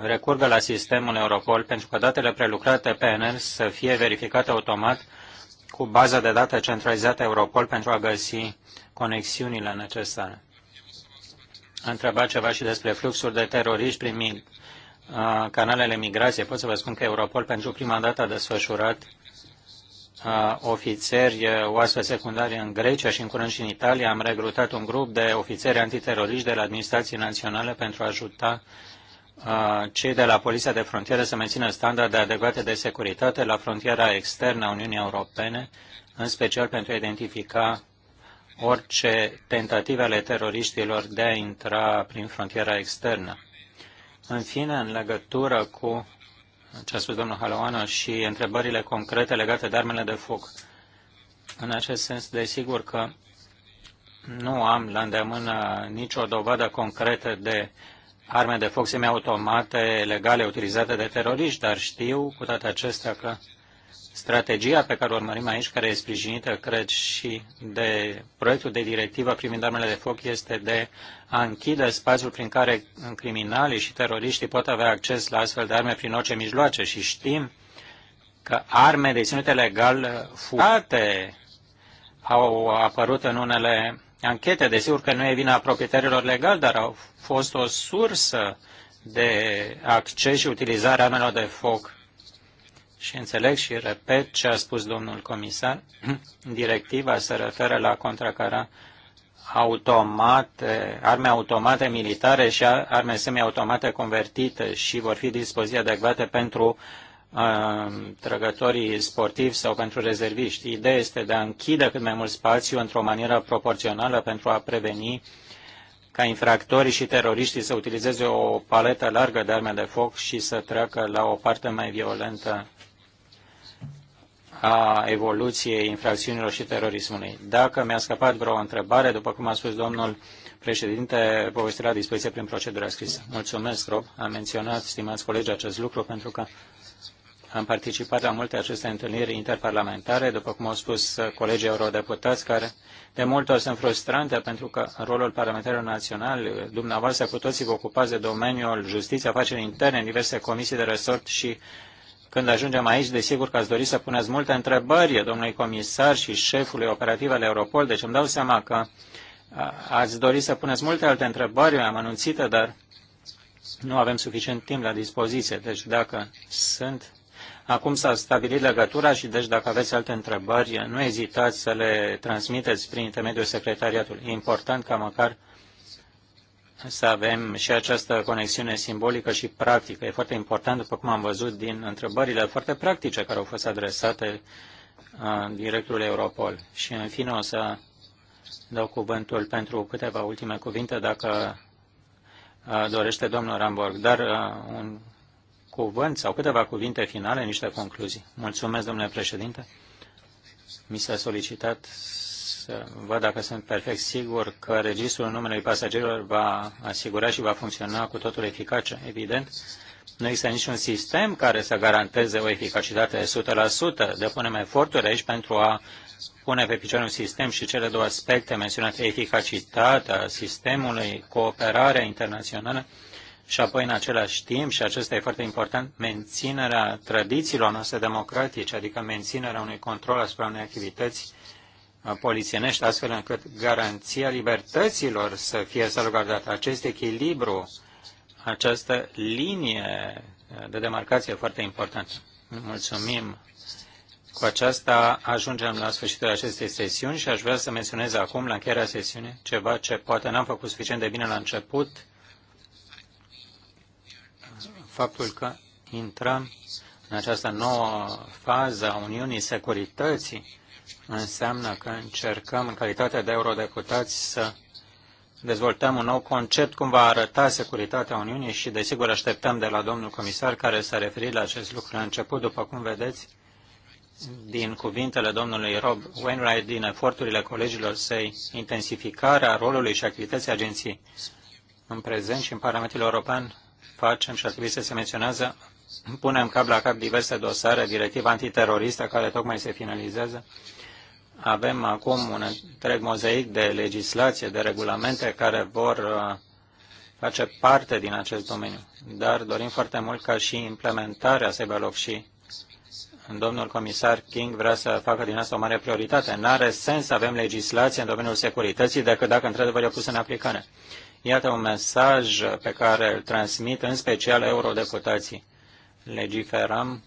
recurgă la sistemul Europol pentru că datele prelucrate PNR să fie verificate automat cu baza de date centralizată Europol pentru a găsi conexiunile necesare. A întrebat ceva și despre fluxuri de teroriști prin canalele migrației, pot să vă spun că Europol pentru prima dată a desfășurat ofițeri oaspe secundari în Grecia și în curând și în Italia. Am recrutat un grup de ofițeri antiteroriști de la administrații naționale pentru a ajuta cei de la Poliția de Frontieră să mențină standarde adecvate de securitate la frontiera externă a Uniunii Europene, în special pentru a identifica orice tentative ale teroriștilor de a intra prin frontiera externă. În fine, în legătură cu ce a spus domnul Haloana și întrebările concrete legate de armele de foc, în acest sens, desigur că nu am la îndemână nicio dovadă concretă de arme de foc semiautomate legale utilizate de teroriști, dar știu cu toate acestea că strategia pe care o urmărim aici, care e sprijinită, cred, și de proiectul de directivă privind armele de foc, este de a închide spațiul prin care criminalii și teroriștii pot avea acces la astfel de arme prin orice mijloace. Și știm că arme deținute legal furate au apărut în unele anchete. Desigur că nu e vina proprietarilor legali, dar au fost o sursă de acces și utilizare armelor de foc și înțeleg și repet ce a spus domnul comisar, directiva se referă la contracara automate, arme automate militare și arme semiautomate convertite și vor fi dispoziții adecvate pentru uh, trăgătorii sportivi sau pentru rezerviști. Ideea este de a închide cât mai mult spațiu într-o manieră proporțională pentru a preveni ca infractorii și teroriștii să utilizeze o paletă largă de arme de foc și să treacă la o parte mai violentă a evoluției infracțiunilor și terorismului. Dacă mi-a scăpat vreo întrebare, după cum a spus domnul președinte, povestea la dispoziție prin procedura scrisă. Mulțumesc, Rob. Am menționat, stimați colegi, acest lucru pentru că am participat la multe aceste întâlniri interparlamentare, după cum au spus colegii eurodeputați, care de multe ori sunt frustrante pentru că rolul parlamentarilor național, dumneavoastră cu toții vă ocupați de domeniul justiției, afaceri interne, în diverse comisii de resort și când ajungem aici, desigur că ați dori să puneți multe întrebări domnului comisar și șefului operativ al Europol, deci îmi dau seama că ați dori să puneți multe alte întrebări, eu am anunțit, dar nu avem suficient timp la dispoziție. Deci dacă sunt, acum s-a stabilit legătura și deci dacă aveți alte întrebări, nu ezitați să le transmiteți prin intermediul secretariatului. E important ca măcar să avem și această conexiune simbolică și practică. E foarte important, după cum am văzut din întrebările foarte practice care au fost adresate uh, directorului Europol. Și în fine o să dau cuvântul pentru câteva ultime cuvinte, dacă uh, dorește domnul Ramborg. Dar uh, un cuvânt sau câteva cuvinte finale, niște concluzii. Mulțumesc, domnule președinte. Mi s-a solicitat să văd dacă sunt perfect sigur că registrul numelui pasagerilor va asigura și va funcționa cu totul eficace. Evident, nu există niciun sistem care să garanteze o eficacitate de 100%. Depunem eforturi aici pentru a pune pe picioare un sistem și cele două aspecte menționate, eficacitatea sistemului, cooperarea internațională și apoi în același timp, și acesta e foarte important, menținerea tradițiilor noastre democratice, adică menținerea unui control asupra unei activități polițienești, astfel încât garanția libertăților să fie salvgardată. Acest echilibru, această linie de demarcație foarte importantă. Mulțumim! Cu aceasta ajungem la sfârșitul acestei sesiuni și aș vrea să menționez acum, la încheierea sesiunii, ceva ce poate n-am făcut suficient de bine la început, faptul că intrăm în această nouă fază a Uniunii Securității înseamnă că încercăm, în calitate de eurodeputați, să dezvoltăm un nou concept, cum va arăta securitatea Uniunii și, desigur, așteptăm de la domnul comisar care s-a referit la acest lucru la început, după cum vedeți, din cuvintele domnului Rob Wainwright, din eforturile colegilor săi, intensificarea rolului și activității agenției. În prezent și în Parlamentul European facem și ar trebui să se menționează, punem cap la cap diverse dosare, directiva antiteroristă care tocmai se finalizează, avem acum un întreg mozaic de legislație, de regulamente care vor uh, face parte din acest domeniu, dar dorim foarte mult ca și implementarea să aibă loc și domnul comisar King vrea să facă din asta o mare prioritate. N-are sens să avem legislație în domeniul securității decât dacă într-adevăr e pusă în aplicare. Iată un mesaj pe care îl transmit în special eurodeputații. Legiferăm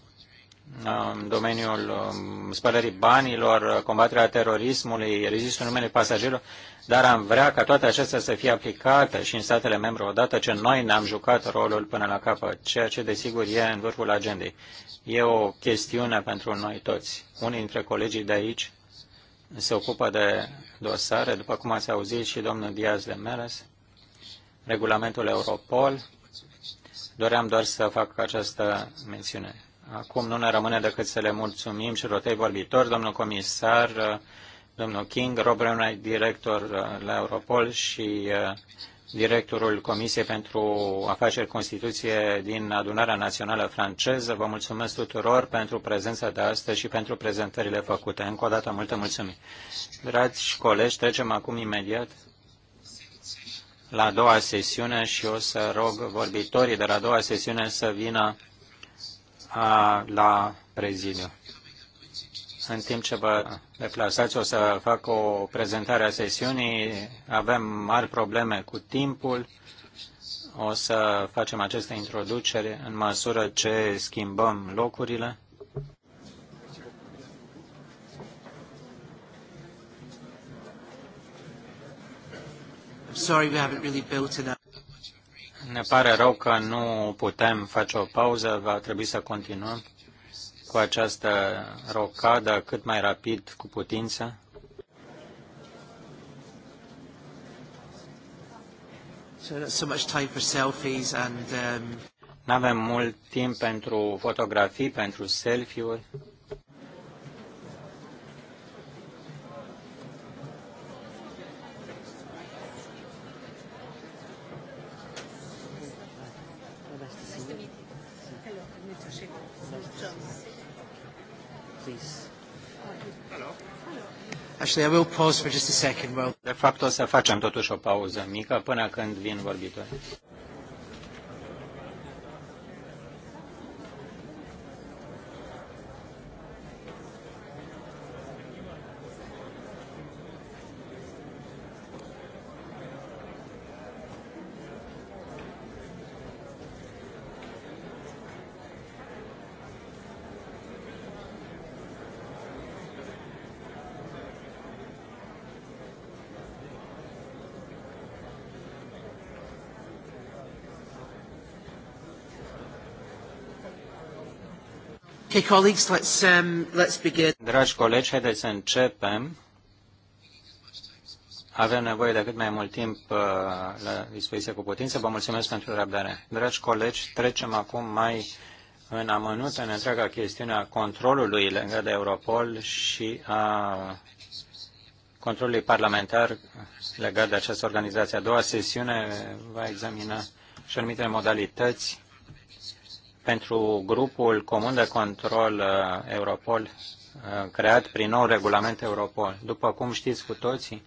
în domeniul um, spălării banilor, combaterea terorismului, rezistul numele pasagerilor, dar am vrea ca toate acestea să fie aplicate și în statele membre odată ce noi ne-am jucat rolul până la capăt, ceea ce desigur e în vârful agendei. E o chestiune pentru noi toți. Unii dintre colegii de aici se ocupă de dosare, după cum ați auzit și domnul Diaz de Meles, regulamentul Europol. Doream doar să fac această mențiune. Acum nu ne rămâne decât să le mulțumim și rotei vorbitori, domnul comisar, domnul King, Rob Renai, director uh, la Europol și uh, directorul Comisiei pentru Afaceri Constituție din Adunarea Națională Franceză. Vă mulțumesc tuturor pentru prezența de astăzi și pentru prezentările făcute. Încă o dată, multă mulțumim. Dragi colegi, trecem acum imediat la a doua sesiune și o să rog vorbitorii de la a doua sesiune să vină la prezidiu. În timp ce vă deplasați, o să fac o prezentare a sesiunii. Avem mari probleme cu timpul. O să facem această introducere în măsură ce schimbăm locurile. sorry we haven't really built enough. Ne pare rău că nu putem face o pauză, va trebui să continuăm cu această rocadă cât mai rapid cu putință. Nu um, avem mult timp pentru fotografii, pentru selfie-uri. Actually, I will pause for just a second. Well... De fapt, o să facem totuși o pauză mică până când vin vorbitorii. Okay, colleagues, let's, um, let's begin. Dragi colegi, haideți să începem. Avem nevoie de cât mai mult timp uh, la dispoziție cu putință. Vă mulțumesc pentru răbdare. Dragi colegi, trecem acum mai în amănunt în întreaga chestiune a controlului legat de Europol și a controlului parlamentar legat de această organizație. A doua sesiune va examina și anumite modalități pentru grupul comun de control uh, Europol uh, creat prin nou regulament Europol. După cum știți cu toții,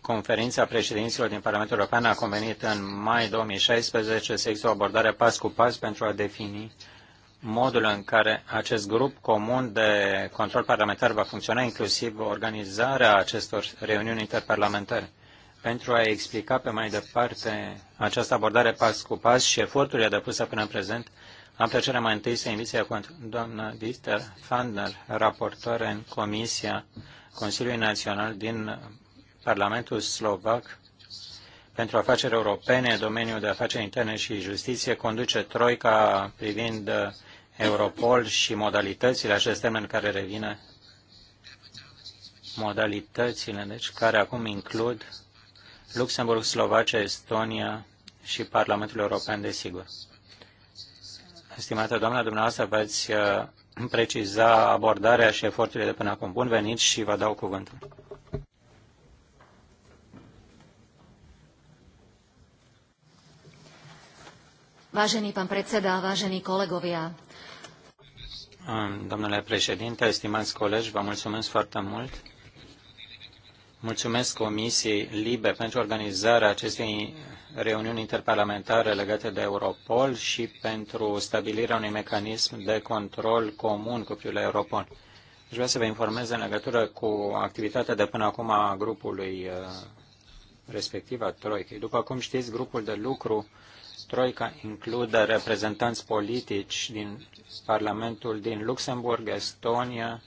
conferința președinților din Parlamentul European a convenit în mai 2016 să există o abordare pas cu pas pentru a defini modul în care acest grup comun de control parlamentar va funcționa, inclusiv organizarea acestor reuniuni interparlamentare pentru a explica pe mai departe această abordare pas cu pas și eforturile depuse până în prezent, am plăcerea mai întâi să invit cu doamna Dieter Fandner, raportoare în Comisia Consiliului Național din Parlamentul Slovac pentru afaceri europene, domeniul de afaceri interne și justiție, conduce Troica privind Europol și modalitățile, acest termen care revine, modalitățile, deci, care acum includ Luxemburg, Slovacia, Estonia și Parlamentul European, desigur. Stimată doamnă, dumneavoastră veți uh, preciza abordarea și eforturile de până acum. Bun venit și vă dau cuvântul. Vážený pán predseda, vážení kolegovia. Domnule președinte, stimați colegi, vă mulțumesc foarte mult Mulțumesc Comisiei Libe pentru organizarea acestei reuniuni interparlamentare legate de Europol și pentru stabilirea unui mecanism de control comun cu privire la Europol. Aș vrea să vă informez în legătură cu activitatea de până acum a grupului uh, respectiv a Troicăi. După cum știți, grupul de lucru Troica include reprezentanți politici din Parlamentul din Luxemburg, Estonia,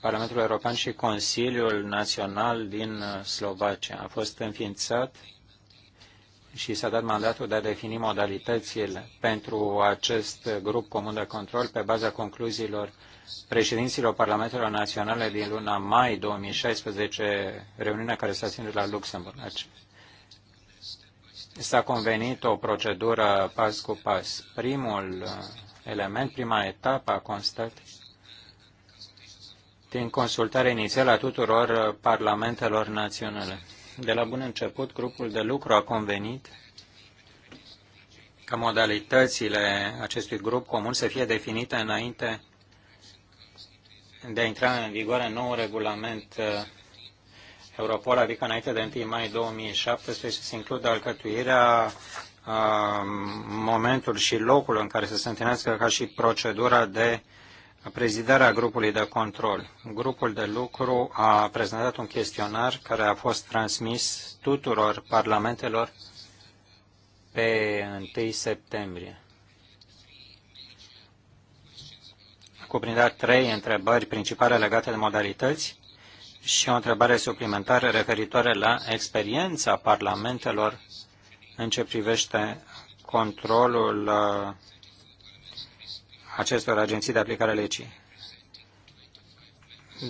Parlamentul European și Consiliul Național din uh, Slovacia. A fost înființat și s-a dat mandatul de a defini modalitățile pentru acest grup comun de control pe baza concluziilor președinților Parlamentelor Naționale din luna mai 2016, reuniunea care s-a ținut la Luxemburg. Deci, s-a convenit o procedură pas cu pas. Primul uh, element, prima etapă a constat din consultarea inițială a tuturor uh, parlamentelor naționale. De la bun început, grupul de lucru a convenit ca modalitățile acestui grup comun să fie definite înainte de a intra în vigoare nou regulament uh, Europol, adică înainte de 1 mai 2017, să se includă alcătuirea uh, momentul și locul în care să se întâlnească ca și procedura de uh, prezidarea grupului de control. Grupul de lucru a prezentat un chestionar care a fost transmis tuturor parlamentelor pe 1 septembrie. cuprindat trei întrebări principale legate de modalități și o întrebare suplimentară referitoare la experiența parlamentelor în ce privește controlul uh, acestor agenții de aplicare a legii.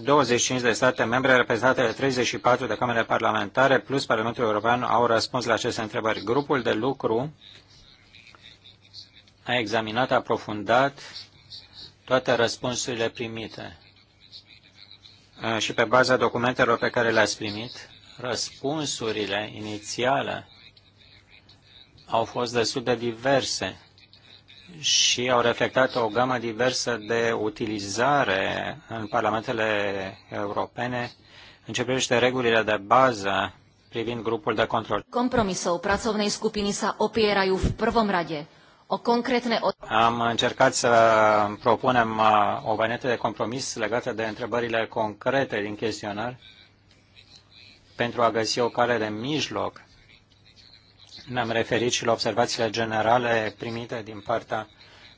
25 de state membre reprezentate de 34 de camere parlamentare plus Parlamentul European au răspuns la aceste întrebări. Grupul de lucru a examinat, a aprofundat toate răspunsurile primite uh, și pe baza documentelor pe care le-ați primit, răspunsurile inițiale au fost destul de diverse și au reflectat o gamă diversă de utilizare în parlamentele europene în ce privește regulile de bază privind grupul de control. Compromisov pracovnej skupiny sa opierajú v prvom rade o concretne... Am încercat să propunem uh, o variantă de compromis legată de întrebările concrete din chestionar pentru a găsi o cale de mijloc ne-am referit și la observațiile generale primite din partea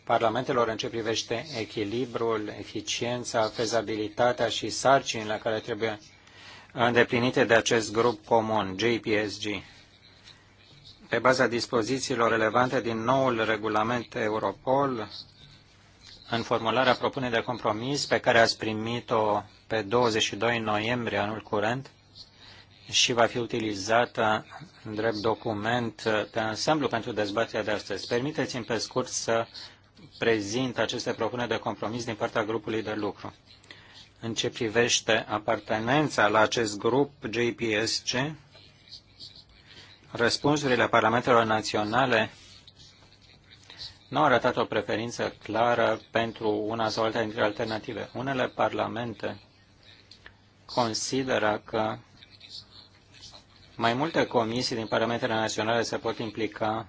parlamentelor în ce privește echilibrul, eficiența, fezabilitatea și sarcinile care trebuie îndeplinite de acest grup comun, JPSG. Pe baza dispozițiilor relevante din noul regulament Europol, în formularea propunerii de compromis pe care ați primit-o pe 22 noiembrie anul curent, și va fi utilizată în drept document de ansamblu pentru dezbaterea de astăzi. Permiteți-mi pe scurt să prezint aceste propuneri de compromis din partea grupului de lucru. În ce privește apartenența la acest grup JPSC, răspunsurile parlamentelor naționale nu au arătat o preferință clară pentru una sau alta dintre alternative. Unele parlamente consideră că mai multe comisii din Parlamentele Naționale se pot implica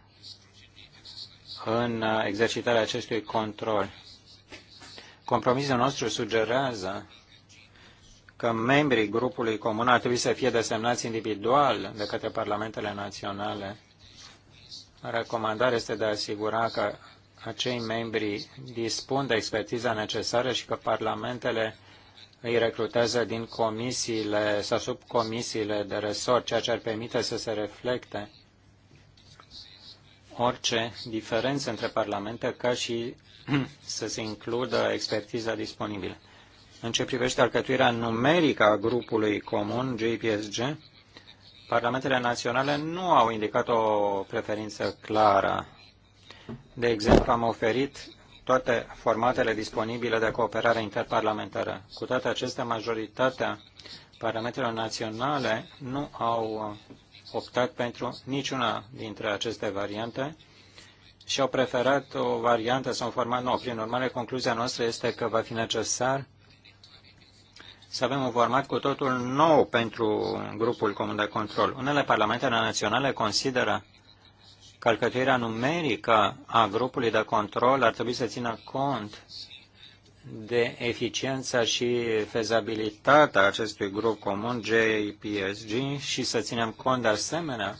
în uh, exercitarea acestui control. Compromisul nostru sugerează că membrii grupului comun ar trebui să fie desemnați individual de către parlamentele naționale. Recomandarea este de a asigura că acei membri dispun de expertiza necesară și că parlamentele îi recrutează din comisiile sau comisiile de resort, ceea ce ar permite să se reflecte orice diferență între parlamente ca și să se includă expertiza disponibilă. În ce privește alcătuirea numerică a grupului comun JPSG, parlamentele naționale nu au indicat o preferință clară. De exemplu, am oferit toate formatele disponibile de cooperare interparlamentară. Cu toate acestea, majoritatea parlamentelor naționale nu au optat pentru niciuna dintre aceste variante și au preferat o variantă sau un format nou. Prin urmare, concluzia noastră este că va fi necesar să avem un format cu totul nou pentru grupul comun de control. Unele parlamente naționale consideră Calcătuirea numerică a grupului de control ar trebui să țină cont de eficiența și fezabilitatea acestui grup comun JPSG și să ținem cont de asemenea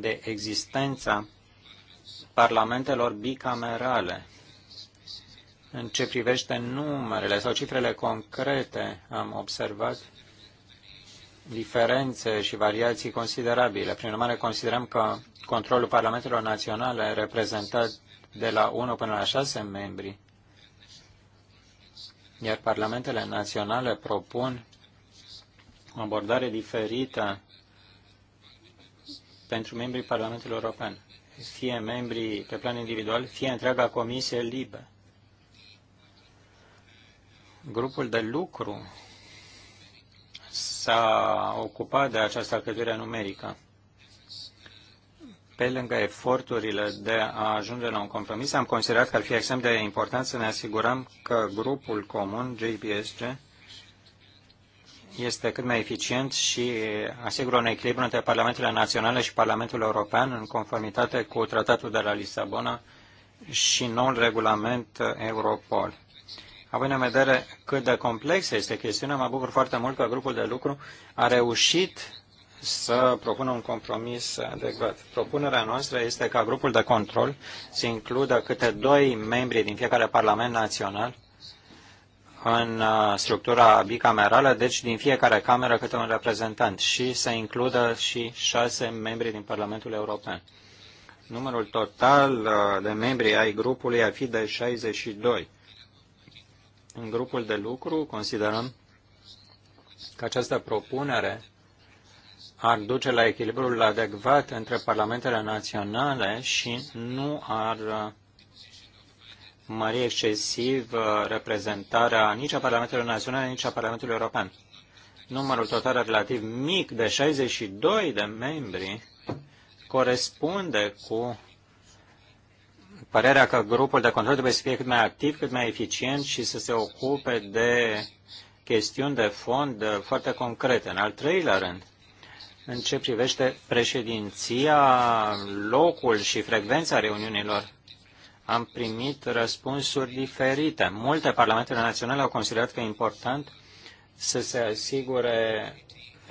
de existența parlamentelor bicamerale. În ce privește numerele sau cifrele concrete, am observat diferențe și variații considerabile. Prin urmare, considerăm că controlul Parlamentelor Naționale reprezentat de la 1 până la 6 membri, iar Parlamentele Naționale propun o abordare diferită pentru membrii Parlamentului European, fie membrii pe plan individual, fie întreaga comisie liberă. Grupul de lucru s-a ocupat de această cădere numerică. Pe lângă eforturile de a ajunge la un compromis, am considerat că ar fi extrem de important să ne asigurăm că grupul comun JPSG este cât mai eficient și asigură un echilibru între Parlamentele Naționale și Parlamentul European în conformitate cu Tratatul de la Lisabona și noul regulament Europol. Având în vedere cât de complexă este chestiunea, mă bucur foarte mult că grupul de lucru a reușit să propună un compromis adecvat. Propunerea noastră este ca grupul de control să includă câte doi membri din fiecare Parlament Național în uh, structura bicamerală, deci din fiecare cameră câte un reprezentant și să includă și șase membri din Parlamentul European. Numărul total uh, de membri ai grupului ar fi de 62. În grupul de lucru considerăm că această propunere ar duce la echilibrul adecvat între parlamentele naționale și nu ar mări excesiv uh, reprezentarea nici a Parlamentului Național, nici a Parlamentului European. Numărul total relativ mic de 62 de membri corespunde cu părerea că grupul de control trebuie să fie cât mai activ, cât mai eficient și să se ocupe de chestiuni de fond foarte concrete. În al treilea rând, în ce privește președinția, locul și frecvența reuniunilor, am primit răspunsuri diferite. Multe parlamentele naționale au considerat că e important să se asigure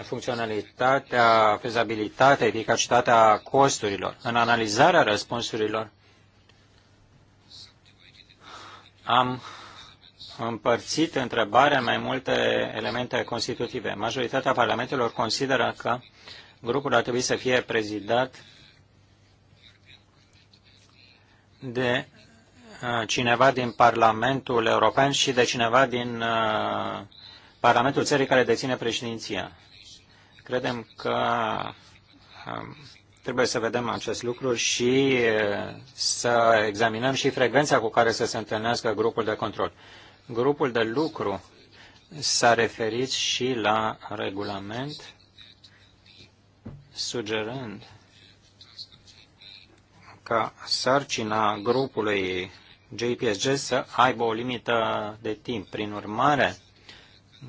funcționalitatea, fezabilitatea, eficacitatea costurilor. În analizarea răspunsurilor, Am împărțit întrebarea în mai multe elemente constitutive. Majoritatea parlamentelor consideră că grupul ar trebui să fie prezidat de uh, cineva din Parlamentul European și de cineva din uh, Parlamentul țării care deține președinția. Credem că um, Trebuie să vedem acest lucru și să examinăm și frecvența cu care să se întâlnească grupul de control. Grupul de lucru s-a referit și la regulament, sugerând ca sarcina grupului JPSG să aibă o limită de timp. Prin urmare,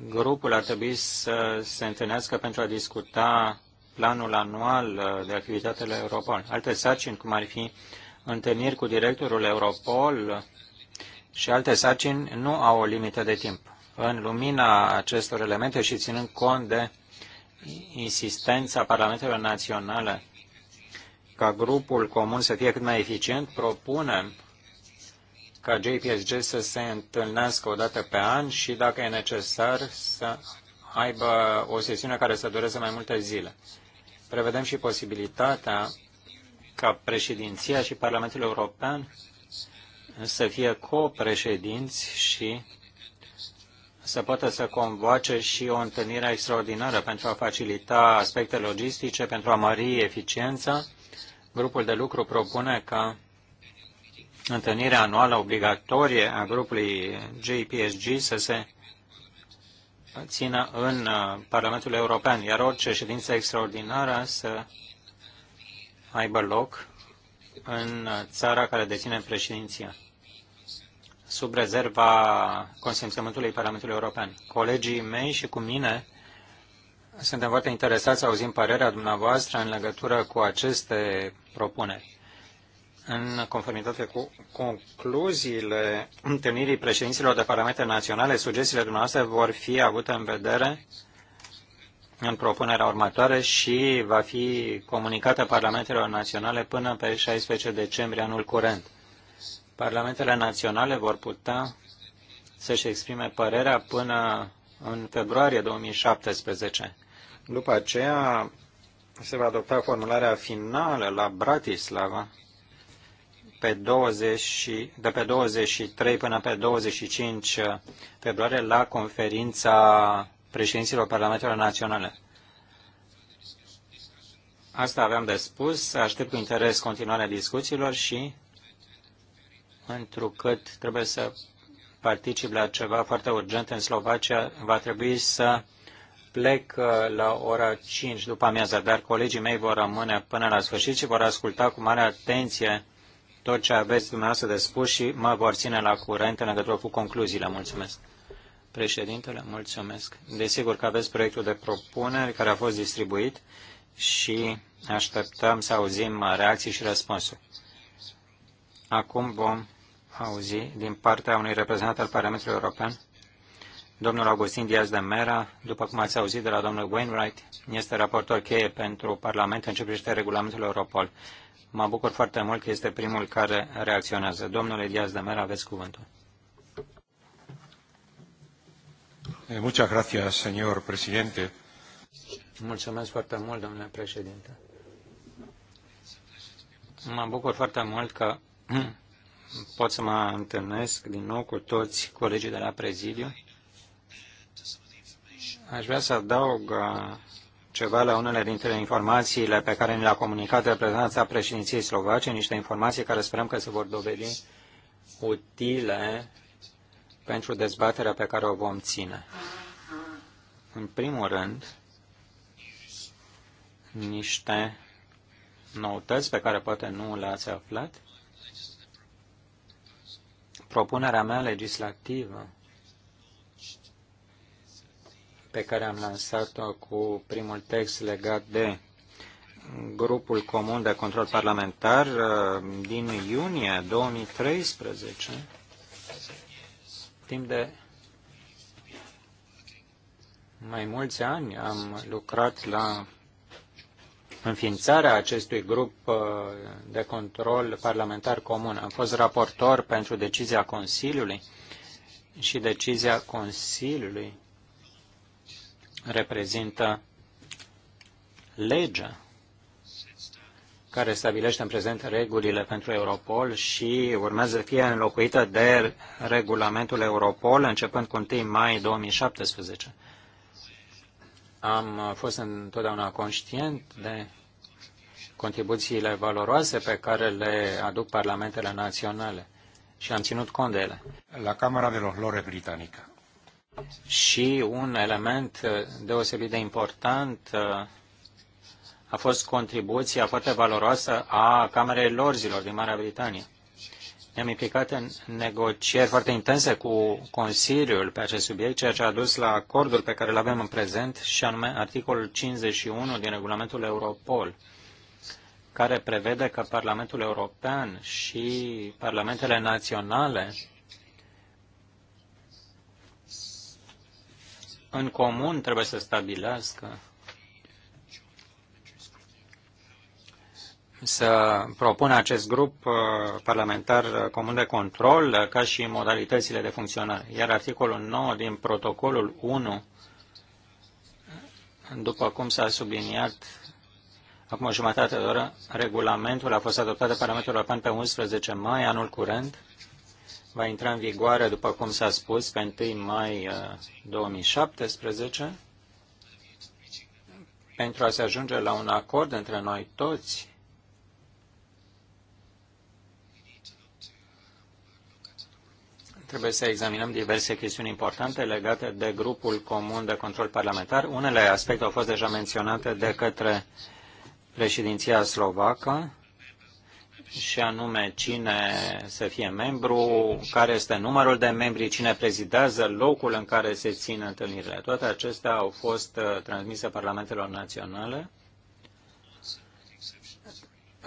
grupul ar trebui să se întâlnească pentru a discuta planul anual uh, de activitate la Europol. Alte sarcini, cum ar fi întâlniri cu directorul Europol uh, și alte sarcini, nu au o limită de timp. În lumina acestor elemente și ținând cont de insistența Parlamentelor Naționale ca grupul comun să fie cât mai eficient, propunem ca JPSG să se întâlnească o dată pe an și, dacă e necesar, să aibă o sesiune care să dureze mai multe zile. Prevedem și posibilitatea ca președinția și Parlamentul European să fie copreședinți și să poată să convoace și o întâlnire extraordinară pentru a facilita aspecte logistice, pentru a mări eficiența. Grupul de lucru propune ca întâlnirea anuală obligatorie a grupului JPSG să se țină în uh, Parlamentul European, iar orice ședință extraordinară să aibă loc în uh, țara care deține președinția, sub rezerva consimțământului Parlamentului European. Colegii mei și cu mine suntem foarte interesați să auzim părerea dumneavoastră în legătură cu aceste propuneri în conformitate cu concluziile întâlnirii președinților de parlamente naționale, sugestiile dumneavoastră vor fi avute în vedere în propunerea următoare și va fi comunicată Parlamentelor Naționale până pe 16 decembrie anul curent. Parlamentele Naționale vor putea să-și exprime părerea până în februarie 2017. După aceea se va adopta formularea finală la Bratislava pe 20, de pe 23 până pe 25 februarie la conferința președinților Parlamentelor Naționale. Asta aveam de spus. Aștept cu interes continuarea discuțiilor și întrucât trebuie să particip la ceva foarte urgent în Slovacia, va trebui să plec uh, la ora 5 după amiază, dar colegii mei vor rămâne până la sfârșit și vor asculta cu mare atenție tot ce aveți dumneavoastră de spus și mă vor ține la curent în legătură cu concluziile. Mulțumesc. Președintele, mulțumesc. Desigur că aveți proiectul de propuneri care a fost distribuit și așteptăm să auzim reacții și răspunsuri. Acum vom auzi din partea unui reprezentant al Parlamentului European, domnul Augustin Diaz de Mera, după cum ați auzit de la domnul Wainwright, este raportor cheie pentru Parlament în ce privește regulamentul Europol. Mă bucur foarte mult că este primul care reacționează. Domnule Diaz de Mera, aveți cuvântul. Eh, muchas gracias, señor presidente. Mulțumesc foarte mult, domnule președinte. Mă bucur foarte mult că pot să mă întâlnesc din nou cu toți colegii de la prezidiu. Aș vrea să adaug uh, ceva la unele dintre informațiile pe care ni le-a comunicat reprezentanța președinției slovace, niște informații care sperăm că se vor dovedi utile pentru dezbaterea pe care o vom ține. În primul rând, niște noutăți pe care poate nu le-ați aflat. Propunerea mea legislativă pe care am lansat-o cu primul text legat de grupul comun de control parlamentar uh, din iunie 2013, timp de mai mulți ani am lucrat la înființarea acestui grup uh, de control parlamentar comun. Am fost raportor pentru decizia Consiliului și decizia Consiliului reprezintă legea care stabilește în prezent regulile pentru Europol și urmează să fie înlocuită de regulamentul Europol începând cu 1 mai 2017. Am fost întotdeauna conștient de contribuțiile valoroase pe care le aduc parlamentele naționale și am ținut cont de ele. La Camera de los Lores Britanică. Și un element uh, deosebit de important uh, a fost contribuția foarte valoroasă a Camerei Lorzilor din Marea Britanie. Ne-am implicat în negocieri foarte intense cu Consiliul pe acest subiect, ceea ce a dus la acordul pe care îl avem în prezent, și anume articolul 51 din regulamentul Europol, care prevede că Parlamentul European și Parlamentele Naționale în comun trebuie să stabilească să propună acest grup uh, parlamentar uh, comun de control uh, ca și modalitățile de funcționare. Iar articolul 9 din protocolul 1, după cum s-a subliniat acum o jumătate de oră, regulamentul a fost adoptat de Parlamentul European pe 11 mai anul curent va intra în vigoare, după cum s-a spus, pe 1 mai 2017 uh, pentru a se ajunge la un acord între noi toți. Trebuie să examinăm diverse chestiuni importante legate de grupul comun de control parlamentar. Unele aspecte au fost deja menționate de către președinția slovacă și anume cine să fie membru, care este numărul de membri, cine prezidează locul în care se țin întâlnirile. Toate acestea au fost uh, transmise Parlamentelor Naționale.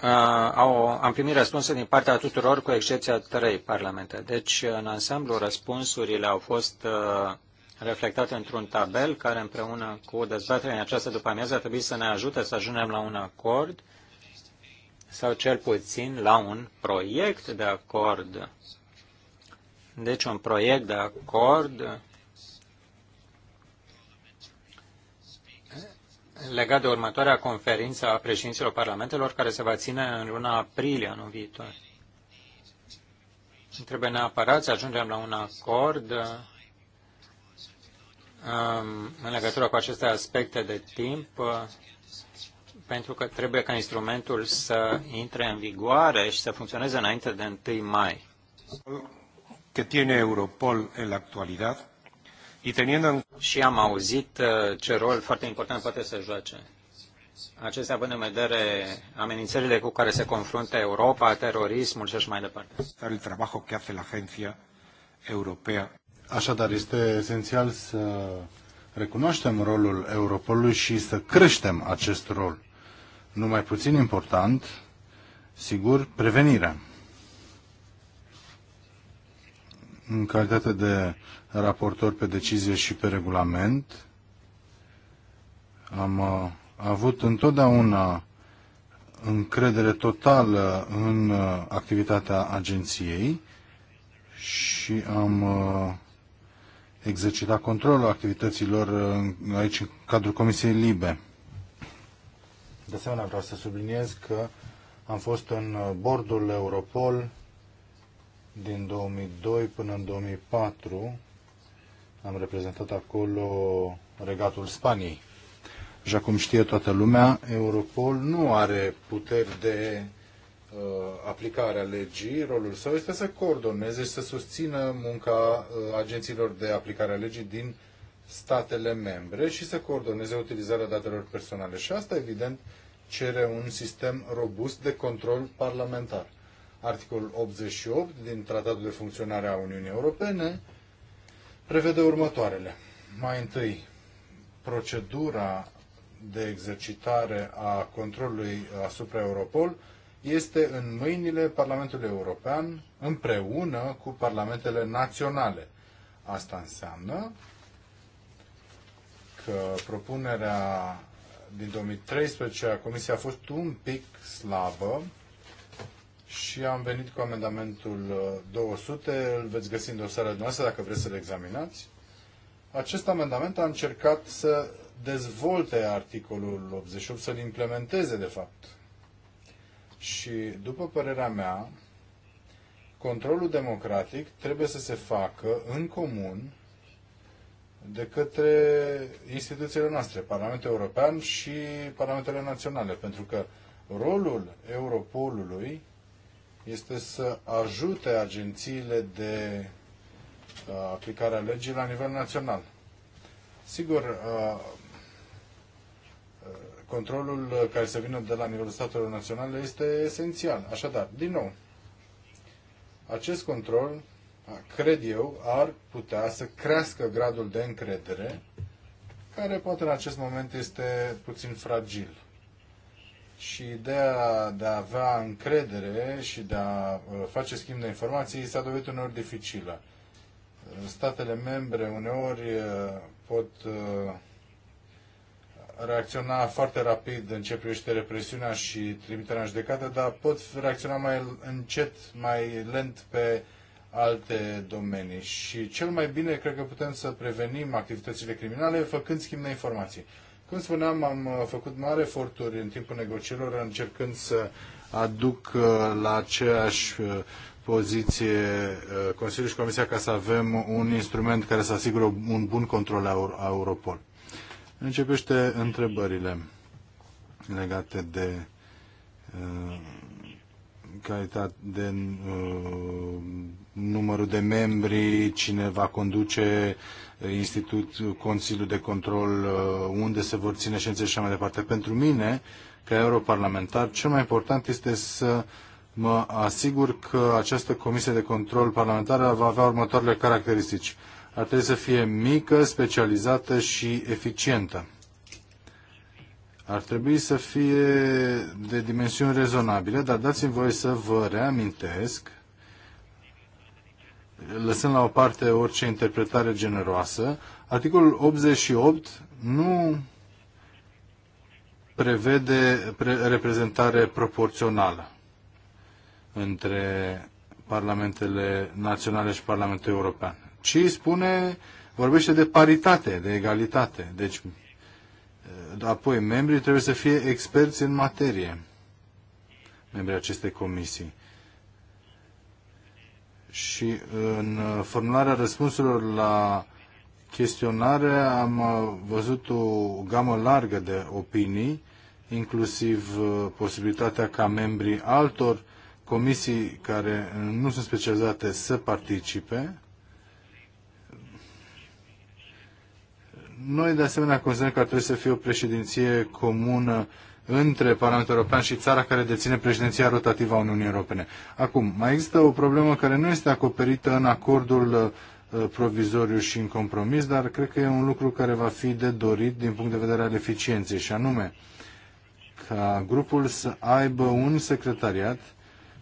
Uh, au, am primit răspunsuri din partea tuturor, cu excepția trei parlamente. Deci, în ansamblu, răspunsurile au fost uh, reflectate într-un tabel care, împreună cu dezbaterea în această după amiază, a trebuit să ne ajute să ajungem la un acord sau cel puțin la un proiect de acord. Deci un proiect de acord legat de următoarea conferință a președinților parlamentelor care se va ține în luna aprilie anul viitor. Trebuie neapărat să ajungem la un acord um, în legătură cu aceste aspecte de timp pentru că trebuie ca instrumentul să intre în vigoare și să funcționeze înainte de 1 mai. Que tiene Europol în actualitate y teniendo Și am auzit uh, ce rol foarte important poate să joace. Acestea având în vedere amenințările cu care se confruntă Europa, terorismul și așa mai departe. El trabajo que hace la agencia europea. Așadar, este esențial să recunoaștem rolul Europolului și să creștem acest rol nu mai puțin important, sigur, prevenirea. În calitate de raportor pe decizie și pe regulament, am uh, avut întotdeauna încredere totală în uh, activitatea agenției și am uh, exercitat controlul activităților aici în cadrul Comisiei Libe. De asemenea, vreau să subliniez că am fost în bordul Europol din 2002 până în 2004. Am reprezentat acolo regatul Spaniei. Așa cum știe toată lumea, Europol nu are puteri de uh, aplicare a legii. Rolul său este să coordoneze și să susțină munca uh, agențiilor de aplicare a legii din uh, statele membre și să coordoneze utilizarea datelor personale. Și asta, evident, cere un sistem robust de control parlamentar. Articolul 88 din Tratatul de Funcționare a Uniunii Europene prevede următoarele. Mai întâi, procedura de exercitare a controlului asupra Europol este în mâinile Parlamentului European împreună cu parlamentele naționale. Asta înseamnă propunerea din 2013 a Comisiei a fost un pic slabă și am venit cu amendamentul 200, uh, îl veți găsi în dosarea dumneavoastră dacă vreți să-l examinați. Acest amendament a încercat să dezvolte articolul 88, să-l implementeze de fapt. Și după părerea mea, controlul democratic trebuie să se facă în comun de către instituțiile noastre, Parlamentul European și Parlamentele Naționale, pentru că rolul Europolului este să ajute agențiile de uh, aplicare a legii la nivel național. Sigur, uh, uh, controlul care se vine de la nivelul statelor naționale este esențial. Așadar, din nou, acest control cred eu, ar putea să crească gradul de încredere, care poate în acest moment este puțin fragil. Și ideea de a avea încredere și de a uh, face schimb de informații s-a dovedit uneori dificilă. Uh, statele membre uneori uh, pot reacționa foarte rapid în ce privește represiunea și trimiterea în judecată, dar pot reacționa mai încet, mai lent pe alte domenii. Și cel mai bine, cred că putem să prevenim activitățile criminale făcând schimb de informații. Cum spuneam, am uh, făcut mari eforturi în timpul negocierilor încercând să aduc uh, la aceeași uh, poziție Consiliul și Comisia ca să avem un instrument care să asigure un bun control a Europol. Începește întrebările legate de calitate de uh, numărul de membri, cine va conduce institut, Consiliul de Control, uh, unde se vor ține ședințe și așa mai departe. Pentru mine, ca europarlamentar, cel mai important este să mă asigur că această comisie de control parlamentară va avea următoarele caracteristici. Ar trebui să fie mică, specializată și eficientă ar trebui să fie de dimensiuni rezonabile, dar dați-mi voie să vă reamintesc, lăsând la o parte orice interpretare generoasă, articolul 88 nu prevede pre- reprezentare proporțională între parlamentele naționale și Parlamentul European, ci spune, vorbește de paritate, de egalitate. Deci Apoi, membrii trebuie să fie experți în materie, membrii acestei comisii. Și în formularea răspunsurilor la chestionare am văzut o gamă largă de opinii, inclusiv uh, posibilitatea ca membrii altor comisii care nu sunt specializate să participe Noi, de asemenea, considerăm că ar trebui să fie o președinție comună între Parlamentul European și țara care deține președinția rotativă a Uniunii Europene. Acum, mai există o problemă care nu este acoperită în acordul uh, provizoriu și în compromis, dar cred că e un lucru care va fi de dorit din punct de vedere al eficienței, și anume ca grupul să aibă un secretariat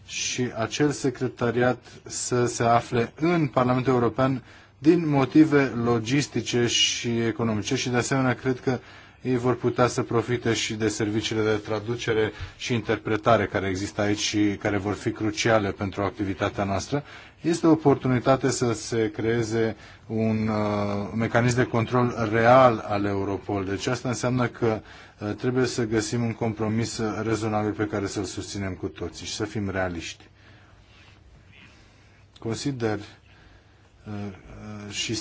și acel secretariat să se afle în Parlamentul European din motive logistice și economice și de asemenea cred că ei vor putea să profite și de serviciile de traducere și interpretare care există aici și care vor fi cruciale pentru activitatea noastră. Este o oportunitate să se creeze un uh, mecanism de control real al Europol. Deci asta înseamnă că uh, trebuie să găsim un compromis rezonabil pe care să-l susținem cu toții și să fim realiști. Consider uh, Uh, și uh,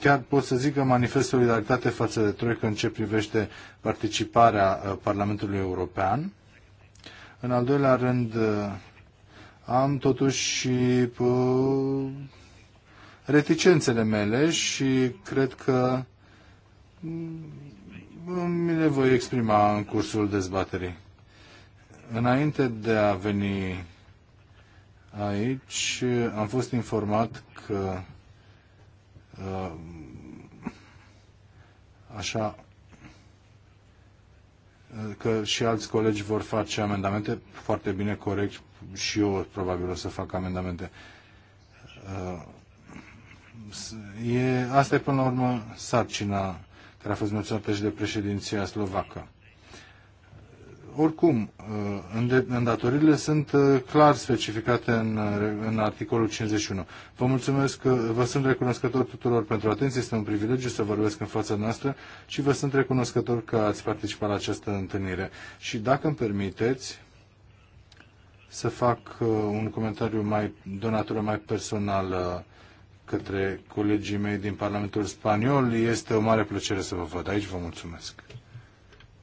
chiar pot să zic că manifest solidaritate față de Troică în ce privește participarea uh, Parlamentului European. În al doilea rând, am totuși reticențele mele și cred că mm, mi le voi exprima în cursul dezbaterii. Înainte de a veni aici, am fost informat că Um, așa că și alți colegi vor face amendamente, foarte bine, corect, și eu probabil o să fac amendamente. Uh, e, asta e până la urmă sarcina care a fost menționată și de președinția slovacă. Oricum, uh, îndatoririle sunt uh, clar specificate în, uh, în articolul 51. Vă mulțumesc, vă sunt recunoscător tuturor pentru atenție, este un privilegiu să vorbesc în fața noastră și vă sunt recunoscător că ați participat la această întâlnire. Și dacă îmi permiteți să fac un comentariu mai, de o natură mai personală către colegii mei din Parlamentul Spaniol, este o mare plăcere să vă văd aici, vă mulțumesc.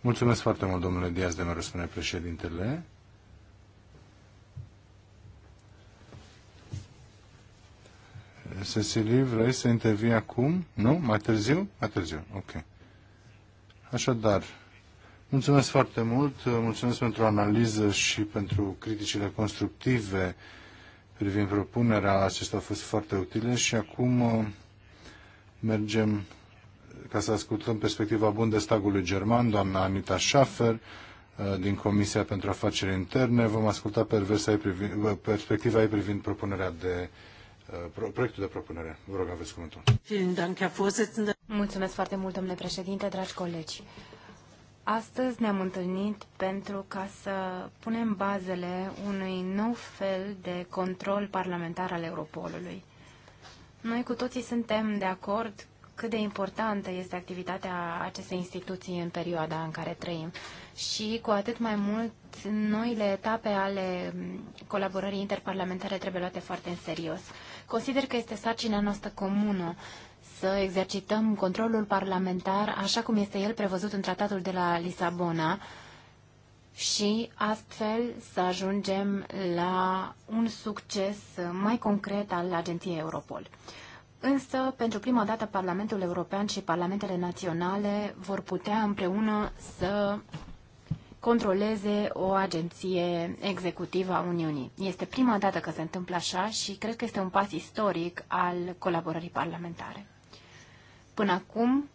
Mulțumesc foarte mult, domnule Diaz de Mero, spune președintele. Cecilie, vrei să intervii acum? Nu? Mai târziu? Mai târziu, ok. Așadar, mulțumesc foarte mult, mulțumesc pentru analiză și pentru criticile constructive privind propunerea. Acestea au fost foarte utile și acum uh, mergem ca să ascultăm perspectiva Bundestagului German, doamna Anita Schaffer, uh, din Comisia pentru Afaceri Interne. Vom asculta ei privind, uh, perspectiva ei privind propunerea de uh, proiectul de propunere. Vă rog, aveți cuvântul. Mulțumesc foarte mult, domnule președinte, dragi colegi. Astăzi ne-am întâlnit pentru ca să punem bazele unui nou fel de control parlamentar al Europolului. Noi cu toții suntem de acord cât de importantă este activitatea acestei instituții în perioada în care trăim. Și cu atât mai mult, noile etape ale colaborării interparlamentare trebuie luate foarte în serios. Consider că este sarcina noastră comună să exercităm controlul parlamentar așa cum este el prevăzut în tratatul de la Lisabona și astfel să ajungem la un succes mai concret al agenției Europol. Însă, pentru prima dată, Parlamentul European și Parlamentele Naționale vor putea împreună să controleze o agenție executivă a Uniunii. Este prima dată că se întâmplă așa și cred că este un pas istoric al colaborării parlamentare. Până acum,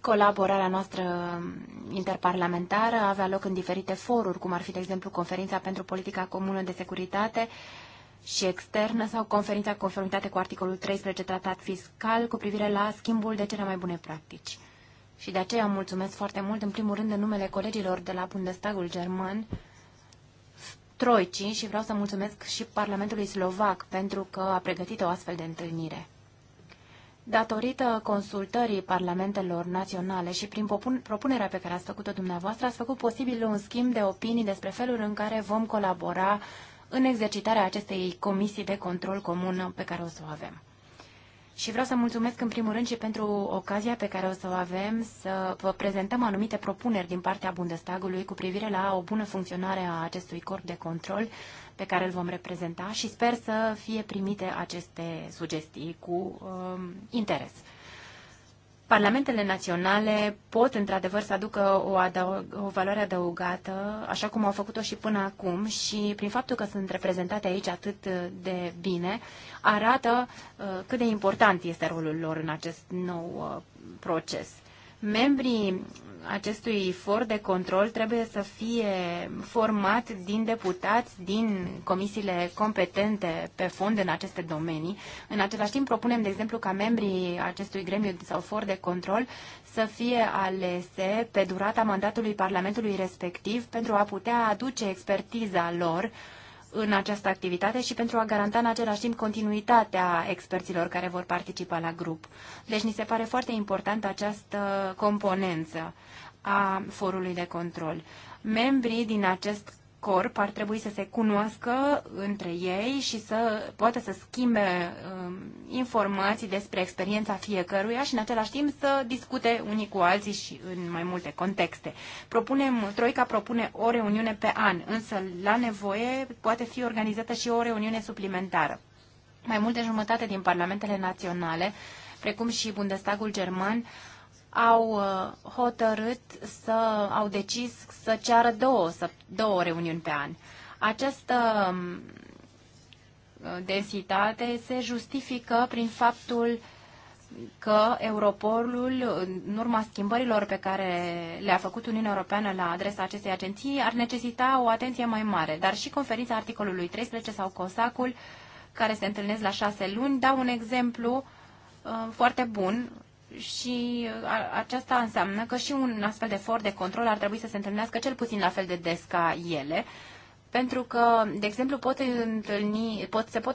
colaborarea noastră interparlamentară avea loc în diferite foruri, cum ar fi, de exemplu, Conferința pentru Politica Comună de Securitate, și externă sau conferința conformitate cu articolul 13 tratat fiscal cu privire la schimbul de cele mai bune practici. Și de aceea mulțumesc foarte mult, în primul rând, în numele colegilor de la Bundestagul German, Troicii, și vreau să mulțumesc și Parlamentului Slovac pentru că a pregătit o astfel de întâlnire. Datorită consultării parlamentelor naționale și prin propunerea pe care ați făcut-o dumneavoastră, ați făcut posibil un schimb de opinii despre felul în care vom colabora în exercitarea acestei comisii de control comun pe care o să o avem. Și vreau să mulțumesc în primul rând și pentru ocazia pe care o să o avem să vă prezentăm anumite propuneri din partea Bundestagului cu privire la o bună funcționare a acestui corp de control pe care îl vom reprezenta și sper să fie primite aceste sugestii cu uh, interes. Parlamentele naționale pot, într-adevăr, să aducă o, o valoare adăugată, așa cum au făcut-o și până acum, și prin faptul că sunt reprezentate aici atât de bine, arată uh, cât de important este rolul lor în acest nou uh, proces. Membrii acestui for de control trebuie să fie format din deputați din comisiile competente pe fond în aceste domenii. În același timp propunem, de exemplu, ca membrii acestui gremiu sau for de control să fie alese pe durata mandatului Parlamentului respectiv pentru a putea aduce expertiza lor uh, în această activitate și pentru a garanta în același timp continuitatea experților care vor participa la grup. Deci ni se pare foarte importantă această componență a forului de control. Membrii din acest corp ar trebui să se cunoască între ei și să poată să schimbe um, informații despre experiența fiecăruia și în același timp să discute unii cu alții și în mai multe contexte. Propunem, Troica propune o reuniune pe an, însă la nevoie poate fi organizată și o reuniune suplimentară. Mai multe jumătate din parlamentele naționale, precum și Bundestagul german, au uh, hotărât să, au decis să ceară două, două reuniuni pe an. Această um, densitate se justifică prin faptul că Europolul, în urma schimbărilor pe care le-a făcut Uniunea Europeană la adresa acestei agenții, ar necesita o atenție mai mare. Dar și conferința articolului 13 sau COSAC-ul, care se întâlnesc la șase luni, dau un exemplu uh, foarte bun și uh, aceasta înseamnă că și un astfel de for de control ar trebui să se întâlnească cel puțin la fel de des ca ele, pentru că, de exemplu, pot întâlni, pot, se pot,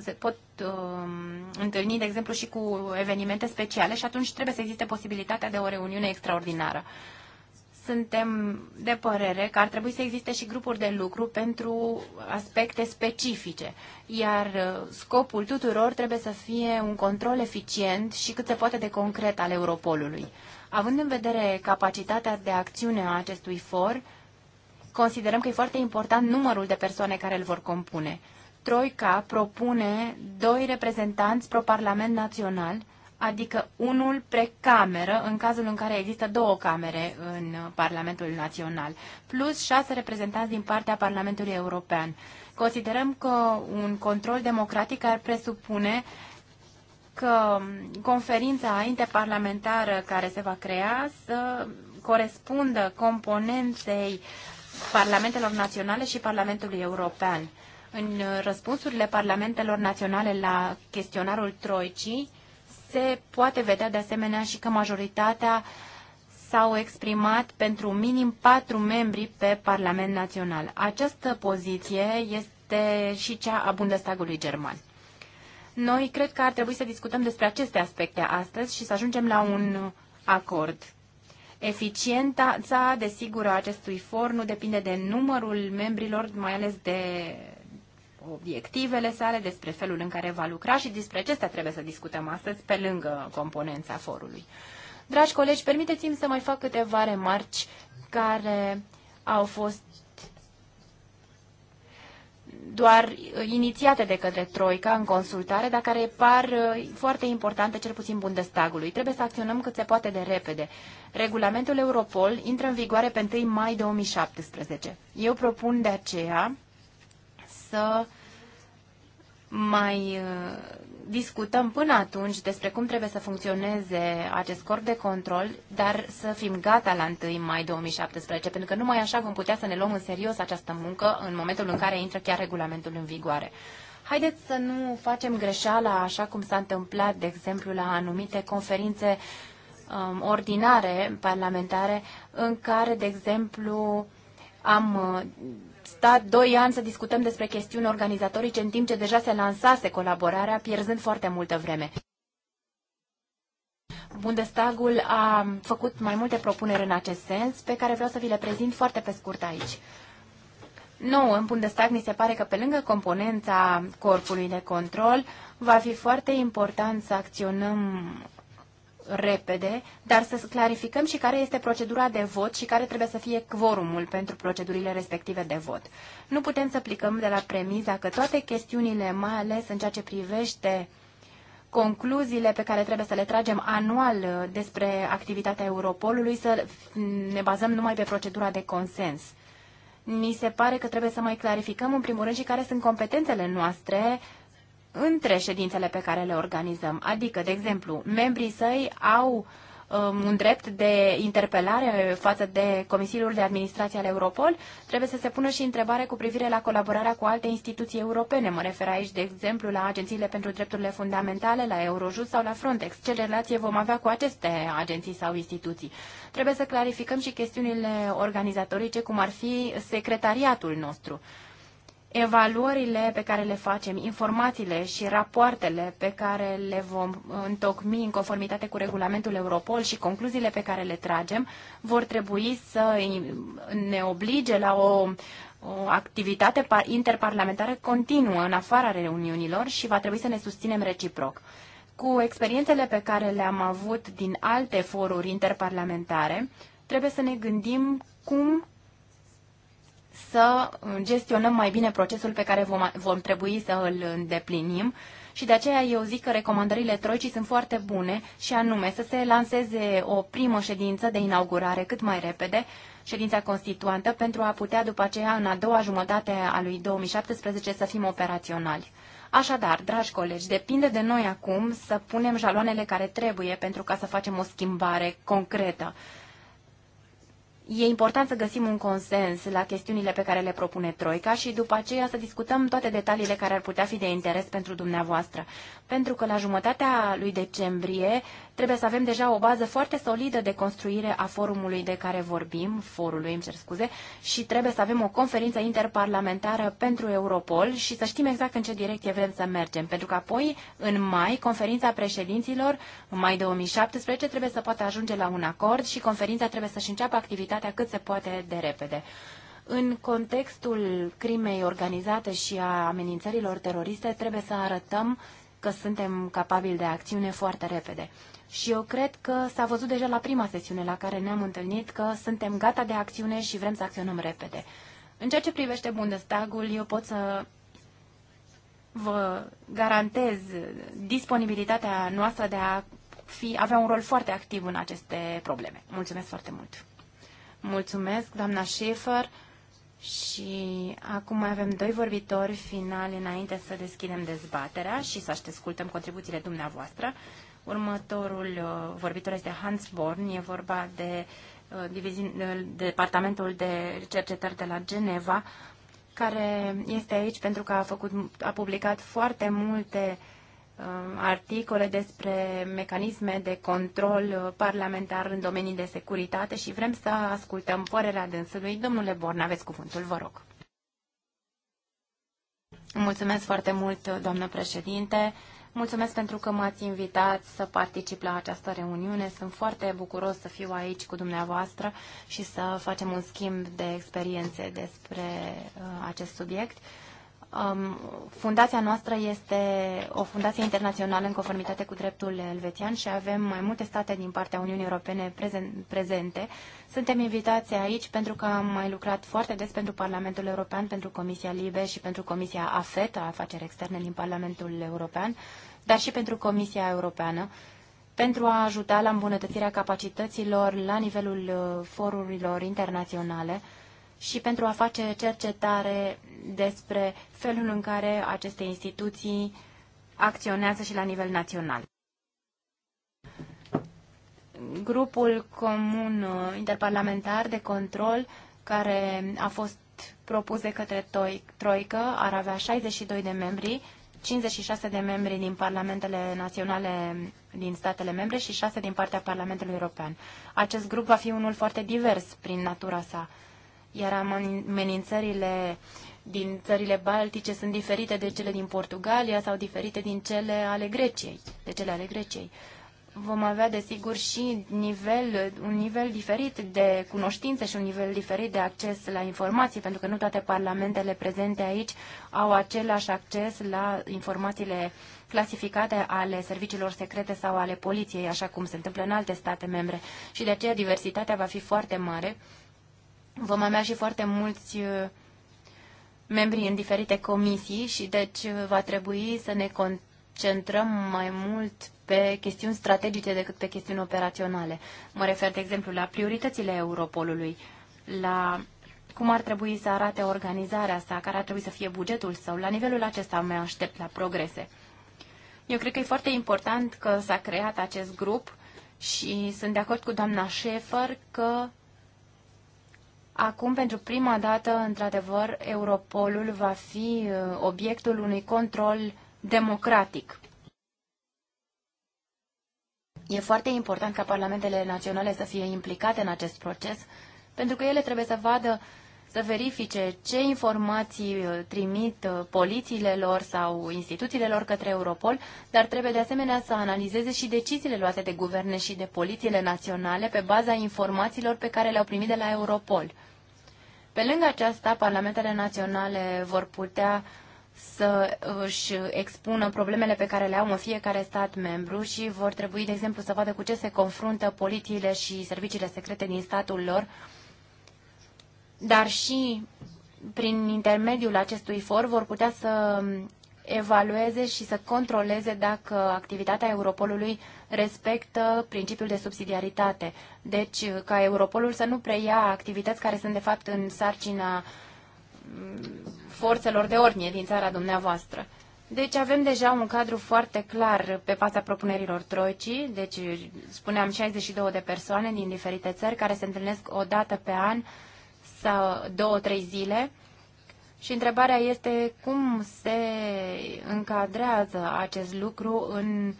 se pot uh, um, întâlni, de exemplu, și cu evenimente speciale și atunci trebuie să existe posibilitatea de o reuniune extraordinară. Uh, suntem de părere că ar trebui să existe și grupuri de lucru pentru aspecte specifice, iar uh, scopul tuturor trebuie să fie un control eficient și cât se poate de concret al Europolului. Având în vedere capacitatea de acțiune a acestui for, considerăm că e foarte important numărul de persoane care îl vor compune. Troica propune doi reprezentanți pro-parlament național adică unul precameră în cazul în care există două camere în Parlamentul Național, plus șase reprezentanți din partea Parlamentului European. Considerăm că un control democratic ar presupune că conferința interparlamentară care se va crea să corespundă componenței Parlamentelor Naționale și Parlamentului European. În răspunsurile Parlamentelor Naționale la chestionarul Troicii, se poate vedea de asemenea și că majoritatea s-au exprimat pentru minim patru membri pe Parlament Național. Această poziție este și cea a Bundestagului German. Noi cred că ar trebui să discutăm despre aceste aspecte astăzi și să ajungem la un acord. Eficiența, desigur, a acestui for nu depinde de numărul membrilor, mai ales de obiectivele sale, despre felul în care va lucra și despre acestea trebuie să discutăm astăzi, pe lângă componența forului. Dragi colegi, permiteți-mi să mai fac câteva remarci care au fost doar inițiate de către Troica în consultare, dar care par uh, foarte importante, cel puțin Bundestagului. Trebuie să acționăm cât se poate de repede. Regulamentul Europol intră în vigoare pe 1 mai 2017. Eu propun de aceea să mai uh, discutăm până atunci despre cum trebuie să funcționeze acest corp de control, dar să fim gata la 1 mai 2017, pentru că numai așa vom putea să ne luăm în serios această muncă în momentul în care intră chiar regulamentul în vigoare. Haideți să nu facem greșeala așa cum s-a întâmplat, de exemplu, la anumite conferințe um, ordinare parlamentare, în care, de exemplu, am uh, stat doi ani să discutăm despre chestiuni organizatorice în timp ce deja se lansase colaborarea, pierzând foarte multă vreme. Bundestagul a făcut mai multe propuneri în acest sens, pe care vreau să vi le prezint foarte pe scurt aici. Nou, în Bundestag mi se pare că pe lângă componența corpului de control, va fi foarte important să acționăm repede, dar să clarificăm și care este procedura de vot și care trebuie să fie quorumul pentru procedurile respective de vot. Nu putem să plicăm de la premiza că toate chestiunile, mai ales în ceea ce privește concluziile pe care trebuie să le tragem anual despre activitatea Europolului, să ne bazăm numai pe procedura de consens. Ni se pare că trebuie să mai clarificăm, în primul rând, și care sunt competențele noastre între ședințele pe care le organizăm. Adică, de exemplu, membrii săi au um, un drept de interpelare față de Comisiul de Administrație al Europol, trebuie să se pună și întrebare cu privire la colaborarea cu alte instituții europene. Mă refer aici, de exemplu, la agențiile pentru drepturile fundamentale, la Eurojust sau la Frontex. Ce relație vom avea cu aceste agenții sau instituții? Trebuie să clarificăm și chestiunile organizatorice, cum ar fi secretariatul nostru evaluările pe care le facem, informațiile și rapoartele pe care le vom întocmi în conformitate cu regulamentul Europol și concluziile pe care le tragem vor trebui să ne oblige la o, o activitate interparlamentară continuă în afara reuniunilor și va trebui să ne susținem reciproc. Cu experiențele pe care le-am avut din alte foruri interparlamentare, trebuie să ne gândim cum să gestionăm mai bine procesul pe care vom, vom trebui să îl îndeplinim și de aceea eu zic că recomandările Troicii sunt foarte bune și anume să se lanseze o primă ședință de inaugurare cât mai repede, ședința constituantă, pentru a putea după aceea în a doua jumătate a lui 2017 să fim operaționali. Așadar, dragi colegi, depinde de noi acum să punem jaloanele care trebuie pentru ca să facem o schimbare concretă E important să găsim un consens la chestiunile pe care le propune Troica și după aceea să discutăm toate detaliile care ar putea fi de interes pentru dumneavoastră pentru că la jumătatea lui decembrie trebuie să avem deja o bază foarte solidă de construire a forumului de care vorbim, forului, îmi cer scuze, și trebuie să avem o conferință interparlamentară pentru Europol și să știm exact în ce direcție vrem să mergem, pentru că apoi, în mai, conferința președinților, în mai 2017, trebuie să poată ajunge la un acord și conferința trebuie să-și înceapă activitatea cât se poate de repede. În contextul crimei organizate și a amenințărilor teroriste, trebuie să arătăm că suntem capabili de acțiune foarte repede. Și eu cred că s-a văzut deja la prima sesiune la care ne-am întâlnit că suntem gata de acțiune și vrem să acționăm repede. În ceea ce privește Bundestagul, eu pot să vă garantez disponibilitatea noastră de a fi, avea un rol foarte activ în aceste probleme. Mulțumesc foarte mult! Mulțumesc, doamna Schaefer. Și acum mai avem doi vorbitori finali înainte să deschidem dezbaterea și să ascultăm contribuțiile dumneavoastră. Următorul uh, vorbitor este Hans Born, e vorba uh, de, Departamentul de Cercetări de la Geneva, care este aici pentru că a, făcut, a publicat foarte multe uh, Um, articole despre mecanisme de control uh, parlamentar în domenii de securitate și vrem să ascultăm părerea dânsului. Domnule Born, aveți cuvântul, vă rog. Mulțumesc foarte mult, doamnă președinte. Mulțumesc pentru că m-ați invitat să particip la această reuniune. Sunt foarte bucuros să fiu aici cu dumneavoastră și să facem un schimb de experiențe despre uh, acest subiect. Um, fundația noastră este o fundație internațională în conformitate cu dreptul elvețian și avem mai multe state din partea Uniunii Europene prezente. Suntem invitați aici pentru că am mai lucrat foarte des pentru Parlamentul European, pentru Comisia Libe și pentru Comisia AFET, Afaceri Externe din Parlamentul European, dar și pentru Comisia Europeană pentru a ajuta la îmbunătățirea capacităților la nivelul uh, forurilor internaționale, și pentru a face cercetare despre felul în care aceste instituții acționează și la nivel național. Grupul comun uh, interparlamentar de control care a fost propus de către Troică ar avea 62 de membri, 56 de membri din parlamentele naționale din statele membre și 6 din partea Parlamentului European. Acest grup va fi unul foarte divers prin natura sa iar amenințările din țările baltice sunt diferite de cele din Portugalia sau diferite din cele ale Greciei, de cele ale Greciei. Vom avea, desigur, și nivel, un nivel diferit de cunoștințe și un nivel diferit de acces la informații, pentru că nu toate parlamentele prezente aici au același acces la informațiile clasificate ale serviciilor secrete sau ale poliției, așa cum se întâmplă în alte state membre. Și de aceea diversitatea va fi foarte mare Vom avea și foarte mulți uh, membri în diferite comisii și deci uh, va trebui să ne concentrăm mai mult pe chestiuni strategice decât pe chestiuni operaționale. Mă refer, de exemplu, la prioritățile Europolului, la cum ar trebui să arate organizarea sa, care ar trebui să fie bugetul său. La nivelul acesta mă aștept la progrese. Eu cred că e foarte important că s-a creat acest grup și sunt de acord cu doamna Șefer că Acum, pentru prima dată, într-adevăr, Europolul va fi uh, obiectul unui control democratic. E foarte important ca parlamentele naționale să fie implicate în acest proces, pentru că ele trebuie să vadă, să verifice ce informații uh, trimit uh, polițiile lor sau instituțiile lor către Europol, dar trebuie de asemenea să analizeze și deciziile luate de guverne și de polițiile naționale pe baza informațiilor pe care le-au primit de la Europol. Pe lângă aceasta, parlamentele naționale vor putea să își expună problemele pe care le au în fiecare stat membru și vor trebui, de exemplu, să vadă cu ce se confruntă polițiile și serviciile secrete din statul lor, dar și prin intermediul acestui for vor putea să evalueze și să controleze dacă activitatea Europolului respectă principiul de subsidiaritate. Deci, ca Europolul să nu preia activități care sunt, de fapt, în sarcina mm, forțelor de ordine din țara dumneavoastră. Deci avem deja un cadru foarte clar pe fața propunerilor troicii, deci spuneam 62 de persoane din diferite țări care se întâlnesc o dată pe an sau două-trei zile. Și întrebarea este cum se încadrează acest lucru în uh,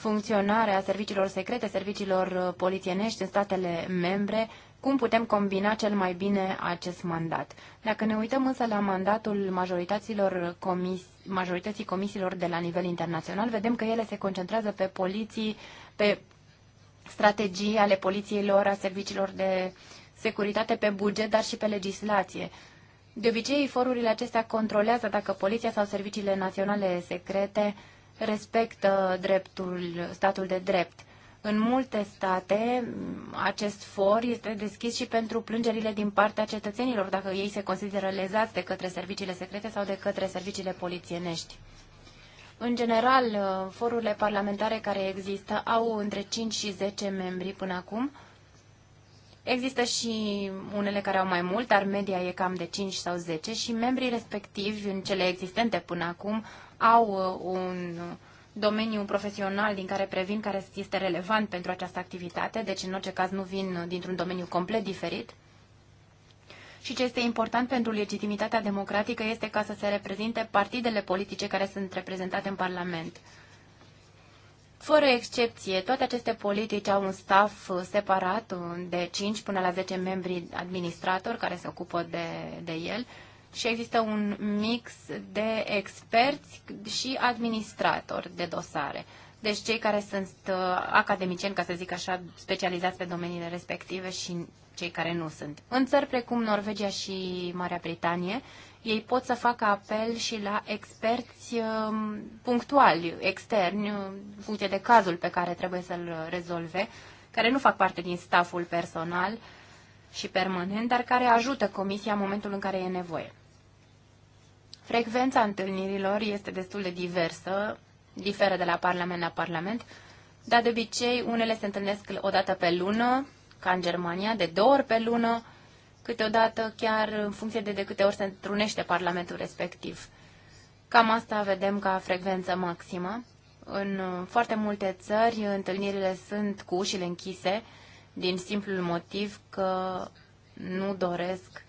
funcționare a serviciilor secrete, serviciilor uh, polițienești în statele membre, cum putem combina cel mai bine acest mandat. Dacă ne uităm însă la mandatul majorităților comis, majorității comisiilor de la nivel internațional, vedem că ele se concentrează pe poliții, pe strategii ale polițiilor, a serviciilor de securitate, pe buget, dar și pe legislație. De obicei, forurile acestea controlează dacă poliția sau serviciile naționale secrete uh, respectă dreptul, statul de drept. În multe state, acest for este deschis și pentru plângerile din partea cetățenilor, dacă ei se consideră lezați de către serviciile secrete sau de către serviciile polițienești. În general, forurile parlamentare care există au între 5 și 10 membri până acum Există și unele care au mai mult, dar media e cam de 5 sau 10 și membrii respectivi, în cele existente până acum, au uh, un domeniu profesional din care previn care este relevant pentru această activitate, deci în orice caz nu vin dintr-un domeniu complet diferit. Și ce este important pentru legitimitatea democratică este ca să se reprezinte partidele politice care sunt reprezentate în Parlament. Fără excepție, toate aceste politici au un staff uh, separat de 5 până la 10 membri administratori care se ocupă de, de el și există un mix de experți și administratori de dosare. Deci cei care sunt uh, academicieni, ca să zic așa, specializați pe domeniile respective și cei care nu sunt. În țări precum Norvegia și Marea Britanie, ei pot să facă apel și la experți um, punctuali, externi, um, în funcție de cazul pe care trebuie să-l rezolve, care nu fac parte din staful personal și permanent, dar care ajută comisia în momentul în care e nevoie. Frecvența întâlnirilor este destul de diversă, diferă de la parlament la parlament, dar de obicei unele se întâlnesc o dată pe lună, ca în Germania, de două ori pe lună, câteodată chiar în funcție de de câte ori se întrunește Parlamentul respectiv. Cam asta vedem ca frecvență maximă. În foarte multe țări, întâlnirile sunt cu ușile închise, din simplul motiv că nu doresc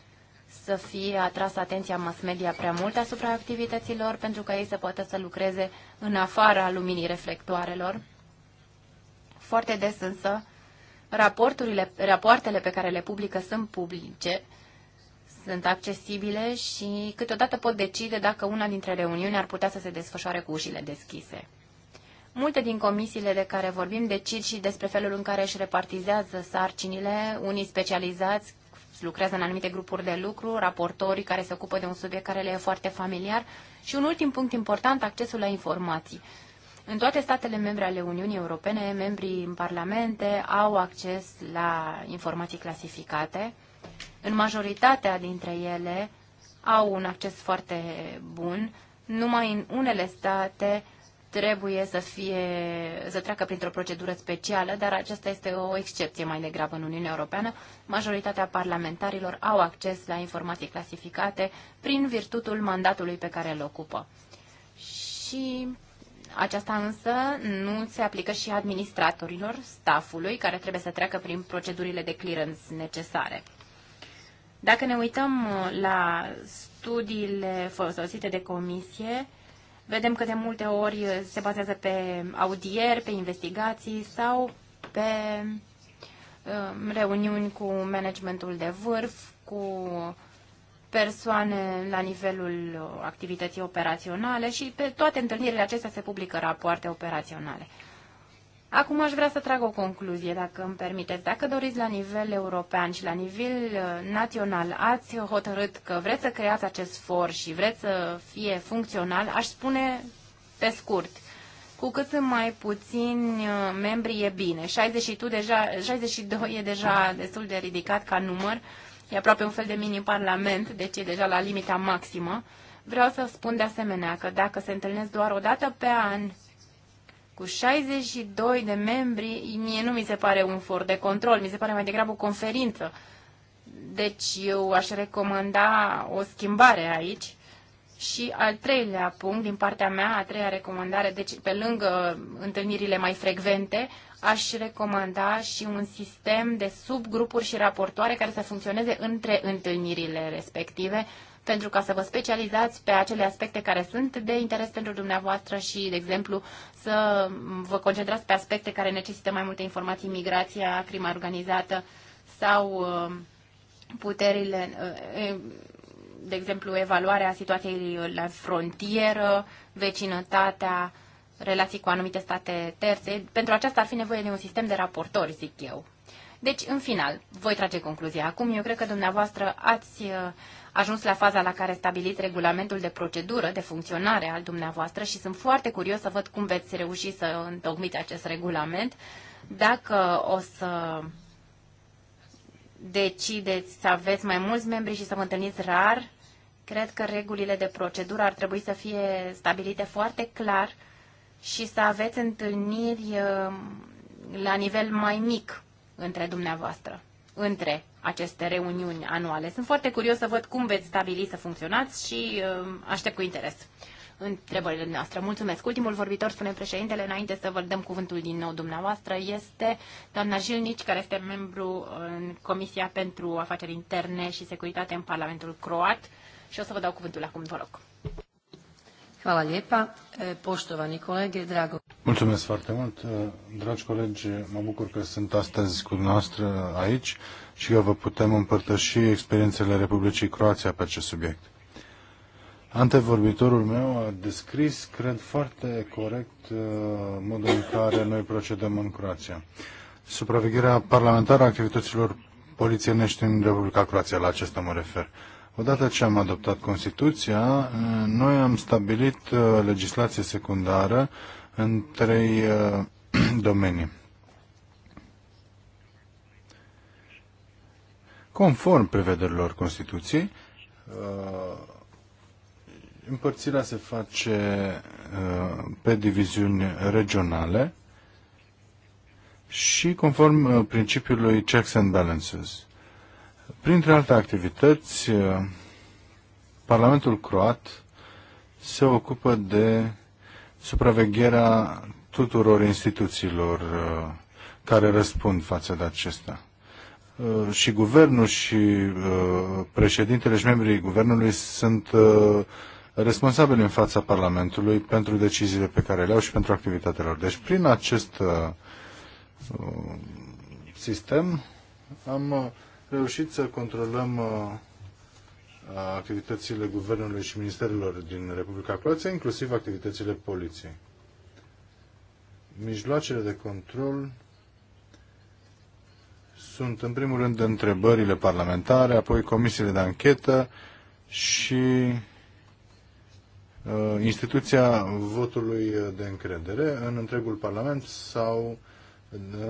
să fie atras atenția mass media prea mult asupra activităților, pentru că ei să poată să lucreze în afara luminii reflectoarelor. Foarte des însă Raporturile, rapoartele pe care le publică sunt publice, sunt accesibile și câteodată pot decide dacă una dintre reuniuni ar putea să se desfășoare cu ușile deschise. Multe din comisiile de care vorbim decid și despre felul în care își repartizează sarcinile, unii specializați lucrează în anumite grupuri de lucru, raportorii care se ocupă de un subiect care le e foarte familiar și un ultim punct important, accesul la informații. În toate statele membre ale Uniunii Europene, membrii în parlamente au acces la informații clasificate. În majoritatea dintre ele au un acces foarte bun. Numai în unele state trebuie să, fie, să treacă printr-o procedură specială, dar aceasta este o excepție mai degrabă în Uniunea Europeană. Majoritatea parlamentarilor au acces la informații clasificate prin virtutul mandatului pe care îl ocupă. Și aceasta însă nu se aplică și administratorilor, staffului, care trebuie să treacă prin procedurile de clearance necesare. Dacă ne uităm uh, la studiile folosite de comisie, vedem că de multe ori uh, se bazează pe audieri, pe investigații sau pe uh, reuniuni cu managementul de vârf, cu persoane la nivelul activității operaționale și pe toate întâlnirile acestea se publică rapoarte operaționale. Acum aș vrea să trag o concluzie, dacă îmi permiteți. Dacă doriți la nivel european și la nivel uh, național ați hotărât că vreți să creați acest for și vreți să fie funcțional, aș spune pe scurt, cu cât sunt mai puțini uh, membri e bine. 62, deja, 62 e deja destul de ridicat ca număr e aproape un fel de mini-parlament, deci e deja la limita maximă. Vreau să spun de asemenea că dacă se întâlnesc doar o dată pe an cu 62 de membri, mie nu mi se pare un for de control, mi se pare mai degrabă o conferință. Deci eu aș recomanda o schimbare aici. Și al treilea punct din partea mea, a treia recomandare, deci pe lângă întâlnirile mai frecvente, aș recomanda și un sistem de subgrupuri și raportoare care să funcționeze între întâlnirile respective, pentru ca să vă specializați pe acele aspecte care sunt de interes pentru dumneavoastră și, de exemplu, să vă concentrați pe aspecte care necesită mai multe informații, migrația, crima organizată sau uh, puterile, uh, de exemplu, evaluarea situației la frontieră, vecinătatea, relații cu anumite state terțe. Pentru aceasta ar fi nevoie de un sistem de raportori, zic eu. Deci, în final, voi trage concluzia. Acum, eu cred că dumneavoastră ați uh, ajuns la faza la care stabiliți regulamentul de procedură, de funcționare al dumneavoastră și sunt foarte curios să văd cum veți reuși să întocmiți acest regulament, dacă o să decideți să aveți mai mulți membri și să vă întâlniți rar, cred că regulile de procedură ar trebui să fie stabilite foarte clar și să aveți întâlniri uh, la nivel mai mic între dumneavoastră, între aceste reuniuni anuale. Sunt foarte curios să văd cum veți stabili să funcționați și uh, aștept cu interes întrebările noastre. Mulțumesc. Ultimul vorbitor, spune președintele, înainte să vă dăm cuvântul din nou dumneavoastră, este doamna Jilnici, care este membru în Comisia pentru Afaceri Interne și Securitate în Parlamentul Croat. Și o să vă dau cuvântul acum, vă rog. Mulțumesc foarte mult. Dragi colegi, mă bucur că sunt astăzi cu noastră aici și că vă putem împărtăși experiențele Republicii Croația pe acest subiect. Antevorbitorul meu a descris, cred, foarte corect modul în care noi procedăm în Croația. Supravegherea parlamentară a activităților polițienești în Republica Croația, la acesta mă refer. Odată ce am adoptat Constituția, noi am stabilit uh, legislație secundară în trei uh, domenii. Conform prevederilor Constituției, uh, împărțirea se face pe diviziuni regionale și conform principiului checks and balances. Printre alte activități, uh, Parlamentul croat se ocupă de supravegherea tuturor instituțiilor uh, care răspund față de acesta. Uh, și guvernul și președintele și membrii guvernului sunt responsabili în fața Parlamentului pentru deciziile pe care le au și pentru activitatea lor. Deci prin acest sistem am reușit să controlăm uh, activitățile guvernului și ministerilor din Republica Croația, inclusiv activitățile poliției. Mijloacele de control sunt, în primul rând, întrebările parlamentare, apoi comisiile de anchetă și uh, instituția votului de încredere în întregul Parlament sau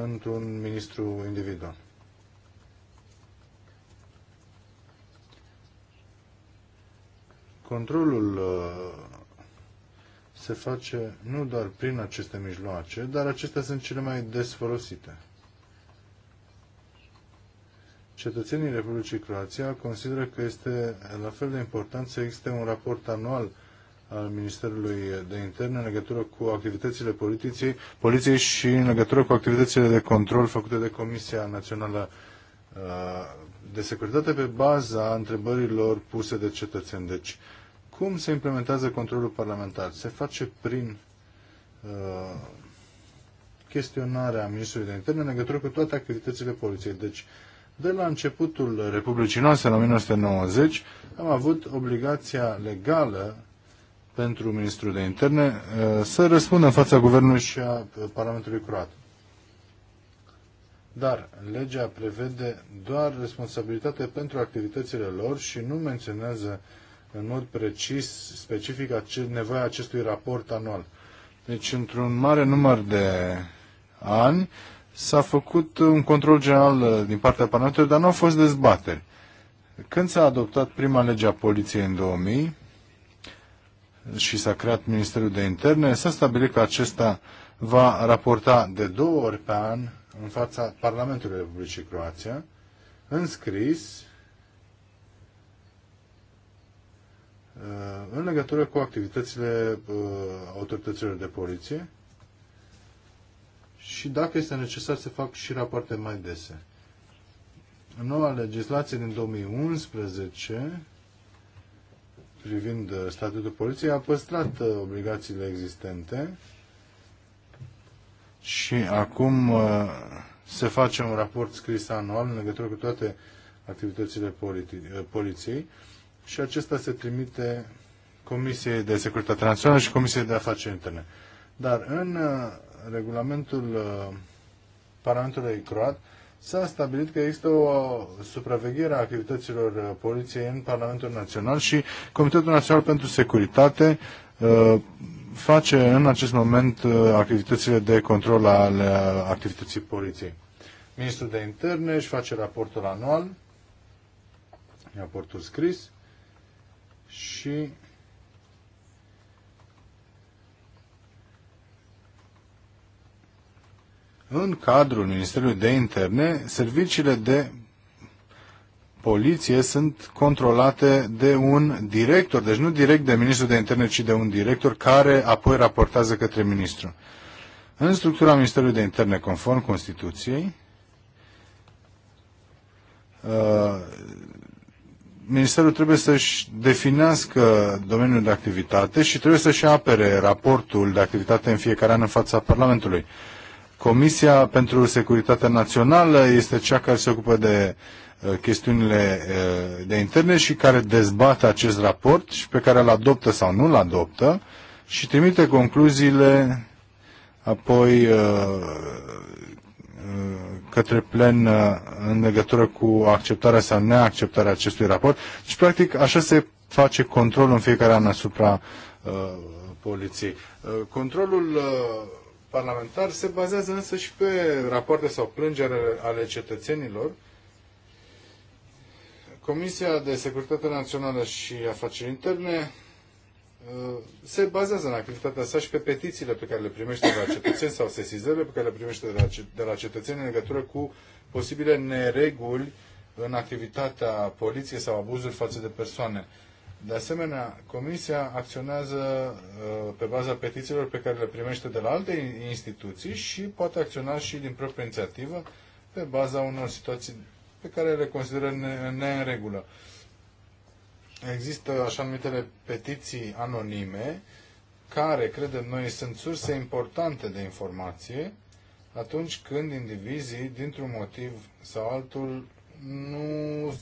într-un ministru individual. controlul uh, se face nu doar prin aceste mijloace, dar acestea sunt cele mai des folosite. Cetățenii Republicii Croația consideră că este la fel de important să existe un raport anual al Ministerului de Interne în legătură cu activitățile poliției, poliției și în legătură cu activitățile de control făcute de Comisia Națională uh, de Securitate pe baza întrebărilor puse de cetățeni. Deci, cum se implementează controlul parlamentar? Se face prin uh, chestionarea Ministrului de Interne în legătură cu toate activitățile poliției. Deci, de la începutul Republicii noastre, în 1990, am avut obligația legală pentru Ministrul de Interne uh, să răspundă în fața Guvernului și a uh, Parlamentului Croat. Dar legea prevede doar responsabilitate pentru activitățile lor și nu menționează uh, în mod precis, specific, nevoia acestui raport anual. Deci, într-un mare număr de ani, s-a făcut un control general uh, din partea Parlamentului, dar nu au fost dezbateri. Când s-a adoptat prima lege a poliției în 2000 și s-a creat Ministerul de Interne, s-a stabilit că acesta va raporta de două ori pe an în fața Parlamentului Republicii Croația, înscris Uh, în legătură cu activitățile uh, autorităților de poliție și dacă este necesar să fac și rapoarte mai dese. Noua legislație din 2011 privind uh, statutul poliției a păstrat obligațiile existente și acum se face un raport scris anual în legătură cu toate activitățile poliției și acesta se trimite Comisiei de Securitate Națională și Comisiei de Afaceri Interne. Dar în uh, regulamentul uh, Parlamentului Croat s-a stabilit că există o uh, supraveghere a activităților poliției în Parlamentul Național și Comitetul Național pentru Securitate face în acest moment activitățile de control ale activității poliției. Ministrul de Interne își face raportul anual, raportul scris, și în cadrul Ministerului de Interne, serviciile de poliție sunt controlate de un director, deci nu direct de ministrul de interne, ci de un director care apoi raportează către ministru. În structura Ministerului de Interne, conform Constituției, uh, Ministerul trebuie să-și definească domeniul de activitate și trebuie să-și apere raportul de activitate în fiecare an în fața Parlamentului. Comisia pentru Securitatea Națională este cea care se ocupă de uh, chestiunile uh, de interne și care dezbate acest raport și pe care îl adoptă sau nu îl adoptă și trimite concluziile apoi uh, către plen uh, în legătură cu acceptarea sau neacceptarea acestui raport. și deci, practic, așa se face controlul în fiecare an asupra uh, poliției. Uh, controlul uh, parlamentar se bazează însă și pe rapoarte sau plângere ale cetățenilor. Comisia de Securitate Națională și Afaceri Interne Uh, se bazează în activitatea sa și pe petițiile pe care le primește de la cetățeni sau sesizările pe care le primește de la, de la cetățeni în legătură cu posibile nereguli în activitatea poliției sau abuzuri față de persoane. De asemenea, Comisia acționează uh, pe baza petițiilor pe care le primește de la alte instituții și poate acționa și din proprie inițiativă pe baza unor situații pe care le consideră ne, ne există așa numitele petiții anonime, care, credem noi, sunt surse importante de informație atunci când indivizii, dintr-un motiv sau altul, nu uh,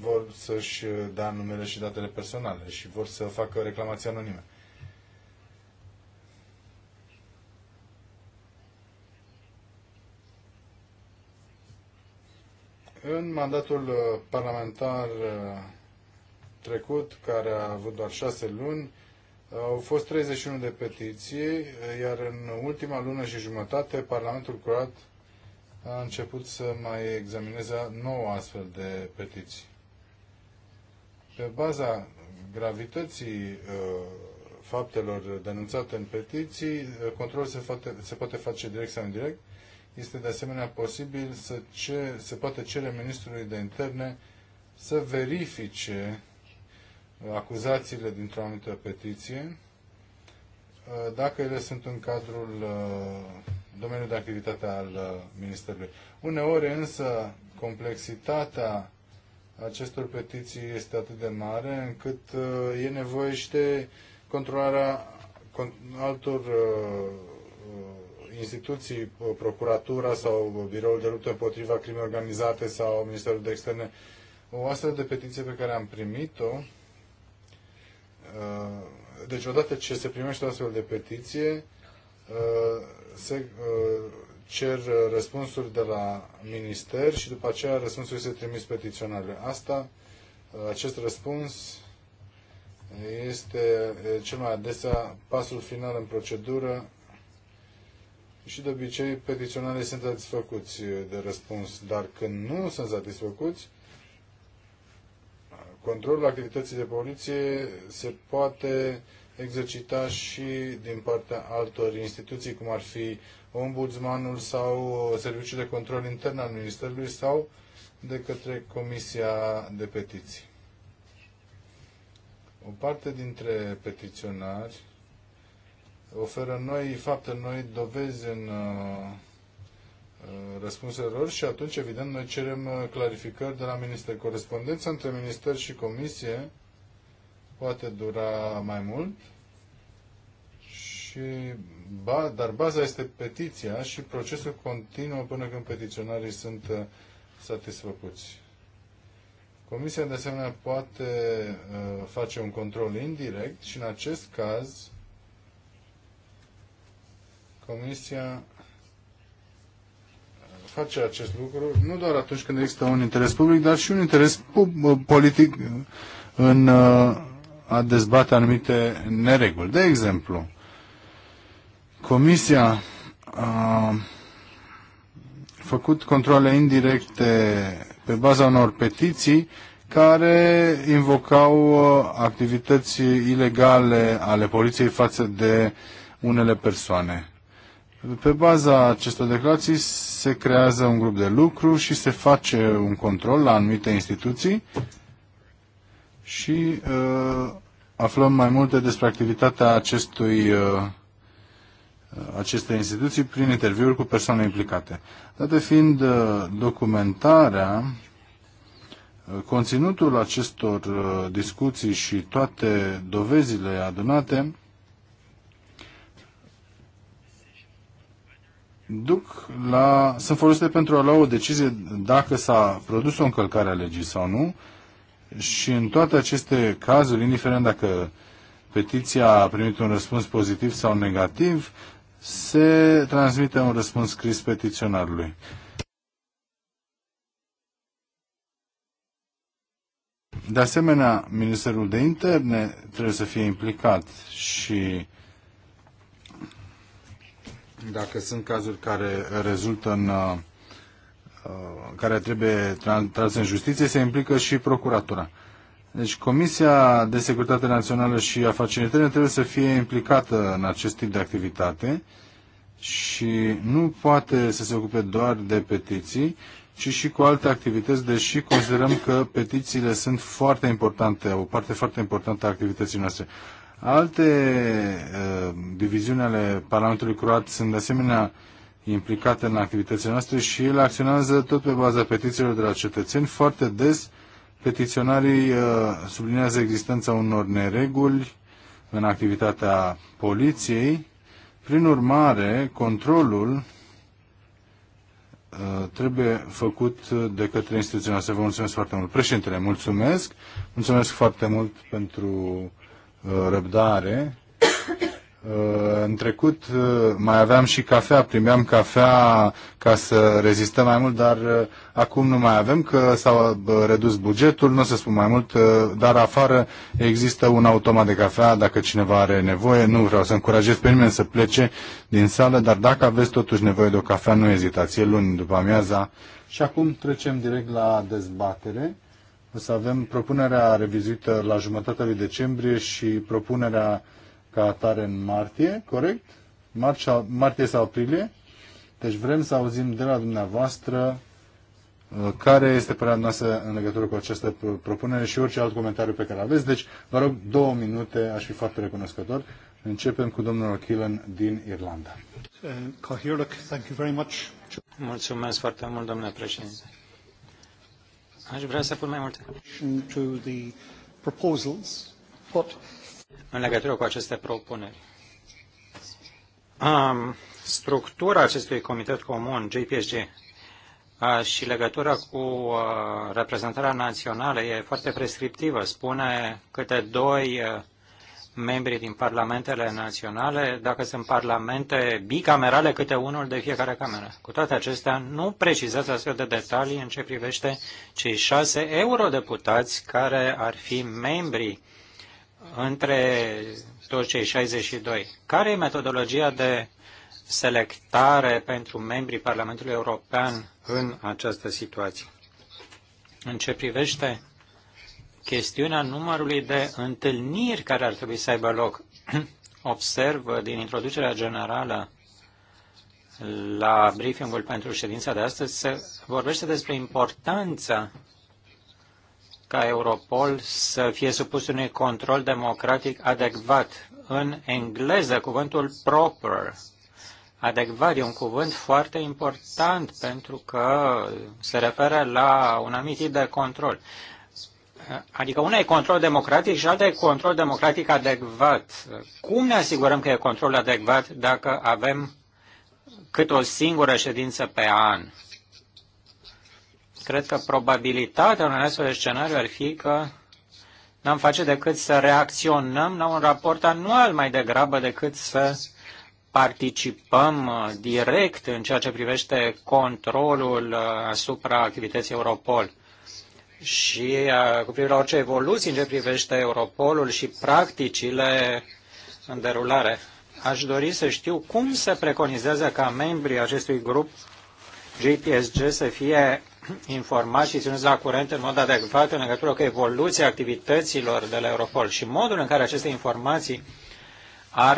vor să-și dea numele și datele personale și vor să facă reclamații anonime. În mandatul uh, parlamentar uh, trecut, care a avut doar șase luni, au fost 31 de petiții, iar în ultima lună și jumătate Parlamentul Croat a început să mai examineze 9 astfel de petiții. Pe baza gravității uh, faptelor denunțate în petiții, uh, controlul se, poate, se poate face direct sau indirect. Este de asemenea posibil să ce, se poate cere Ministrului de Interne să verifice acuzațiile dintr-o anumită petiție, uh, dacă ele sunt în cadrul uh, domeniului de activitate al uh, Ministerului. Uneori însă complexitatea acestor petiții este atât de mare încât e nevoie și de controlarea altor instituții, procuratura sau biroul de luptă împotriva crimei organizate sau Ministerul de Externe. O astfel de petiție pe care am primit-o Uh, deci odată ce se primește o astfel de petiție, uh, se uh, cer răspunsuri de la minister și după aceea răspunsul este trimis petiționarului. Asta, acest răspuns este cel mai adesea pasul final în procedură și de obicei petiționarii sunt satisfăcuți de răspuns, dar când nu sunt satisfăcuți, Controlul activității de poliție se poate exercita și din partea altor instituții, cum ar fi ombudsmanul sau serviciul de control intern al Ministerului sau de către Comisia de Petiții. O parte dintre petiționari oferă noi fapte, noi dovezi în uh, Uh, răspunsărilor și atunci, evident, noi cerem uh, clarificări de la minister. Corespondența între minister și comisie poate dura mai mult, și, ba, dar baza este petiția și procesul continuă până când petiționarii sunt uh, satisfăcuți. Comisia, de asemenea, poate uh, face un control indirect și, în acest caz, Comisia face acest lucru, nu doar atunci când există un interes public, dar și un interes uh, politic uh, în uh, a dezbate anumite nereguli. De exemplu, Comisia a făcut controle indirecte pe baza unor petiții care invocau activități ilegale ale poliției față de unele persoane. Pe baza acestor declarații se creează un grup de lucru și se face un control la anumite instituții și uh, aflăm mai multe despre activitatea acestui, uh, uh acestei instituții prin interviuri cu persoane implicate. Date fiind uh, documentarea, uh, conținutul acestor uh, discuții și toate dovezile adunate, duc la, sunt folosite pentru a lua o decizie dacă s-a produs o încălcare a legii sau nu și în toate aceste cazuri, indiferent dacă petiția a primit un răspuns pozitiv sau negativ, se transmite un răspuns scris petiționarului. De asemenea, Ministerul de Interne trebuie să fie implicat și dacă sunt cazuri care rezultă în uh, uh, care trebuie trase în justiție, se implică și procuratura. Deci Comisia de Securitate Națională și Afaceri Interne trebuie să fie implicată în acest tip de activitate și nu poate să se ocupe doar de petiții, ci și cu alte activități, deși considerăm că petițiile sunt foarte importante, o parte foarte importantă a activității noastre. Alte uh, diviziuni ale Parlamentului Croat sunt de asemenea implicate în activitățile noastre și ele acționează tot pe baza petițiilor de la cetățeni. Foarte des petiționarii uh, sublinează existența unor nereguli în activitatea poliției. Prin urmare, controlul uh, trebuie făcut de către instituția noastră. Vă mulțumesc foarte mult. Președintele, mulțumesc. Mulțumesc foarte mult pentru Uh, răbdare. Uh, în trecut uh, mai aveam și cafea, primeam cafea ca să rezistăm mai mult, dar acum nu mai avem, că s-a redus bugetul, nu o să spun mai mult, dar afară există un automat de cafea dacă cineva are nevoie. Nu vreau să încurajez pe nimeni să plece din sală, dar dacă aveți totuși nevoie de o cafea, nu ezitați, e luni după amiaza. Și acum trecem direct la dezbatere. O să avem propunerea revizuită la jumătatea lui decembrie și propunerea ca atare în martie, corect? Marcia, martie sau aprilie? Deci vrem să auzim de la dumneavoastră uh, care este părerea noastră în legătură cu această propunere și orice alt comentariu pe care aveți. Deci, vă rog, două minute, aș fi foarte recunoscător. Începem cu domnul O'Killen din Irlanda. Uh, Mulțumesc foarte mult, domnule președinte. Aș vrea să pun mai multe. În legătură cu aceste propuneri. Um, structura acestui comitet comun, JPSG, și legătura cu reprezentarea națională e foarte prescriptivă. Spune câte doi membri din parlamentele naționale, dacă sunt parlamente bicamerale, câte unul de fiecare cameră. Cu toate acestea, nu precizați astfel de detalii în ce privește cei șase eurodeputați care ar fi membri între toți cei 62. Care e metodologia de selectare pentru membrii Parlamentului European în această situație? În ce privește chestiunea numărului de întâlniri care ar trebui să aibă loc. Observ uh, din introducerea generală la briefingul pentru ședința de astăzi se vorbește despre importanța ca Europol să fie supus unui control democratic adecvat. În engleză, cuvântul proper, adecvat, e un cuvânt foarte important pentru că se referă la un anumit tip de control. Adică una e control democratic și alta e control democratic adecvat. Cum ne asigurăm că e control adecvat dacă avem cât o singură ședință pe an? Cred că probabilitatea unui astfel de scenariu ar fi că n-am face decât să reacționăm la un raport anual mai degrabă decât să participăm uh, direct în ceea ce privește controlul uh, asupra activității Europol și cu privire la orice evoluție în ce privește Europolul și practicile în derulare. Aș dori să știu cum se preconizează ca membrii acestui grup JPSG să fie informați și ținuți la curent în mod adecvat în legătură cu evoluția activităților de la Europol și modul în care aceste informații ar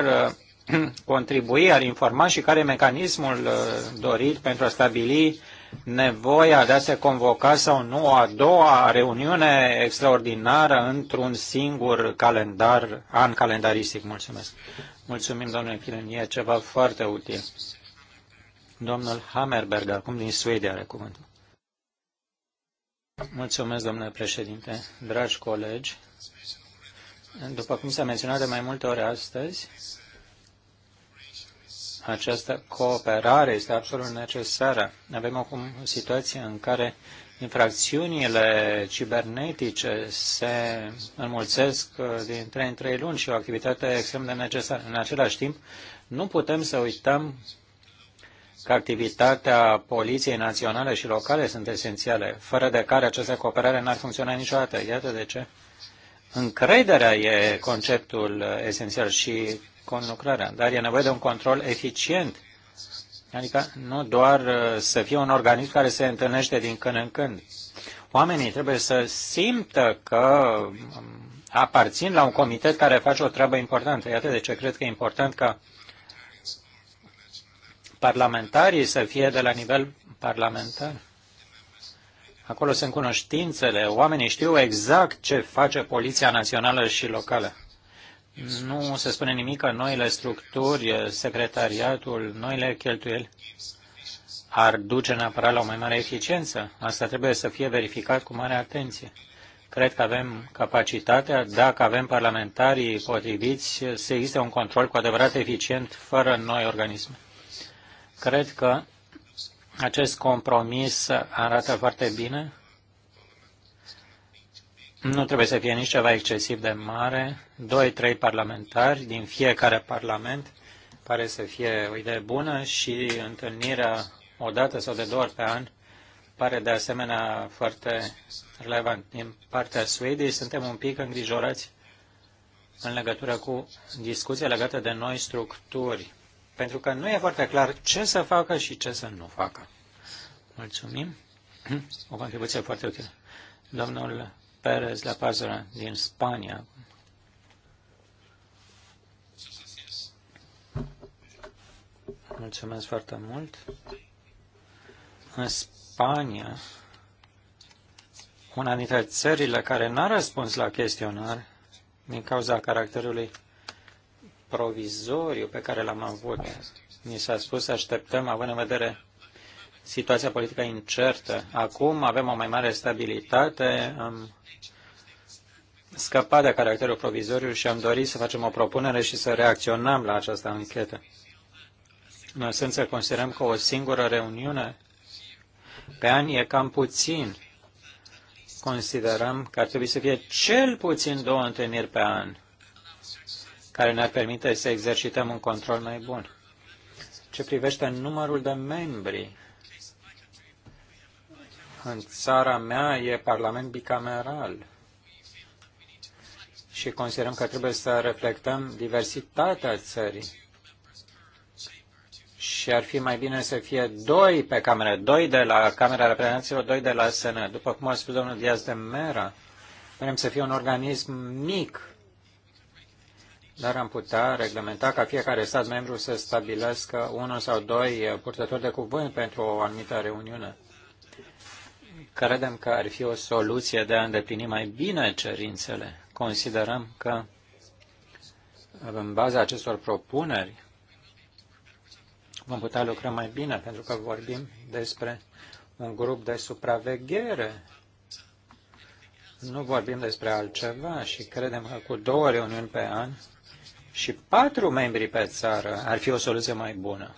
uh, contribui, ar informa și care e mecanismul uh, dorit pentru a stabili nevoia de a se convoca sau nu a doua reuniune extraordinară într-un singur calendar, an calendaristic. Mulțumesc. Mulțumim, domnule Chilin. e ceva foarte util. Domnul Hammerberg, acum din Suedia, are cuvântul. Mulțumesc, domnule președinte, dragi colegi. După cum s-a menționat de mai multe ori astăzi, această cooperare este absolut necesară. Avem acum o situație în care infracțiunile cibernetice se înmulțesc uh, din trei în trei luni și o activitate extrem de necesară. În același timp, nu putem să uităm că activitatea Poliției Naționale și locale sunt esențiale, fără de care această cooperare n-ar funcționa niciodată. Iată de ce. Încrederea e conceptul esențial și con lucrarea, dar e nevoie de un control eficient. Adică nu doar uh, să fie un organism care se întâlnește din când în când. Oamenii trebuie să simtă că um, aparțin la un comitet care face o treabă importantă. Iată de ce cred că e important ca parlamentarii să fie de la nivel parlamentar. Acolo sunt cunoștințele, oamenii știu exact ce face Poliția Națională și locală. Nu se spune nimic că noile structuri, secretariatul, noile cheltuieli ar duce neapărat la o mai mare eficiență. Asta trebuie să fie verificat cu mare atenție. Cred că avem capacitatea, dacă avem parlamentarii potriviți, să existe un control cu adevărat eficient fără noi organisme. Cred că acest compromis arată foarte bine nu trebuie să fie nici ceva excesiv de mare. Doi, trei parlamentari din fiecare parlament pare să fie o idee bună și întâlnirea o dată sau de două ori pe an pare de asemenea foarte relevant. Din partea Suediei suntem un pic îngrijorați în legătură cu discuția legată de noi structuri, pentru că nu e foarte clar ce să facă și ce să nu facă. Mulțumim. O contribuție foarte utilă. Domnul Pérez la Pazura din Spania. Mulțumesc foarte mult. În Spania, una dintre țările care n-a răspuns la chestionar din cauza caracterului provizoriu pe care l-am avut, mi s-a spus să așteptăm, având în vedere situația politică incertă. Acum avem o mai mare stabilitate, am scăpat de caracterul provizoriu și am dorit să facem o propunere și să reacționăm la această anchetă. În esență, considerăm că o singură reuniune pe an e cam puțin. Considerăm că ar trebui să fie cel puțin două întâlniri pe an care ne-ar permite să exercităm un control mai bun. Ce privește numărul de membri, în țara mea e parlament bicameral și considerăm că trebuie să reflectăm diversitatea țării. Și ar fi mai bine să fie doi pe cameră, doi de la Camera Reprezentanților, doi de la SN. După cum a spus domnul Diaz de Mera, vrem să fie un organism mic, dar am putea reglementa ca fiecare stat membru să stabilească unul sau doi purtători de cuvânt pentru o anumită reuniune. Credem că ar fi o soluție de a îndeplini mai bine cerințele. Considerăm că în baza acestor propuneri vom putea lucra mai bine, pentru că vorbim despre un grup de supraveghere. Nu vorbim despre altceva și credem că cu două reuniuni pe an și patru membri pe țară ar fi o soluție mai bună.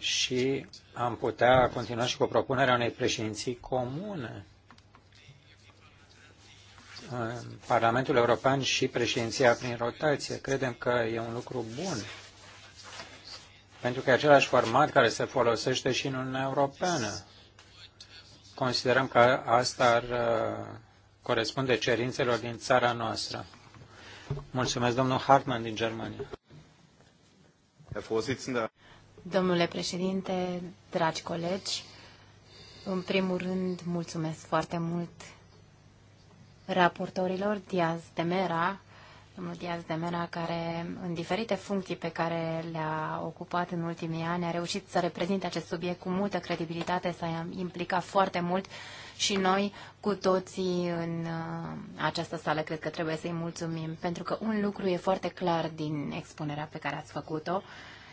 și am putea continua și cu propunerea unei președinții comune. Parlamentul European și președinția prin rotație. Credem că e un lucru bun, pentru că e același format care se folosește și în Uniunea Europeană. Considerăm că asta ar uh, corespunde cerințelor din țara noastră. Mulțumesc, domnul Hartmann din Germania. Domnule președinte, dragi colegi, în primul rând mulțumesc foarte mult raportorilor Diaz de Mera, domnul Diaz de Mera, care în diferite funcții pe care le-a ocupat în ultimii ani a reușit să reprezinte acest subiect cu multă credibilitate, s-a implicat foarte mult și noi cu toții în uh, această sală cred că trebuie să-i mulțumim, pentru că un lucru e foarte clar din expunerea pe care ați făcut-o,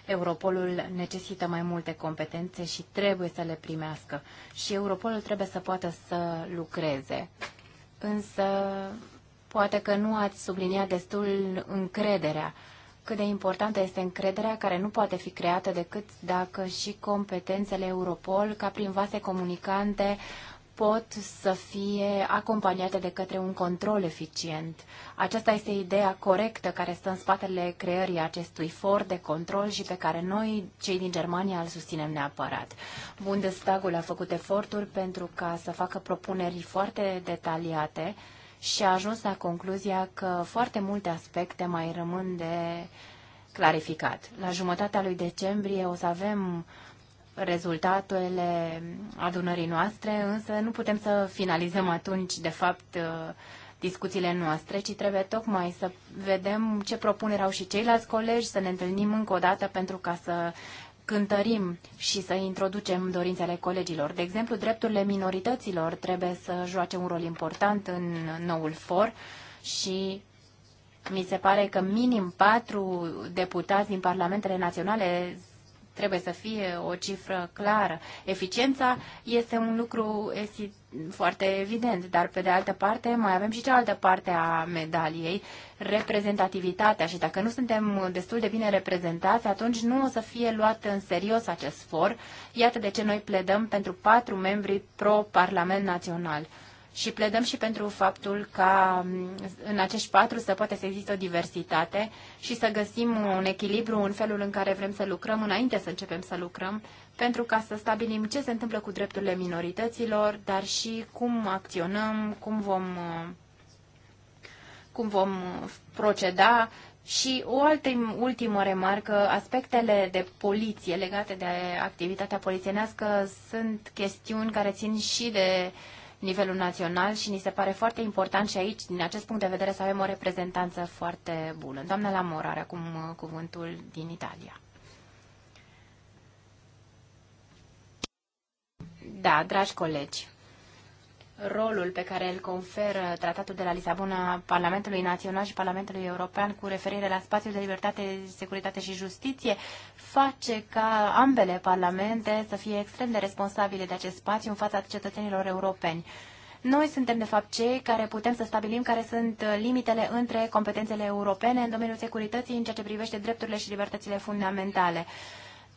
Europolul necesită mai multe competențe și trebuie să le primească. Și Europolul trebuie să poată să lucreze. Însă, poate că nu ați subliniat destul încrederea. Cât de importantă este încrederea care nu poate fi creată decât dacă și competențele Europol, ca prin vase comunicante, pot să fie acompaniate de către un control eficient. Aceasta este ideea corectă care stă în spatele creării acestui for de control și pe care noi, cei din Germania, îl susținem neapărat. Bundestagul a făcut eforturi pentru ca să facă propuneri foarte detaliate și a ajuns la concluzia că foarte multe aspecte mai rămân de clarificat. La jumătatea lui decembrie o să avem uh, rezultatele adunării noastre, însă nu putem să finalizăm atunci, de fapt, uh, discuțiile noastre, ci trebuie tocmai să vedem ce propuneri au și ceilalți colegi, să ne întâlnim încă o dată pentru ca să cântărim și să introducem dorințele colegilor. De exemplu, drepturile minorităților trebuie să joace un rol important în noul for și mi se pare că minim patru deputați din parlamentele naționale trebuie să fie o cifră clară. Eficiența este un lucru foarte evident, dar pe de altă parte mai avem și cealaltă parte a medaliei, reprezentativitatea și dacă nu suntem destul de bine reprezentați, atunci nu o să fie luat în serios acest for. Iată de ce noi pledăm pentru patru membri pro-Parlament Național și pledăm și pentru faptul ca mm, în acești patru să poate să există o diversitate și să găsim un echilibru în felul în care vrem să lucrăm înainte să începem să lucrăm pentru ca să stabilim ce se întâmplă cu drepturile minorităților, dar și cum acționăm, cum vom, mm, cum vom mm, proceda și o altă ultimă remarcă, aspectele de poliție legate de activitatea polițienească sunt chestiuni care țin și de uh, nivelul național și ni se pare foarte important și aici, din acest punct de vedere, să avem o reprezentanță foarte bună. Doamna Lamor are acum uh, cuvântul din Italia. Da, dragi colegi, rolul pe care îl conferă Tratatul de la Lisabona Parlamentului Național și Parlamentului European cu referire la spațiul de libertate, securitate și justiție face ca ambele parlamente să fie extrem de responsabile de acest spațiu în fața cetățenilor europeni. Noi suntem, de fapt, cei care putem să stabilim care sunt limitele între competențele europene în domeniul securității în ceea ce privește drepturile și libertățile fundamentale.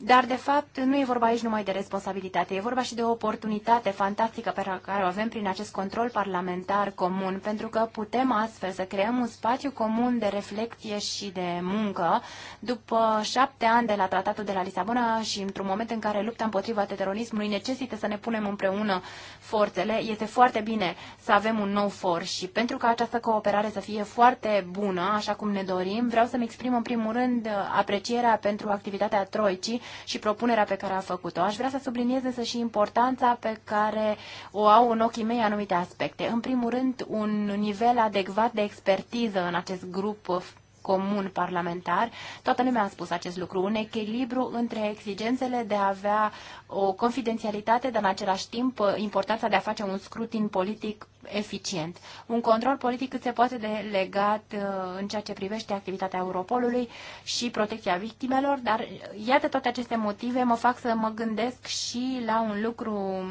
Dar, de fapt, nu e vorba aici numai de responsabilitate, e vorba și de o oportunitate fantastică pe care o avem prin acest control parlamentar comun, pentru că putem astfel să creăm un spațiu comun de reflecție și de muncă după șapte ani de la Tratatul de la Lisabona și într-un moment în care lupta împotriva terorismului necesită să ne punem împreună forțele, este foarte bine să avem un nou for și pentru ca această cooperare să fie foarte bună, așa cum ne dorim, vreau să-mi exprim în primul rând aprecierea pentru activitatea Troicii, și propunerea pe care a făcut-o. Aș vrea să subliniez însă și importanța pe care o au în ochii mei anumite aspecte. În primul rând, un nivel adecvat de expertiză în acest grup comun parlamentar. Toată lumea a spus acest lucru, un echilibru între exigențele de a avea o confidențialitate, dar în același timp importanța de a face un scrutin politic eficient. Un control politic cât se poate de legat uh, în ceea ce privește activitatea Europolului și protecția victimelor, dar uh, iată toate aceste motive mă fac să mă gândesc și la un lucru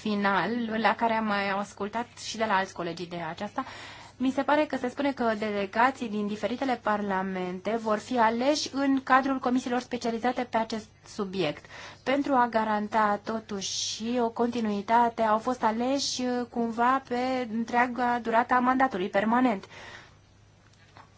final la care am mai ascultat și de la alți colegii de aceasta, mi se pare că se spune că delegații din diferitele parlamente vor fi aleși în cadrul comisiilor specializate pe acest subiect. Pentru a garanta totuși o continuitate, au fost aleși uh, cumva pe întreaga durata mandatului permanent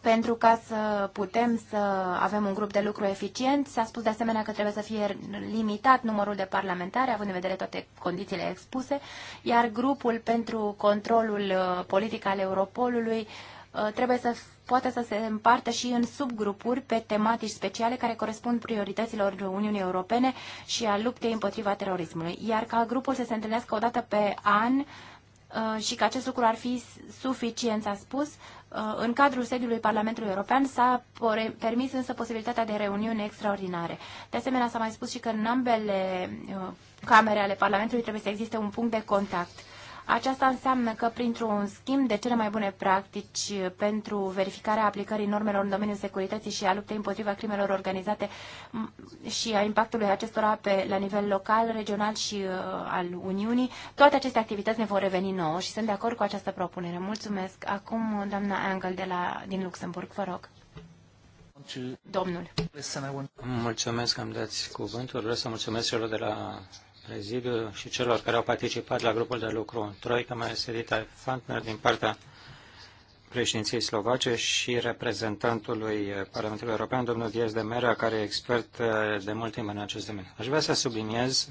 pentru ca să putem să avem un grup de lucru eficient. S-a spus de asemenea că trebuie să fie limitat numărul de parlamentari, având în vedere toate condițiile expuse, iar grupul pentru controlul uh, politic al Europolului uh, trebuie să poate să se împartă și în subgrupuri pe tematici speciale care corespund priorităților Uniunii Europene și a luptei împotriva terorismului, iar ca grupul să se întâlnească o dată pe an uh, și că acest lucru ar fi suficient, s-a spus, Uh, în cadrul sediului Parlamentului European s-a permis însă posibilitatea de reuniuni extraordinare. De asemenea, s-a mai spus și că în ambele uh, camere ale Parlamentului trebuie să existe un punct de contact. Aceasta înseamnă că printr-un schimb de cele mai bune practici pentru verificarea aplicării normelor în domeniul securității și a luptei împotriva crimelor organizate și a impactului acestora pe, la nivel local, regional și uh, al Uniunii, toate aceste activități ne vor reveni nouă și sunt de acord cu această propunere. Mulțumesc. Acum, doamna Angel de la, din Luxemburg, vă rog. Domnul. Mulțumesc că am dat cuvântul. Vreau să mulțumesc celor de la prezidiu și celor care au participat la grupul de lucru Troica, mai Sedita Fantner din partea președinției slovace și reprezentantului Parlamentului European, domnul Diaz de Mera, care e expert uh, de mult timp în acest domeniu. Aș vrea să subliniez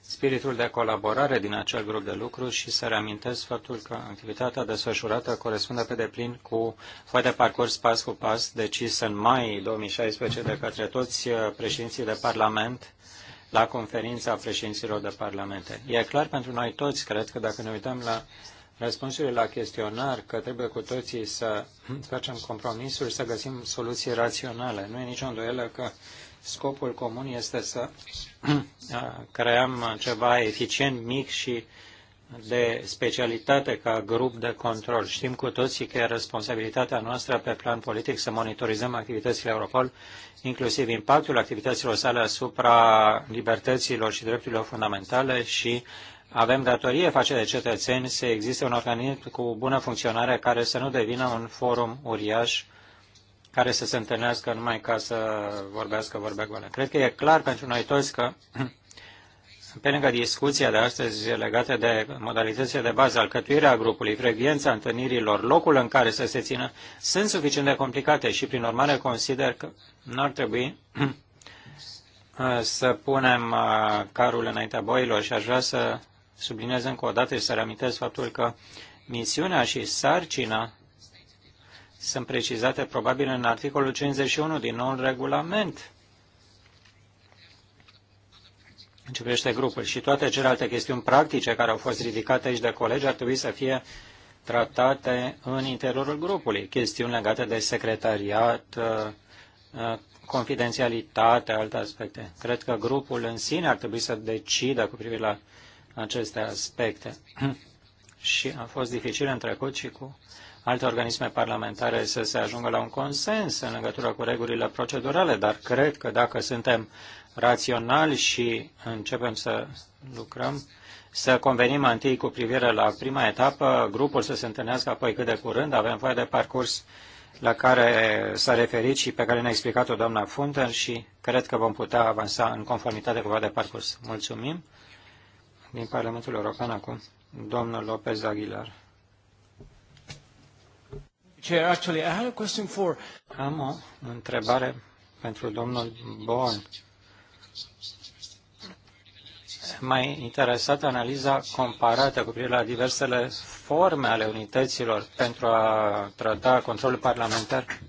spiritul de colaborare din acel grup de lucru și să reamintesc faptul că activitatea desfășurată corespunde pe deplin cu foaia de parcurs pas cu pas decis în mai 2016 de către toți uh, președinții de Parlament la conferința președinților de parlamente. E clar pentru noi toți, cred că dacă ne uităm la răspunsurile la chestionar, că trebuie cu toții să facem compromisuri, să găsim soluții raționale. Nu e nicio îndoială că scopul comun este să creăm ceva eficient, mic și uh, de specialitate ca grup de control. Știm cu toții că e responsabilitatea noastră pe plan politic să monitorizăm activitățile Europol, inclusiv impactul activităților sale asupra libertăților și drepturilor fundamentale și avem datorie face de cetățeni să existe un organism cu bună funcționare care să nu devină un forum uriaș care să se întâlnească numai ca să vorbească vorbe goale. Cred că e clar pentru noi toți că Pe lângă discuția de astăzi legată de modalitățile de bază, alcătuirea grupului, frecvența întâlnirilor, locul în care să se țină, sunt suficient de complicate și, prin urmare, consider că nu ar trebui să punem uh, carul înaintea boilor și aș vrea să subliniez încă o dată și să reamintesc faptul că misiunea și sarcina sunt precizate probabil în articolul 51 din nou regulament în ce privește grupul și toate celelalte chestiuni practice care au fost ridicate aici de colegi ar trebui să fie tratate în interiorul grupului. Chestiuni legate de secretariat, uh, uh, confidențialitate, alte aspecte. Cred că grupul în sine ar trebui să decidă cu privire la aceste aspecte. și a fost dificil în trecut și cu alte organisme parlamentare să se ajungă la un consens în legătură cu regulile procedurale, dar cred că dacă suntem rațional și începem să lucrăm, să convenim întâi cu privire la prima etapă, grupul să se întâlnească apoi cât de curând, avem voie de parcurs la care s-a referit și pe care ne-a explicat-o doamna Funter și cred că vom putea avansa în conformitate cu foaia de parcurs. Mulțumim. Din Parlamentul European acum, domnul Lopez Aguilar. Am o întrebare pentru domnul Bon mai interesată analiza comparată cu privire la diversele forme ale unităților pentru a trata controlul parlamentar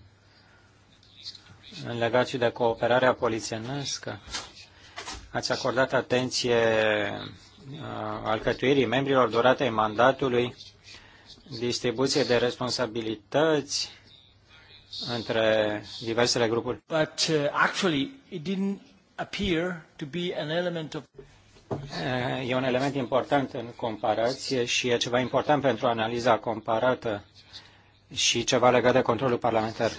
în legat și de cooperarea polițienescă, Ați acordat atenție uh, alcătuirii membrilor duratei mandatului, distribuție de responsabilități între diversele grupuri. But uh, actually it didn't appear to be an element of E un element important în comparație și e ceva important pentru analiza comparată și ceva legat de controlul parlamentar.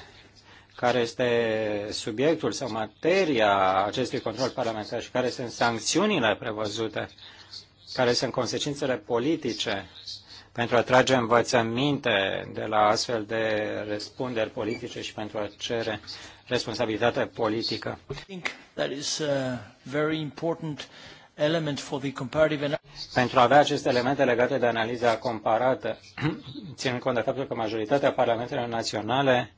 Care este subiectul sau materia acestui control parlamentar și care sunt sancțiunile prevăzute, care sunt consecințele politice pentru a trage învățăminte de la astfel de răspunderi politice și pentru a cere responsabilitate politică. Pentru a avea aceste elemente legate de analiza comparată, ținând cont de faptul că majoritatea parlamentelor naționale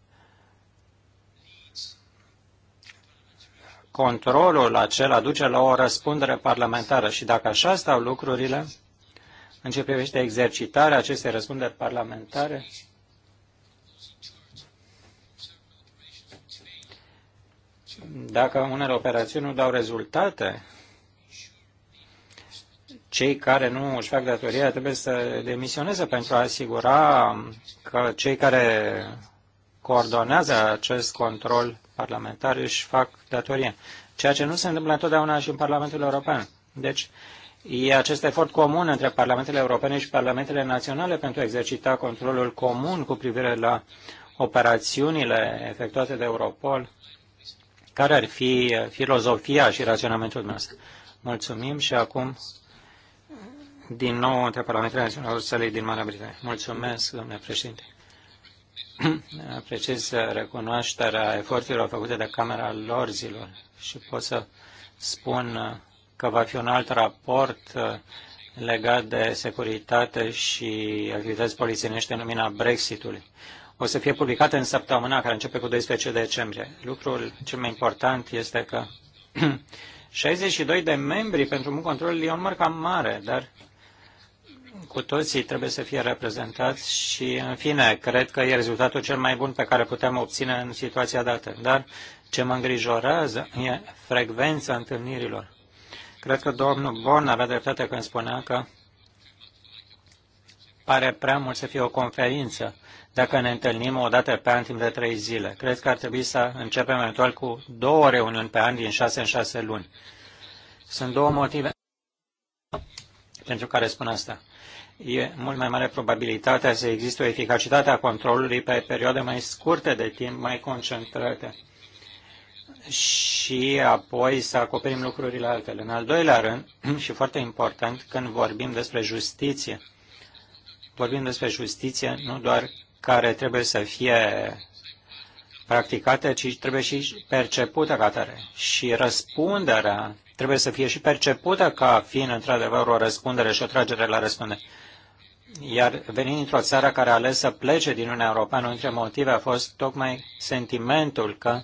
controlul acela duce la o răspundere parlamentară și dacă așa stau lucrurile, în ce privește exercitarea acestei răspunderi parlamentare, dacă unele operațiuni nu dau rezultate, cei care nu își fac datoria trebuie să demisioneze pentru a asigura că cei care coordonează acest control parlamentar își fac datoria. Ceea ce nu se întâmplă întotdeauna și în Parlamentul European. Deci, e acest efort comun între Parlamentele Europene și Parlamentele Naționale pentru a exercita controlul comun cu privire la operațiunile efectuate de Europol care ar fi uh, filozofia și raționamentul nostru? Mulțumim și acum din nou între Parlamentele Naționale din Marea Britanie. Mulțumesc, domnule președinte. Apreciez recunoașterea eforturilor făcute de Camera Lorzilor și pot să spun uh, că va fi un alt raport uh, legat de securitate și activități polițienești în lumina Brexitului o să fie publicată în săptămâna care începe cu 12 decembrie. Lucrul cel mai important este că 62 de membri pentru un control e un cam mare, dar cu toții trebuie să fie reprezentați și, în fine, cred că e rezultatul cel mai bun pe care putem obține în situația dată. Dar ce mă îngrijorează e frecvența întâlnirilor. Cred că domnul Born avea dreptate când spunea că pare prea mult să fie o conferință dacă ne întâlnim o dată pe an timp de trei zile. Cred că ar trebui să începem eventual cu două reuniuni pe an din șase în șase luni. Sunt două motive pentru care spun asta. E mult mai mare probabilitatea să existe o eficacitate a controlului pe perioade mai scurte de timp, mai concentrate și apoi să acoperim lucrurile altele. În al doilea rând, și foarte important, când vorbim despre justiție, vorbim despre justiție nu doar care trebuie să fie practicate, ci trebuie și percepută ca tare. Și răspunderea trebuie să fie și percepută ca fiind într-adevăr o răspundere și o tragere la răspundere. Iar venind dintr-o țară care a ales să plece din Uniunea Europeană, unul dintre motive a fost tocmai sentimentul că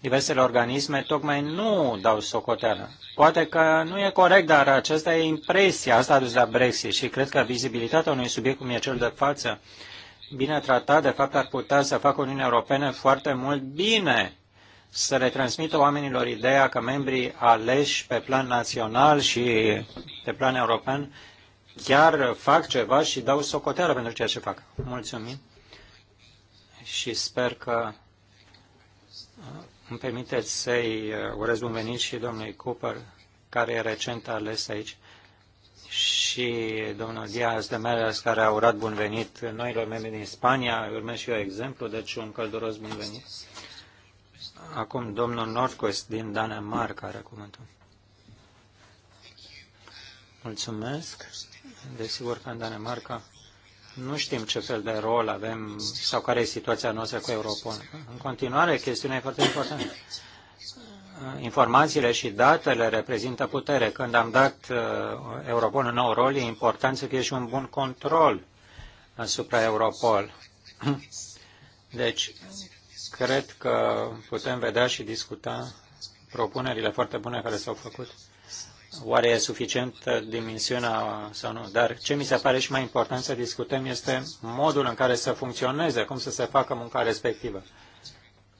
diversele organisme tocmai nu dau socoteală. Poate că nu e corect, dar aceasta e impresia, asta a dus la Brexit și cred că vizibilitatea unui subiect cum e cel de față, bine tratat, de fapt ar putea să facă Uniunea Europeană foarte mult bine să le transmită oamenilor ideea că membrii aleși pe plan național și pe plan european chiar fac ceva și dau socoteală pentru ceea ce fac. Mulțumim și sper că uh, îmi permiteți să-i uh, urez bun venit și domnului Cooper, care e recent ales aici și domnul Diaz de Melas, care a urat bun venit noilor membri din Spania. Urmez și eu exemplu, deci un călduros bun venit. Acum domnul Nordquist din Danemarca are cuvântul. Mulțumesc. Desigur că în Danemarca nu știm ce fel de rol avem sau care e situația noastră cu Europol. În continuare, chestiunea e foarte importantă. Uh, informațiile și datele reprezintă putere. Când am dat uh, Europol un nou rol, e important să fie și un bun control asupra Europol. Deci, cred că putem vedea și discuta propunerile foarte bune care s-au făcut. Oare e suficientă uh, dimensiunea sau nu? Dar ce mi se pare și mai important să discutăm este modul în care să funcționeze, cum să se facă munca respectivă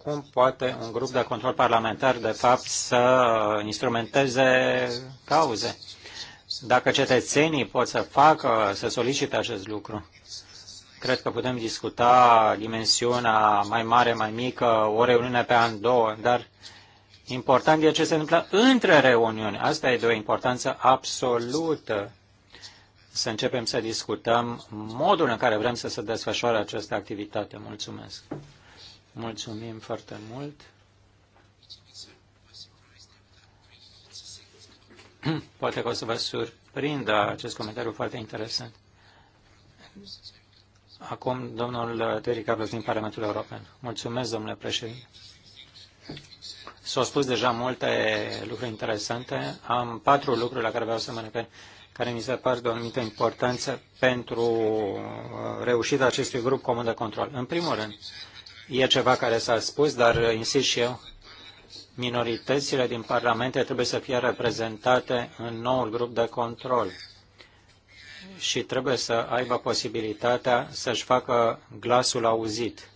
cum poate un grup de control parlamentar, de fapt, să instrumenteze cauze. Dacă cetățenii pot să facă, să solicite acest lucru, cred că putem discuta dimensiunea mai mare, mai mică, o reuniune pe an, două, dar important e ce se întâmplă între reuniuni. Asta e de o importanță absolută să începem să discutăm modul în care vrem să se desfășoare această activitate. Mulțumesc! Mulțumim foarte mult. Poate că o să vă surprindă acest comentariu foarte interesant. Acum, domnul Terry Carlos din Parlamentul European. Mulțumesc, domnule președinte. S-au spus deja multe lucruri interesante. Am patru lucruri la care vreau să mă refer, care mi se par de o anumită importanță pentru uh, reușita acestui grup comun de control. În primul rând, E ceva care s-a spus, dar insist și eu, minoritățile din parlamente trebuie să fie reprezentate în noul grup de control și trebuie să aibă posibilitatea să-și facă glasul auzit.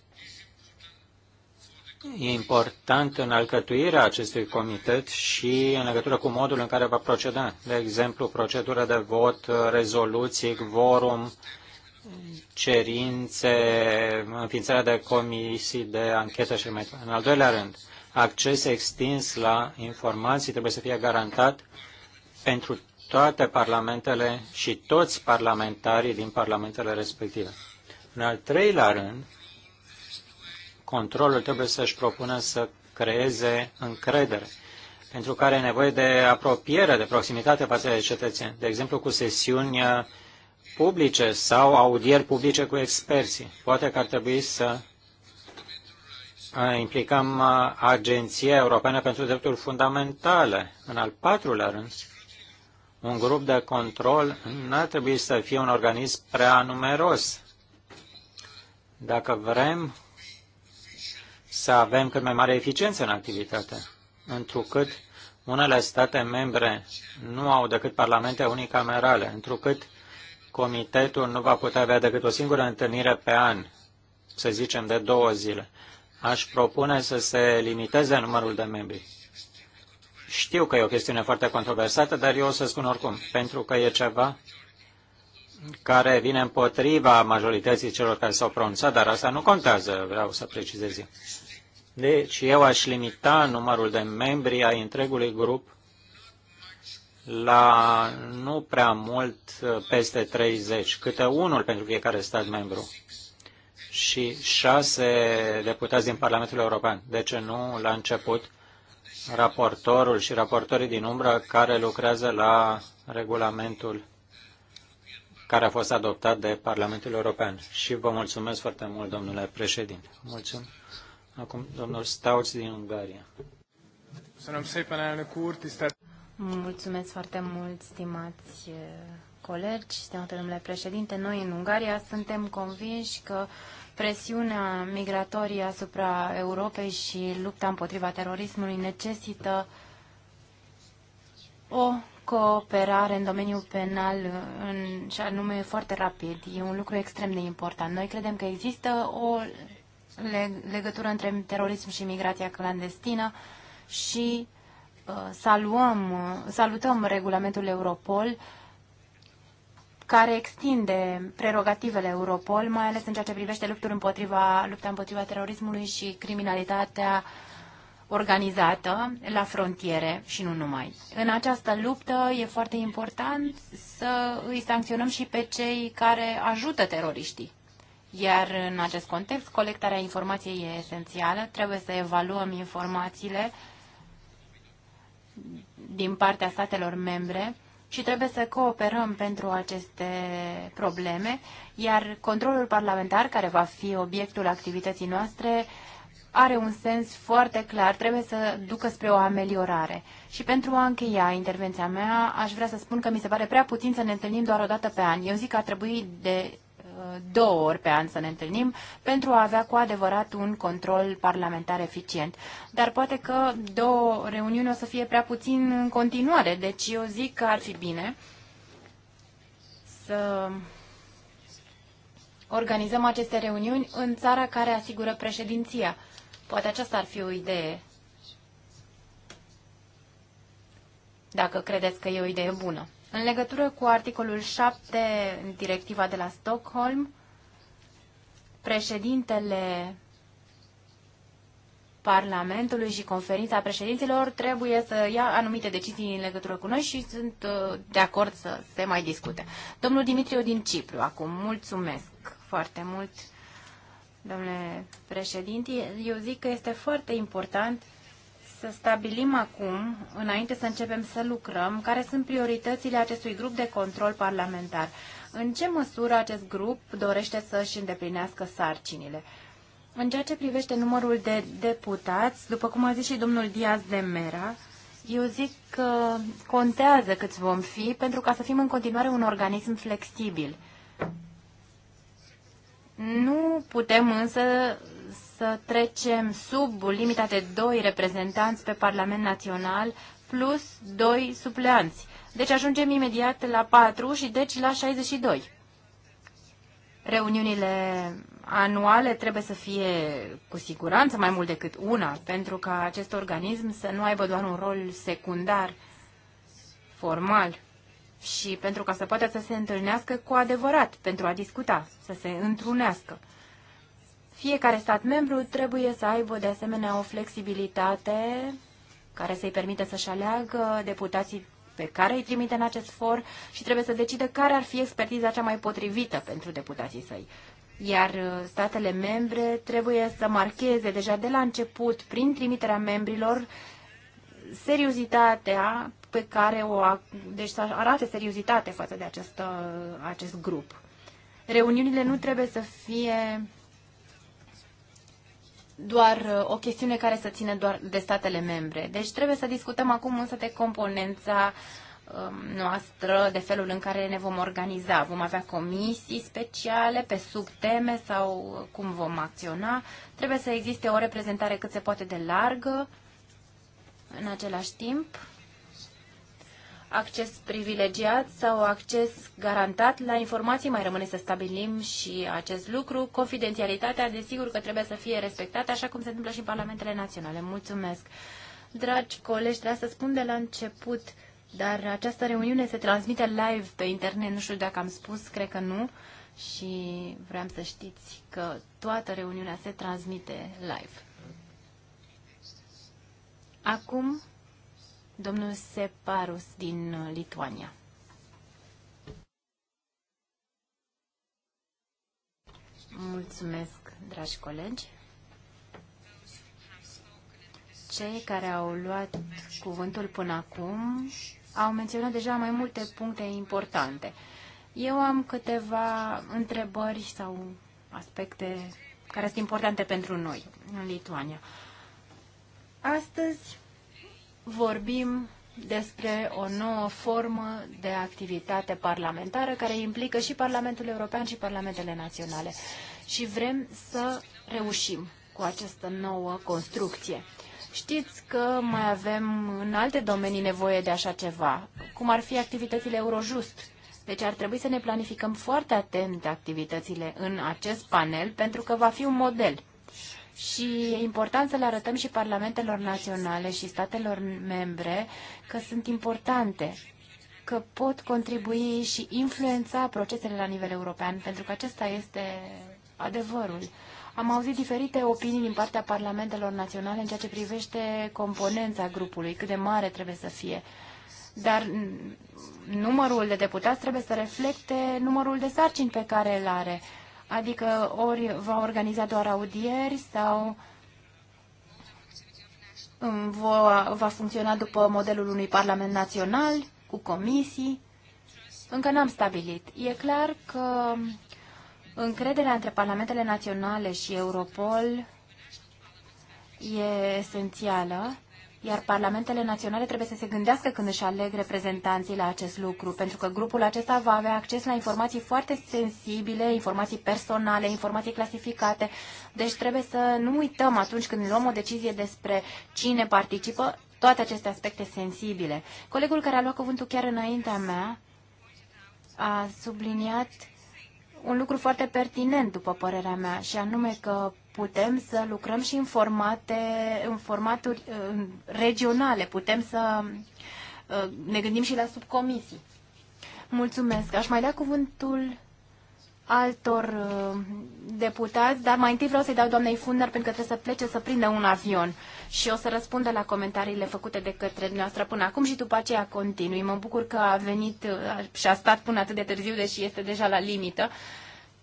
E important în alcătuirea acestui comitet și în legătură cu modul în care va proceda. De exemplu, procedură de vot, rezoluții, vorum, cerințe, înființarea de comisii de anchetă și mai În al doilea rând, acces extins la informații trebuie să fie garantat pentru toate parlamentele și toți parlamentarii din parlamentele respective. În al treilea rând, controlul trebuie să-și propună să creeze încredere, pentru care e nevoie de apropiere, de proximitate față de cetățeni. De exemplu, cu sesiuni publice sau audieri publice cu experții. Poate că ar trebui să implicăm Agenția Europeană pentru Drepturi Fundamentale. În al patrulea rând, un grup de control nu ar trebui să fie un organism prea numeros. Dacă vrem să avem cât mai mare eficiență în activitate, întrucât unele state membre nu au decât parlamente unicamerale, întrucât comitetul nu va putea avea decât o singură întâlnire pe an, să zicem de două zile. Aș propune să se limiteze numărul de membri. Știu că e o chestiune foarte controversată, dar eu o să spun oricum, pentru că e ceva care vine împotriva majorității celor care s-au pronunțat, dar asta nu contează, vreau să precizez eu. Deci eu aș limita numărul de membri ai întregului grup la nu prea mult peste 30, câte unul pentru fiecare stat membru și șase deputați din Parlamentul European. De ce nu la început raportorul și raportorii din umbră care lucrează la regulamentul care a fost adoptat de Parlamentul European. Și vă mulțumesc foarte mult, domnule președinte. Mulțumesc. Acum, domnul Stauț din Ungaria. Köszönöm szépen, Mulțumesc foarte mult, stimați eh, colegi, stimate domnule președinte. Noi în Ungaria suntem convinși că presiunea migratorie asupra Europei și lupta împotriva terorismului necesită o cooperare în domeniul penal eh, în, și anume foarte rapid. E un lucru extrem de important. Noi credem că există o legătură între terorism și migrația clandestină și Uh, saluăm, uh, salutăm regulamentul Europol care extinde prerogativele Europol, mai ales în ceea ce privește lupta împotriva, lupta împotriva terorismului și criminalitatea organizată la frontiere și nu numai. În această luptă e foarte important să îi sancționăm și pe cei care ajută teroriștii. Iar în acest context, colectarea informației e esențială, trebuie să evaluăm informațiile din partea statelor membre și trebuie să cooperăm pentru aceste probleme, iar controlul parlamentar, care va fi obiectul activității noastre, are un sens foarte clar, trebuie să ducă spre o ameliorare. Și pentru a încheia intervenția mea, aș vrea să spun că mi se pare prea puțin să ne întâlnim doar o dată pe an. Eu zic că ar trebui de două ori pe an să ne întâlnim pentru a avea cu adevărat un control parlamentar eficient. Dar poate că două reuniuni o să fie prea puțin în continuare, deci eu zic că ar fi bine să organizăm aceste reuniuni în țara care asigură președinția. Poate aceasta ar fi o idee. Dacă credeți că e o idee bună. În legătură cu articolul 7 directiva de la Stockholm, președintele Parlamentului și conferința președinților trebuie să ia anumite decizii în legătură cu noi și sunt uh, de acord să se mai discute. Domnul Dimitriu din Cipru, acum, mulțumesc foarte mult, domnule președinte. Eu zic că este foarte important să stabilim acum, înainte să începem să lucrăm, care sunt prioritățile acestui grup de control parlamentar. În ce măsură acest grup dorește să își îndeplinească sarcinile? În ceea ce privește numărul de deputați, după cum a zis și domnul Diaz de Mera, eu zic că contează câți vom fi pentru ca să fim în continuare un organism flexibil. Nu putem însă să trecem sub limita de doi reprezentanți pe Parlament Național plus doi supleanți. Deci ajungem imediat la 4 și deci la 62. Reuniunile anuale trebuie să fie cu siguranță mai mult decât una, pentru ca acest organism să nu aibă doar un rol secundar, formal, și pentru ca să poată să se întâlnească cu adevărat, pentru a discuta, să se întrunească. Fiecare stat membru trebuie să aibă de asemenea o flexibilitate care să-i permită să-și aleagă deputații pe care îi trimite în acest for și trebuie să decide care ar fi expertiza cea mai potrivită pentru deputații săi. Iar uh, statele membre trebuie să marcheze deja de la început, prin trimiterea membrilor, seriozitatea pe care o... Deci să arate seriozitate față de acest, uh, acest grup. Reuniunile nu trebuie să fie doar uh, o chestiune care să ține doar de statele membre. Deci trebuie să discutăm acum însă de componența um, noastră, de felul în care ne vom organiza. Vom avea comisii speciale pe subteme sau cum vom acționa. Trebuie să existe o reprezentare cât se poate de largă în același timp acces privilegiat sau acces garantat la informații, mai rămâne să stabilim și acest lucru. Confidențialitatea, desigur că trebuie să fie respectată, așa cum se întâmplă și în parlamentele naționale. Mulțumesc! Dragi colegi, trebuie să spun de la început, dar această reuniune se transmite live pe internet, nu știu dacă am spus, cred că nu, și vreau să știți că toată reuniunea se transmite live. Acum domnul Separus din Lituania. Mulțumesc, dragi colegi. Cei care au luat cuvântul până acum au menționat deja mai multe puncte importante. Eu am câteva întrebări sau aspecte care sunt importante pentru noi în Lituania. Astăzi vorbim despre o nouă formă de activitate parlamentară care implică și Parlamentul European și Parlamentele Naționale. Și vrem să reușim cu această nouă construcție. Știți că mai avem în alte domenii nevoie de așa ceva, cum ar fi activitățile Eurojust. Deci ar trebui să ne planificăm foarte atent activitățile în acest panel, pentru că va fi un model și e important să le arătăm și parlamentelor naționale și statelor membre că sunt importante, că pot contribui și influența procesele la nivel european, pentru că acesta este adevărul. Am auzit diferite opinii din partea parlamentelor naționale în ceea ce privește componența grupului, cât de mare trebuie să fie. Dar numărul de deputați trebuie să reflecte numărul de sarcini pe care îl are adică ori va organiza doar audieri sau um, va, va funcționa după modelul unui parlament național, cu comisii. Încă n-am stabilit. E clar că um, încrederea între parlamentele naționale și Europol e esențială iar parlamentele naționale trebuie să se gândească când își aleg reprezentanții la acest lucru, pentru că grupul acesta va avea acces la informații foarte sensibile, informații personale, informații clasificate. Deci trebuie să nu uităm atunci când luăm o decizie despre cine participă, toate aceste aspecte sensibile. Colegul care a luat cuvântul chiar înaintea mea a subliniat un lucru foarte pertinent, după părerea mea, și anume că putem să lucrăm și în, formate, în formaturi regionale, putem să uh, ne gândim și la subcomisii. Mulțumesc. Aș mai da cuvântul altor uh, deputați, dar mai întâi vreau să-i dau doamnei Funder pentru că trebuie să plece să prindă un avion și o să răspundă la comentariile făcute de către dumneavoastră până acum și după aceea continui. Mă bucur că a venit uh, și a stat până atât de târziu, deși este deja la limită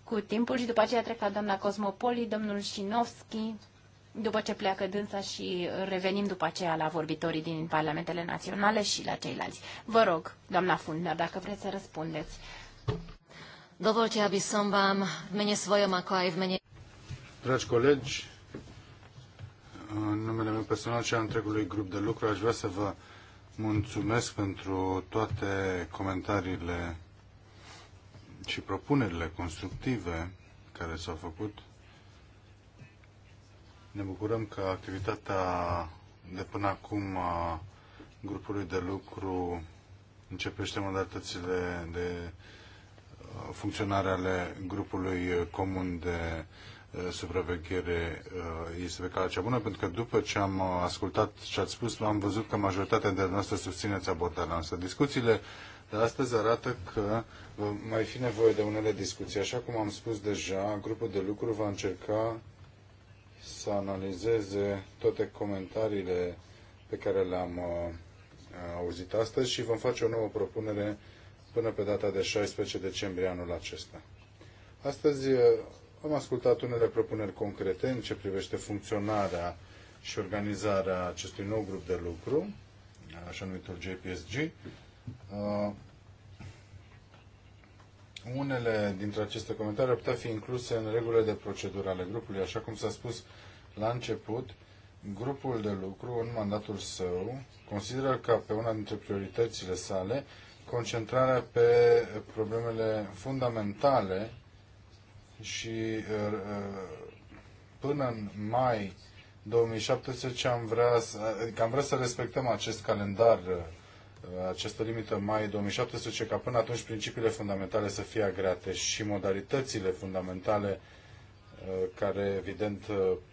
cu timpul și după aceea trec la doamna Cosmopoli, domnul Șinovski, după ce pleacă dânsa și revenim după aceea la vorbitorii din Parlamentele Naționale și la ceilalți. Vă rog, doamna Funder, dacă vreți să răspundeți. Dovolte, aby som vám v mene svojom, ako aj v mene... Dragi colegi, în numele meu personal și a întregului grup de lucru, aș vrea să vă mulțumesc pentru toate comentariile și propunerile constructive care s-au făcut. Ne bucurăm că activitatea de până acum a grupului de lucru începește modalitățile de funcționare ale grupului comun de eh, supraveghere eh, este pe calea cea bună, pentru că după ce am eh, ascultat ce ați spus, am văzut că majoritatea de noastră susțineți abordarea noastră. Discuțiile de astăzi arată că mai fi nevoie de unele discuții. Așa cum am spus deja, grupul de lucru va încerca să analizeze toate comentariile pe care le-am auzit astăzi și vom face o nouă propunere până pe data de 16 decembrie anul acesta. Astăzi eh, am ascultat unele propuneri concrete în ce privește funcționarea și organizarea acestui nou grup de lucru, așa numitul JPSG. Uh, eh, unele dintre aceste comentarii ar putea fi incluse în regulile de procedură ale grupului. Așa cum s-a spus la început, grupul de lucru, în mandatul său, consideră ca pe una dintre prioritățile sale concentrarea pe problemele fundamentale și uh, uh, până în mai 2017 am vrea să, adică am vrea să respectăm acest calendar, uh, această limită mai 2017, ca până atunci principiile fundamentale să fie agreate și modalitățile fundamentale care evident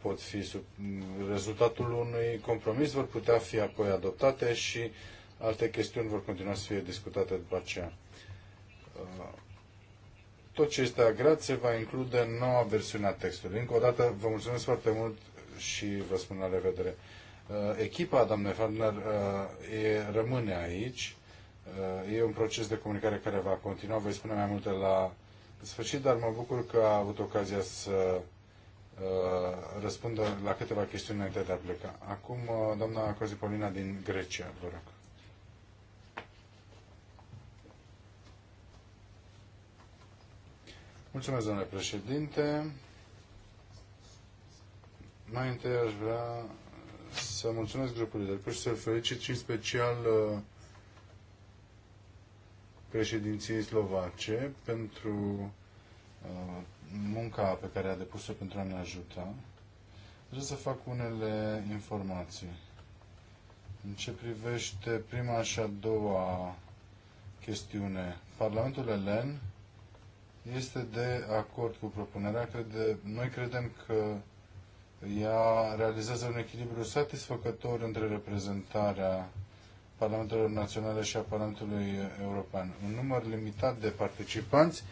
pot fi sub, rezultatul unui compromis vor putea fi apoi adoptate și Alte chestiuni vor continua să fie discutate după aceea. Uh, tot ce este agrat se va include noua versiune a textului. Încă o dată, vă mulțumesc foarte mult și vă spun la revedere. Uh, echipa, doamne Farnar uh, e, rămâne aici. E un proces de comunicare care va continua. Voi spune mai multe la sfârșit, dar mă bucur că a avut ocazia să răspundă la câteva chestiuni înainte de a pleca. Acum, doamna Cozipolina din Grecia, vă rog. Mulțumesc, domnule președinte. Mai întâi aș vrea să mulțumesc grupului de lucru și să-l felicit și în special uh, președinției slovace pentru uh, munca pe care a depus-o pentru a ne ajuta. Vreau să fac unele informații. În ce privește prima și a doua chestiune, Parlamentul Elen este de acord cu propunerea. Crede, noi credem că ea realizează un echilibru satisfăcător între reprezentarea Parlamentelor Naționale și a Parlamentului European. Un număr limitat de participanți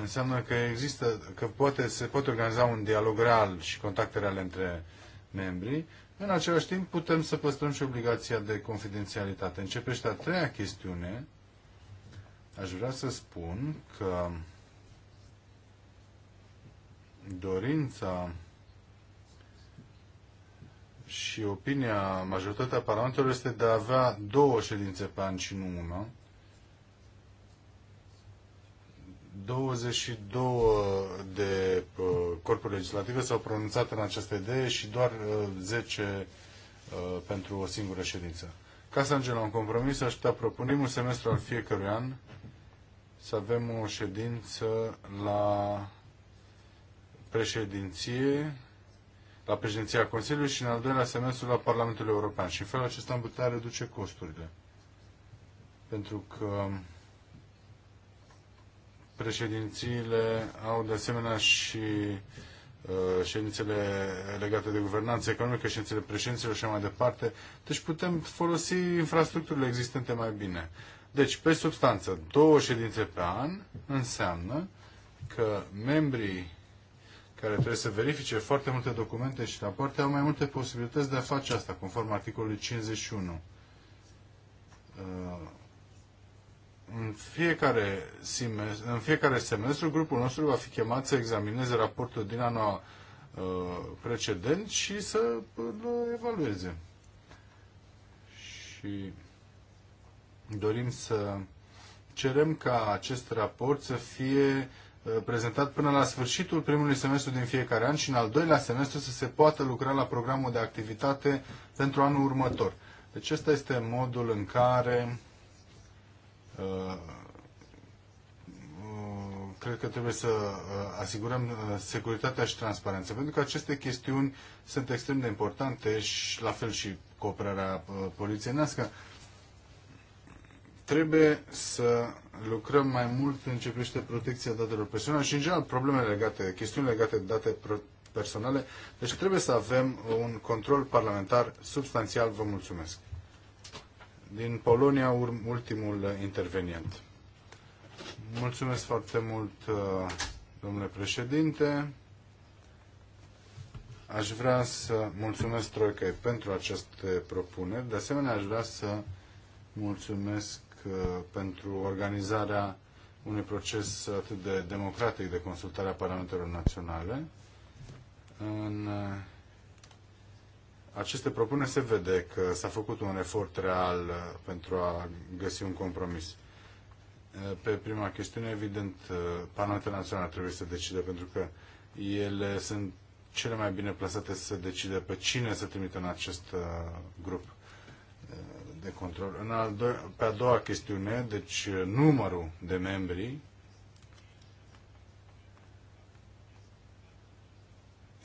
înseamnă că există, că poate, se poate organiza un dialog real și contacte reale între membrii. În același timp, putem să păstrăm și obligația de confidențialitate. Începește a treia chestiune, Aș vrea să spun că dorința și opinia majoritatea Parlamentului este de a avea două ședințe pe an și nu una. 22 de uh, corpuri legislative s-au pronunțat în această idee și doar uh, 10 uh, pentru o singură ședință. Ca să ajungem la un compromis, aș putea propune un semestru al fiecărui an să avem o ședință la președinție, la președinția Consiliului și în al doilea semestru la Parlamentul European. Și în felul acesta am putea reduce costurile. Pentru că președințiile au de asemenea și uh, ședințele legate de guvernanță economică, ședințele președinților și mai departe. Deci putem folosi infrastructurile existente mai bine. Deci, pe substanță, două ședințe pe an înseamnă că membrii care trebuie să verifice foarte multe documente și rapoarte au mai multe posibilități de a face asta, conform articolului 51. Uh, în fiecare, semestru, în fiecare semestru, grupul nostru va fi chemat să examineze raportul din anul uh, precedent și să îl evalueze. Și Dorim să cerem ca acest raport să fie uh, prezentat până la sfârșitul primului semestru din fiecare an și în al doilea semestru să se poată lucra la programul de activitate pentru anul următor. Deci acesta este modul în care uh, cred că trebuie să uh, asigurăm securitatea și transparența, pentru că aceste chestiuni sunt extrem de importante și la fel și cooperarea poliției nască. Trebuie să lucrăm mai mult în ce privește protecția datelor personale și, în general, problemele legate, chestiuni legate de date personale. Deci trebuie să avem un control parlamentar substanțial. Vă mulțumesc. Din Polonia, ultimul intervenient. Mulțumesc foarte mult, uh, domnule președinte. Aș vrea să mulțumesc Troicăi pentru această propuneri. De asemenea, aș vrea să mulțumesc Uh, pentru organizarea unui proces atât de democratic de consultare a parlamentelor naționale. În uh, aceste propuneri se vede că s-a făcut un efort real uh, pentru a găsi un compromis. Pe prima chestiune, evident, Parlamentul Național trebuie să decide, pentru că ele sunt cele mai bine plasate să decide pe cine să trimită în acest grup de control. În al do- pe a doua chestiune, deci uh, numărul de membri,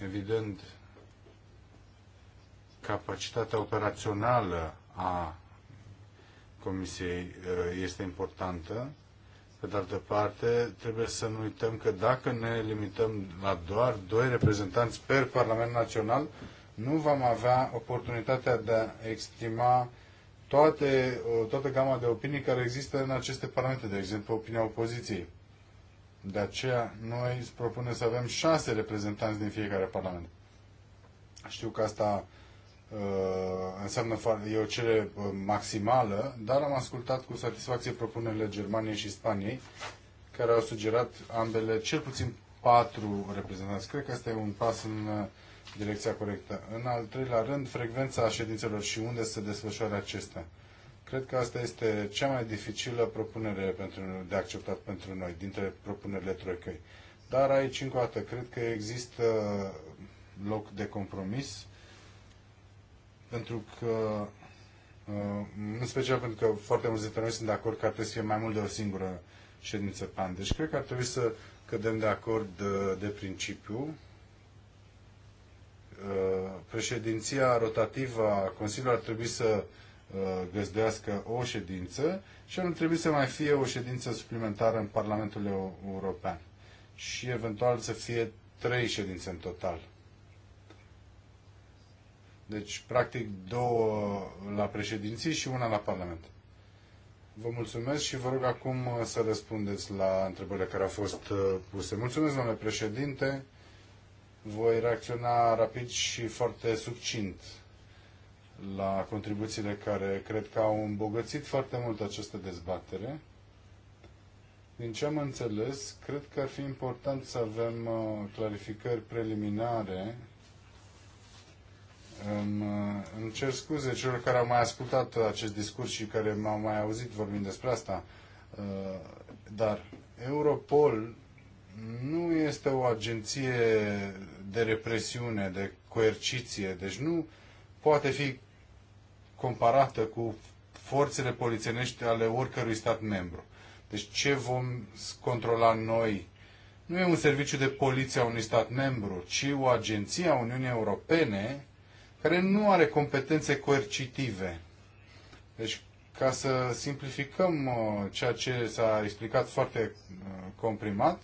evident, capacitatea operațională a Comisiei uh, este importantă. Pe de altă parte, trebuie să nu uităm că dacă ne limităm la doar doi reprezentanți per Parlament Național, nu vom avea oportunitatea de a exprima toate, toată gama de opinii care există în aceste parlamente, de exemplu opinia opoziției. De aceea noi îți propunem să avem șase reprezentanți din fiecare parlament. Știu că asta uh, înseamnă e o cere uh, maximală, dar am ascultat cu satisfacție propunerile Germaniei și Spaniei, care au sugerat ambele cel puțin patru reprezentanți. Cred că asta e un pas în uh, direcția corectă. În al treilea rând, frecvența ședințelor și unde se desfășoară acestea. Cred că asta este cea mai dificilă propunere pentru, de acceptat pentru noi, dintre propunerile troicăi. Dar aici, încă o dată, cred că există loc de compromis, pentru că, uh, în special pentru că foarte mulți dintre noi sunt de acord că ar trebui să fie mai mult de o singură ședință PAN. Deci cred că ar trebui să cădem de acord de, uh, de principiu președinția rotativă a Consiliului ar trebui să uh, găzduiască o ședință și ar trebui să mai fie o ședință suplimentară în Parlamentul European și eventual să fie trei ședințe în total. Deci, practic, două la președinții și una la Parlament. Vă mulțumesc și vă rog acum să răspundeți la întrebările care au fost uh, puse. Mulțumesc, domnule președinte. Voi reacționa rapid și foarte succint la contribuțiile care cred că au îmbogățit foarte mult această dezbatere. Din ce am înțeles, cred că ar fi important să avem uh, clarificări preliminare. Îmi, uh, îmi cer scuze celor care au mai ascultat uh, acest discurs și care m-au mai auzit vorbind despre asta, dar Europol nu este o agenție de represiune, de coerciție, deci nu poate fi comparată cu forțele polițienești ale oricărui stat membru. Deci ce vom controla noi nu e un serviciu de poliție a unui stat membru, ci o agenție a Uniunii Europene care nu are competențe coercitive. Deci, ca să simplificăm uh, ceea ce s-a explicat foarte uh, comprimat,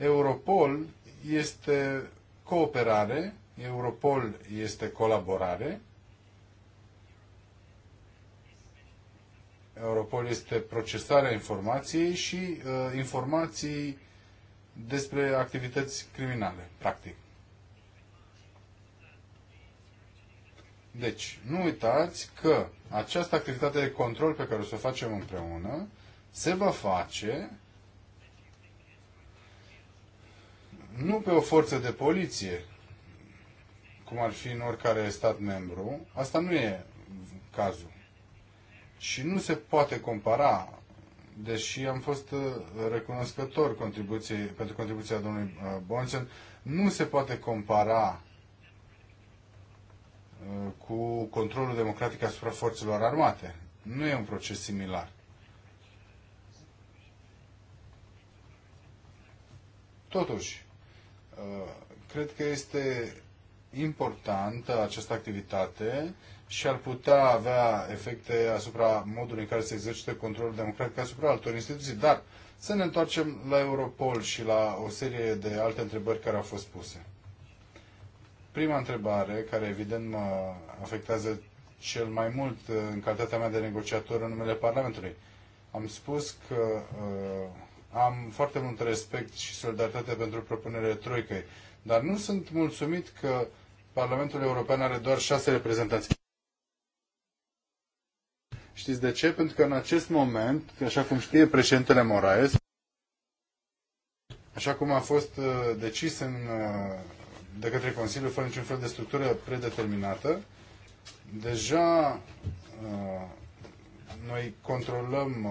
Europol este cooperare, Europol este colaborare, Europol este procesarea informației și uh, informații despre activități criminale, practic. Deci, nu uitați că această activitate de control pe care o să o facem împreună se va face nu pe o forță de poliție, cum ar fi în oricare stat membru, asta nu e cazul. Și nu se poate compara, deși am fost uh, recunoscător contribuției, pentru contribuția domnului uh, Bonsen, nu se poate compara uh, cu controlul democratic asupra forțelor armate. Nu e un proces similar. Totuși, Uh, cred că este importantă această activitate și ar putea avea efecte asupra modului în care se exercită controlul democratic asupra altor instituții. Dar să ne întoarcem la Europol și la o serie de alte întrebări care au fost puse. Prima întrebare, care evident mă afectează cel mai mult uh, în calitatea mea de negociator în numele Parlamentului. Am spus că uh, am foarte mult respect și solidaritate pentru propunerea Troicăi, dar nu sunt mulțumit că Parlamentul European are doar șase reprezentanți. Știți de ce? Pentru că în acest moment, așa cum știe președintele Moraes, așa cum a fost uh, decis în, uh, de către Consiliu fără niciun fel de structură predeterminată, deja uh, noi controlăm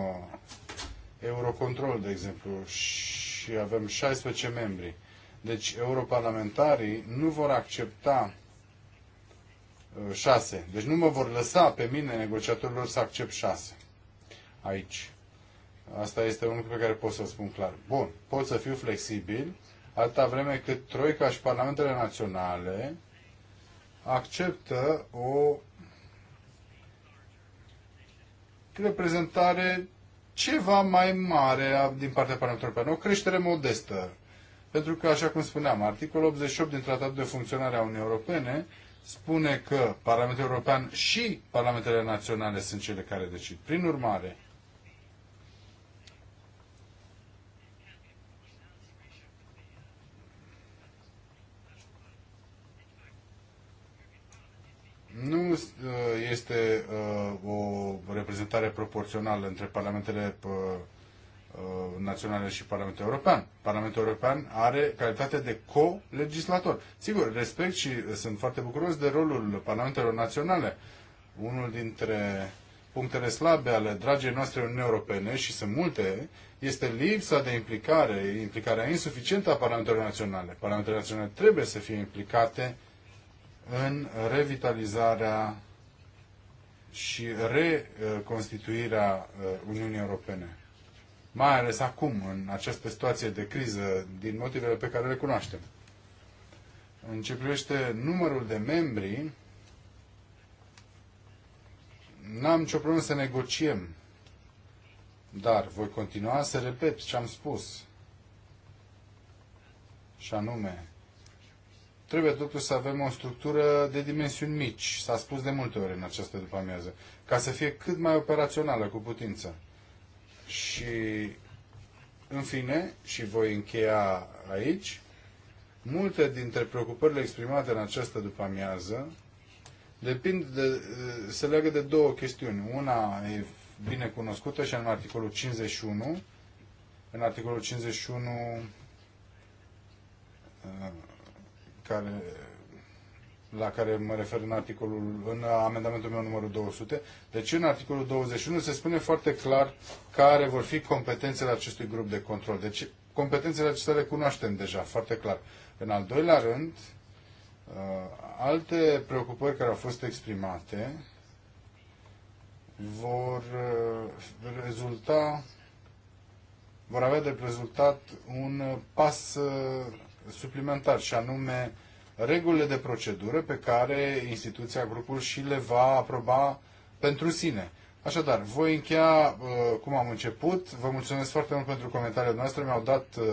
Eurocontrol, de exemplu, și avem 16 membri. Deci europarlamentarii nu vor accepta 6. Uh, deci nu mă vor lăsa pe mine, negociatorilor, să accept 6 aici. Asta este un lucru pe care pot să-l spun clar. Bun, pot să fiu flexibil atâta vreme cât Troica și Parlamentele Naționale acceptă o reprezentare ceva mai mare din partea Parlamentului European, o creștere modestă. Pentru că, așa cum spuneam, articolul 88 din Tratatul de Funcționare a Uniunii Europene spune că Parlamentul European și Parlamentele Naționale sunt cele care decid. Prin urmare, nu uh, este uh, o reprezentare proporțională între parlamentele uh, naționale și Parlamentul European. Parlamentul European are calitate de co-legislator. Sigur, respect și sunt foarte bucuros de rolul Parlamentelor Naționale. Unul dintre punctele slabe ale dragei noastre Uniunii Europene, și sunt multe, este lipsa de implicare, implicarea insuficientă a Parlamentelor Naționale. Parlamentele Naționale trebuie să fie implicate uh, în revitalizarea și reconstituirea uh, Uniunii Europene. Mai ales acum, în această situație de criză, din motivele pe care le cunoaștem. În ce privește numărul de membri, n-am nicio problemă să negociem, dar voi continua să repet ce am spus. Și anume, Trebuie totuși să avem o structură de dimensiuni mici, s-a spus de multe ori în această după-amiază, ca să fie cât mai operațională cu putință. Și, în fine, și voi încheia aici, multe dintre preocupările exprimate în această după-amiază depind de, se leagă de două chestiuni. Una e bine cunoscută și în articolul 51. În articolul 51 care, la care mă refer în articolul, în amendamentul meu numărul 200. Deci în articolul 21 se spune foarte clar care vor fi competențele acestui grup de control. Deci competențele acestea le cunoaștem deja foarte clar. În al doilea rând, uh, alte preocupări care au fost exprimate vor uh, rezulta vor avea de rezultat un pas uh, suplimentar și anume regulile de procedură pe care instituția, grupul și le va aproba pentru sine. Așadar, voi încheia uh, cum am început. Vă mulțumesc foarte mult pentru comentariile noastre. Mi-au dat uh,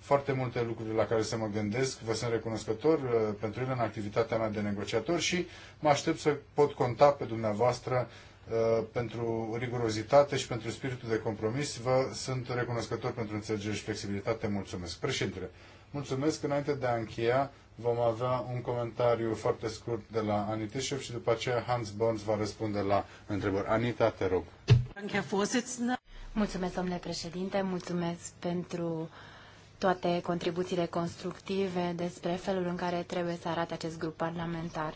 foarte multe lucruri la care să mă gândesc. Vă sunt recunoscător uh, pentru ele în activitatea mea de negociator și mă aștept să pot conta pe dumneavoastră uh, pentru rigurozitate și pentru spiritul de compromis. Vă sunt recunoscător pentru înțelegere și flexibilitate. Mulțumesc. Președinte, Mulțumesc. Înainte de a încheia, vom avea un comentariu foarte scurt de la Anitișev și după aceea Hans Borns va răspunde la întrebări. Anita, te rog. Mulțumesc, domnule președinte, mulțumesc pentru toate contribuțiile constructive despre felul în care trebuie să arate acest grup parlamentar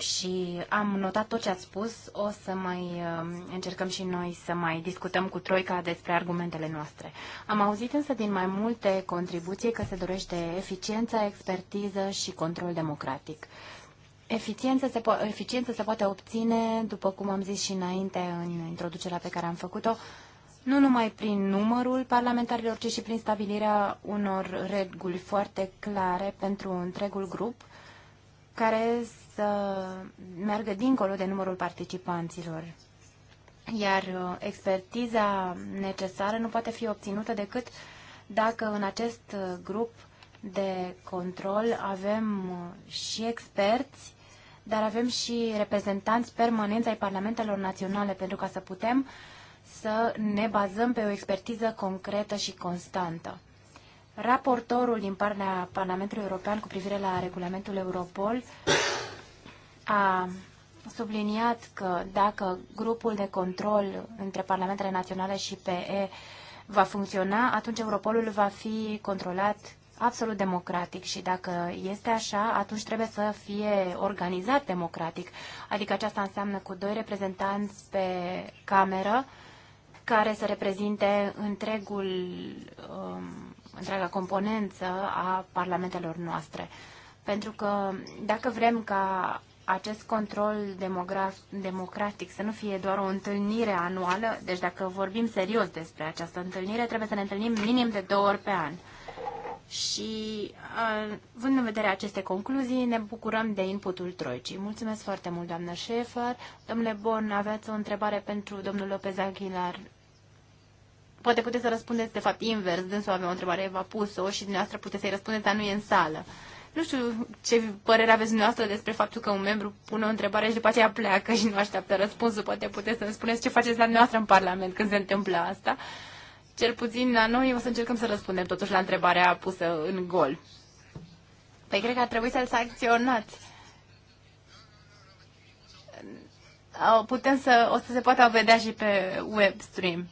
și am notat tot ce ați spus. O să mai um, încercăm și noi să mai discutăm cu Troica despre argumentele noastre. Am auzit însă din mai multe contribuții că se dorește eficiență, expertiză și control democratic. Eficiență se, po- eficiență se poate obține, după cum am zis și înainte în introducerea pe care am făcut-o, nu numai prin numărul parlamentarilor, ci și prin stabilirea unor reguli foarte clare pentru întregul grup, uh, care să meargă dincolo de numărul participanților. Iar uh, expertiza necesară nu poate fi obținută decât dacă în acest uh, grup de control avem uh, și experți, dar avem și reprezentanți permanenți ai parlamentelor naționale, pentru ca să putem să ne bazăm pe o expertiză concretă și constantă. Raportorul din partea Parlamentului European cu privire la regulamentul Europol a subliniat că dacă grupul de control între Parlamentele Naționale și PE va funcționa, atunci Europolul va fi controlat absolut democratic și dacă este așa, atunci trebuie să fie organizat democratic. Adică aceasta înseamnă cu doi reprezentanți pe cameră care să reprezinte întregul um, întreaga componență a parlamentelor noastre. Pentru că dacă vrem ca acest control democratic să nu fie doar o întâlnire anuală, deci dacă vorbim serios despre această întâlnire, trebuie să ne întâlnim minim de două ori pe an. Și, uh, având în vedere aceste concluzii, ne bucurăm de inputul Troicii. Mulțumesc foarte mult, doamnă Șefer. Domnule Bon, aveați o întrebare pentru domnul Lopez Aguilar poate puteți să răspundeți de fapt invers, dânsul avea o întrebare, v-a pus-o și dumneavoastră puteți să-i răspundeți, dar nu e în sală. Nu știu ce părere aveți dumneavoastră despre faptul că un membru pune o întrebare și după aceea pleacă și nu așteaptă răspunsul. Poate puteți să-mi spuneți ce faceți la dumneavoastră în Parlament când se întâmplă asta. Cel puțin la noi o să încercăm să răspundem totuși la întrebarea pusă în gol. Păi cred că ar trebui să-l sancționați. Putem să, o să se poată vedea și pe web stream.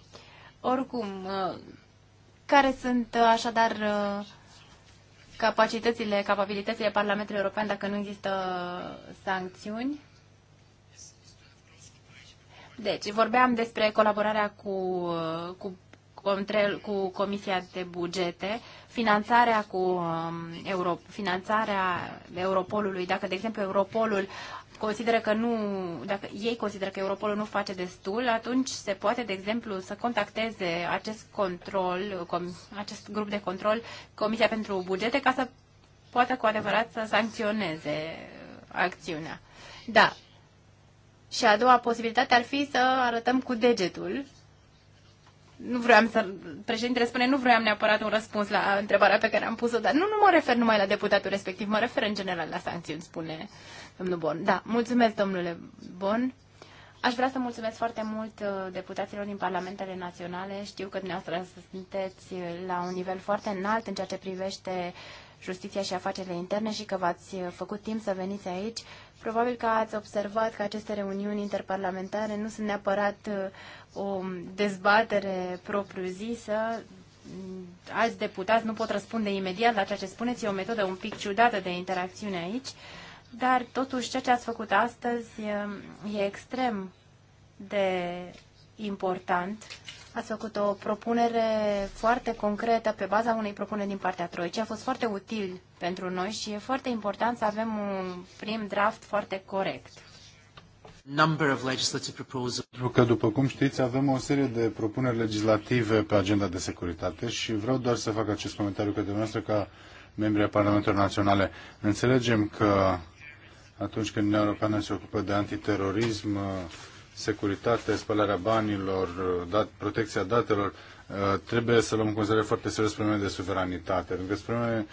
Oricum, uh, care sunt uh, așadar uh, capacitățile, capabilitățile Parlamentului European dacă nu există sancțiuni? Deci, vorbeam despre colaborarea cu, cu, între, cu Comisia de Bugete, finanțarea cu um, Euro, finanțarea Europolului, dacă, de exemplu, Europolul consideră că nu, dacă ei consideră că Europolul nu face destul, atunci se poate, de exemplu, să contacteze acest control, com, acest grup de control, Comisia pentru Bugete, ca să poată cu adevărat să sancționeze acțiunea. Da. Și a doua posibilitate ar fi să arătăm cu degetul. Nu vreau să... Președintele spune, nu vreau neapărat un răspuns la întrebarea pe care am pus-o, dar nu, nu mă refer numai la deputatul respectiv, mă refer în general la sancțiuni, spune uh, domnul Bon. Da, mulțumesc, domnule Bon. Aș vrea să mulțumesc foarte mult uh, deputaților din Parlamentele Naționale. Știu că dumneavoastră sunteți uh, la un nivel foarte înalt în ceea ce privește justiția și afacerile interne și că v-ați uh, făcut timp să veniți aici. Probabil că ați observat că aceste reuniuni interparlamentare nu sunt neapărat o dezbatere propriu-zisă. Alți deputați nu pot răspunde imediat la ceea ce spuneți. E o metodă un pic ciudată de interacțiune aici. Dar totuși ceea ce ați făcut astăzi um, e extrem de important. Ați făcut o propunere foarte concretă pe baza unei propuneri din partea Troicii. A fost foarte util pentru noi și e foarte important să avem un prim draft foarte corect. Number of legislative proposals. Pentru că, după cum știți, avem o serie de propuneri legislative pe agenda de securitate și vreau doar să fac acest comentariu către dumneavoastră ca membrii Parlamentului Naționale. Înțelegem că atunci când Uniunea Europeană se ocupă de antiterorism, uh, securitate, spălarea banilor, uh, dat, protecția datelor, uh, trebuie să luăm în considerare foarte serios probleme de suveranitate, pentru că sunt probleme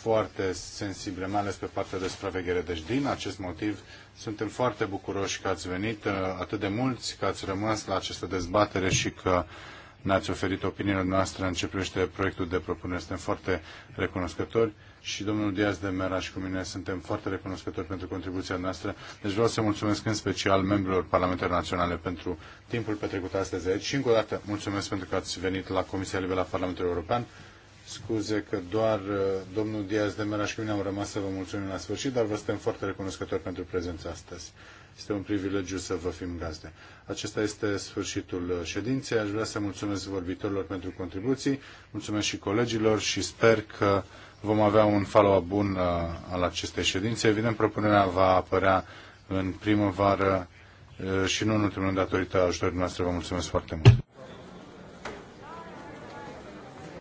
foarte sensibile, mai ales pe partea de supraveghere. Deci, din acest motiv, suntem foarte bucuroși că ați venit atât de mulți, că ați rămas la această dezbatere și că ne-ați oferit opiniile noastre în ce privește proiectul de propunere. Suntem foarte recunoscători și domnul Diaz de Meraș cu mine suntem foarte recunoscători pentru contribuția noastră. Deci vreau să mulțumesc în special membrilor Parlamentelor Naționale pentru timpul petrecut astăzi aici și încă o dată mulțumesc pentru că ați venit la Comisia Liberă la Parlamentul European. Scuze că doar uh, domnul Diaz de Meraș cu mine am rămas să vă mulțumim la sfârșit, dar vă suntem foarte recunoscători pentru prezența astăzi. Este un privilegiu să vă fim gazde. Acesta este sfârșitul uh, ședinței. Aș vrea să mulțumesc vorbitorilor pentru contribuții, mulțumesc și colegilor și sper că vom avea un follow-up bun uh, al acestei ședințe. Evident, propunerea va apărea în primăvară uh, și nu în ultimul rând datorită ajutorului noastre. Vă mulțumesc foarte mult!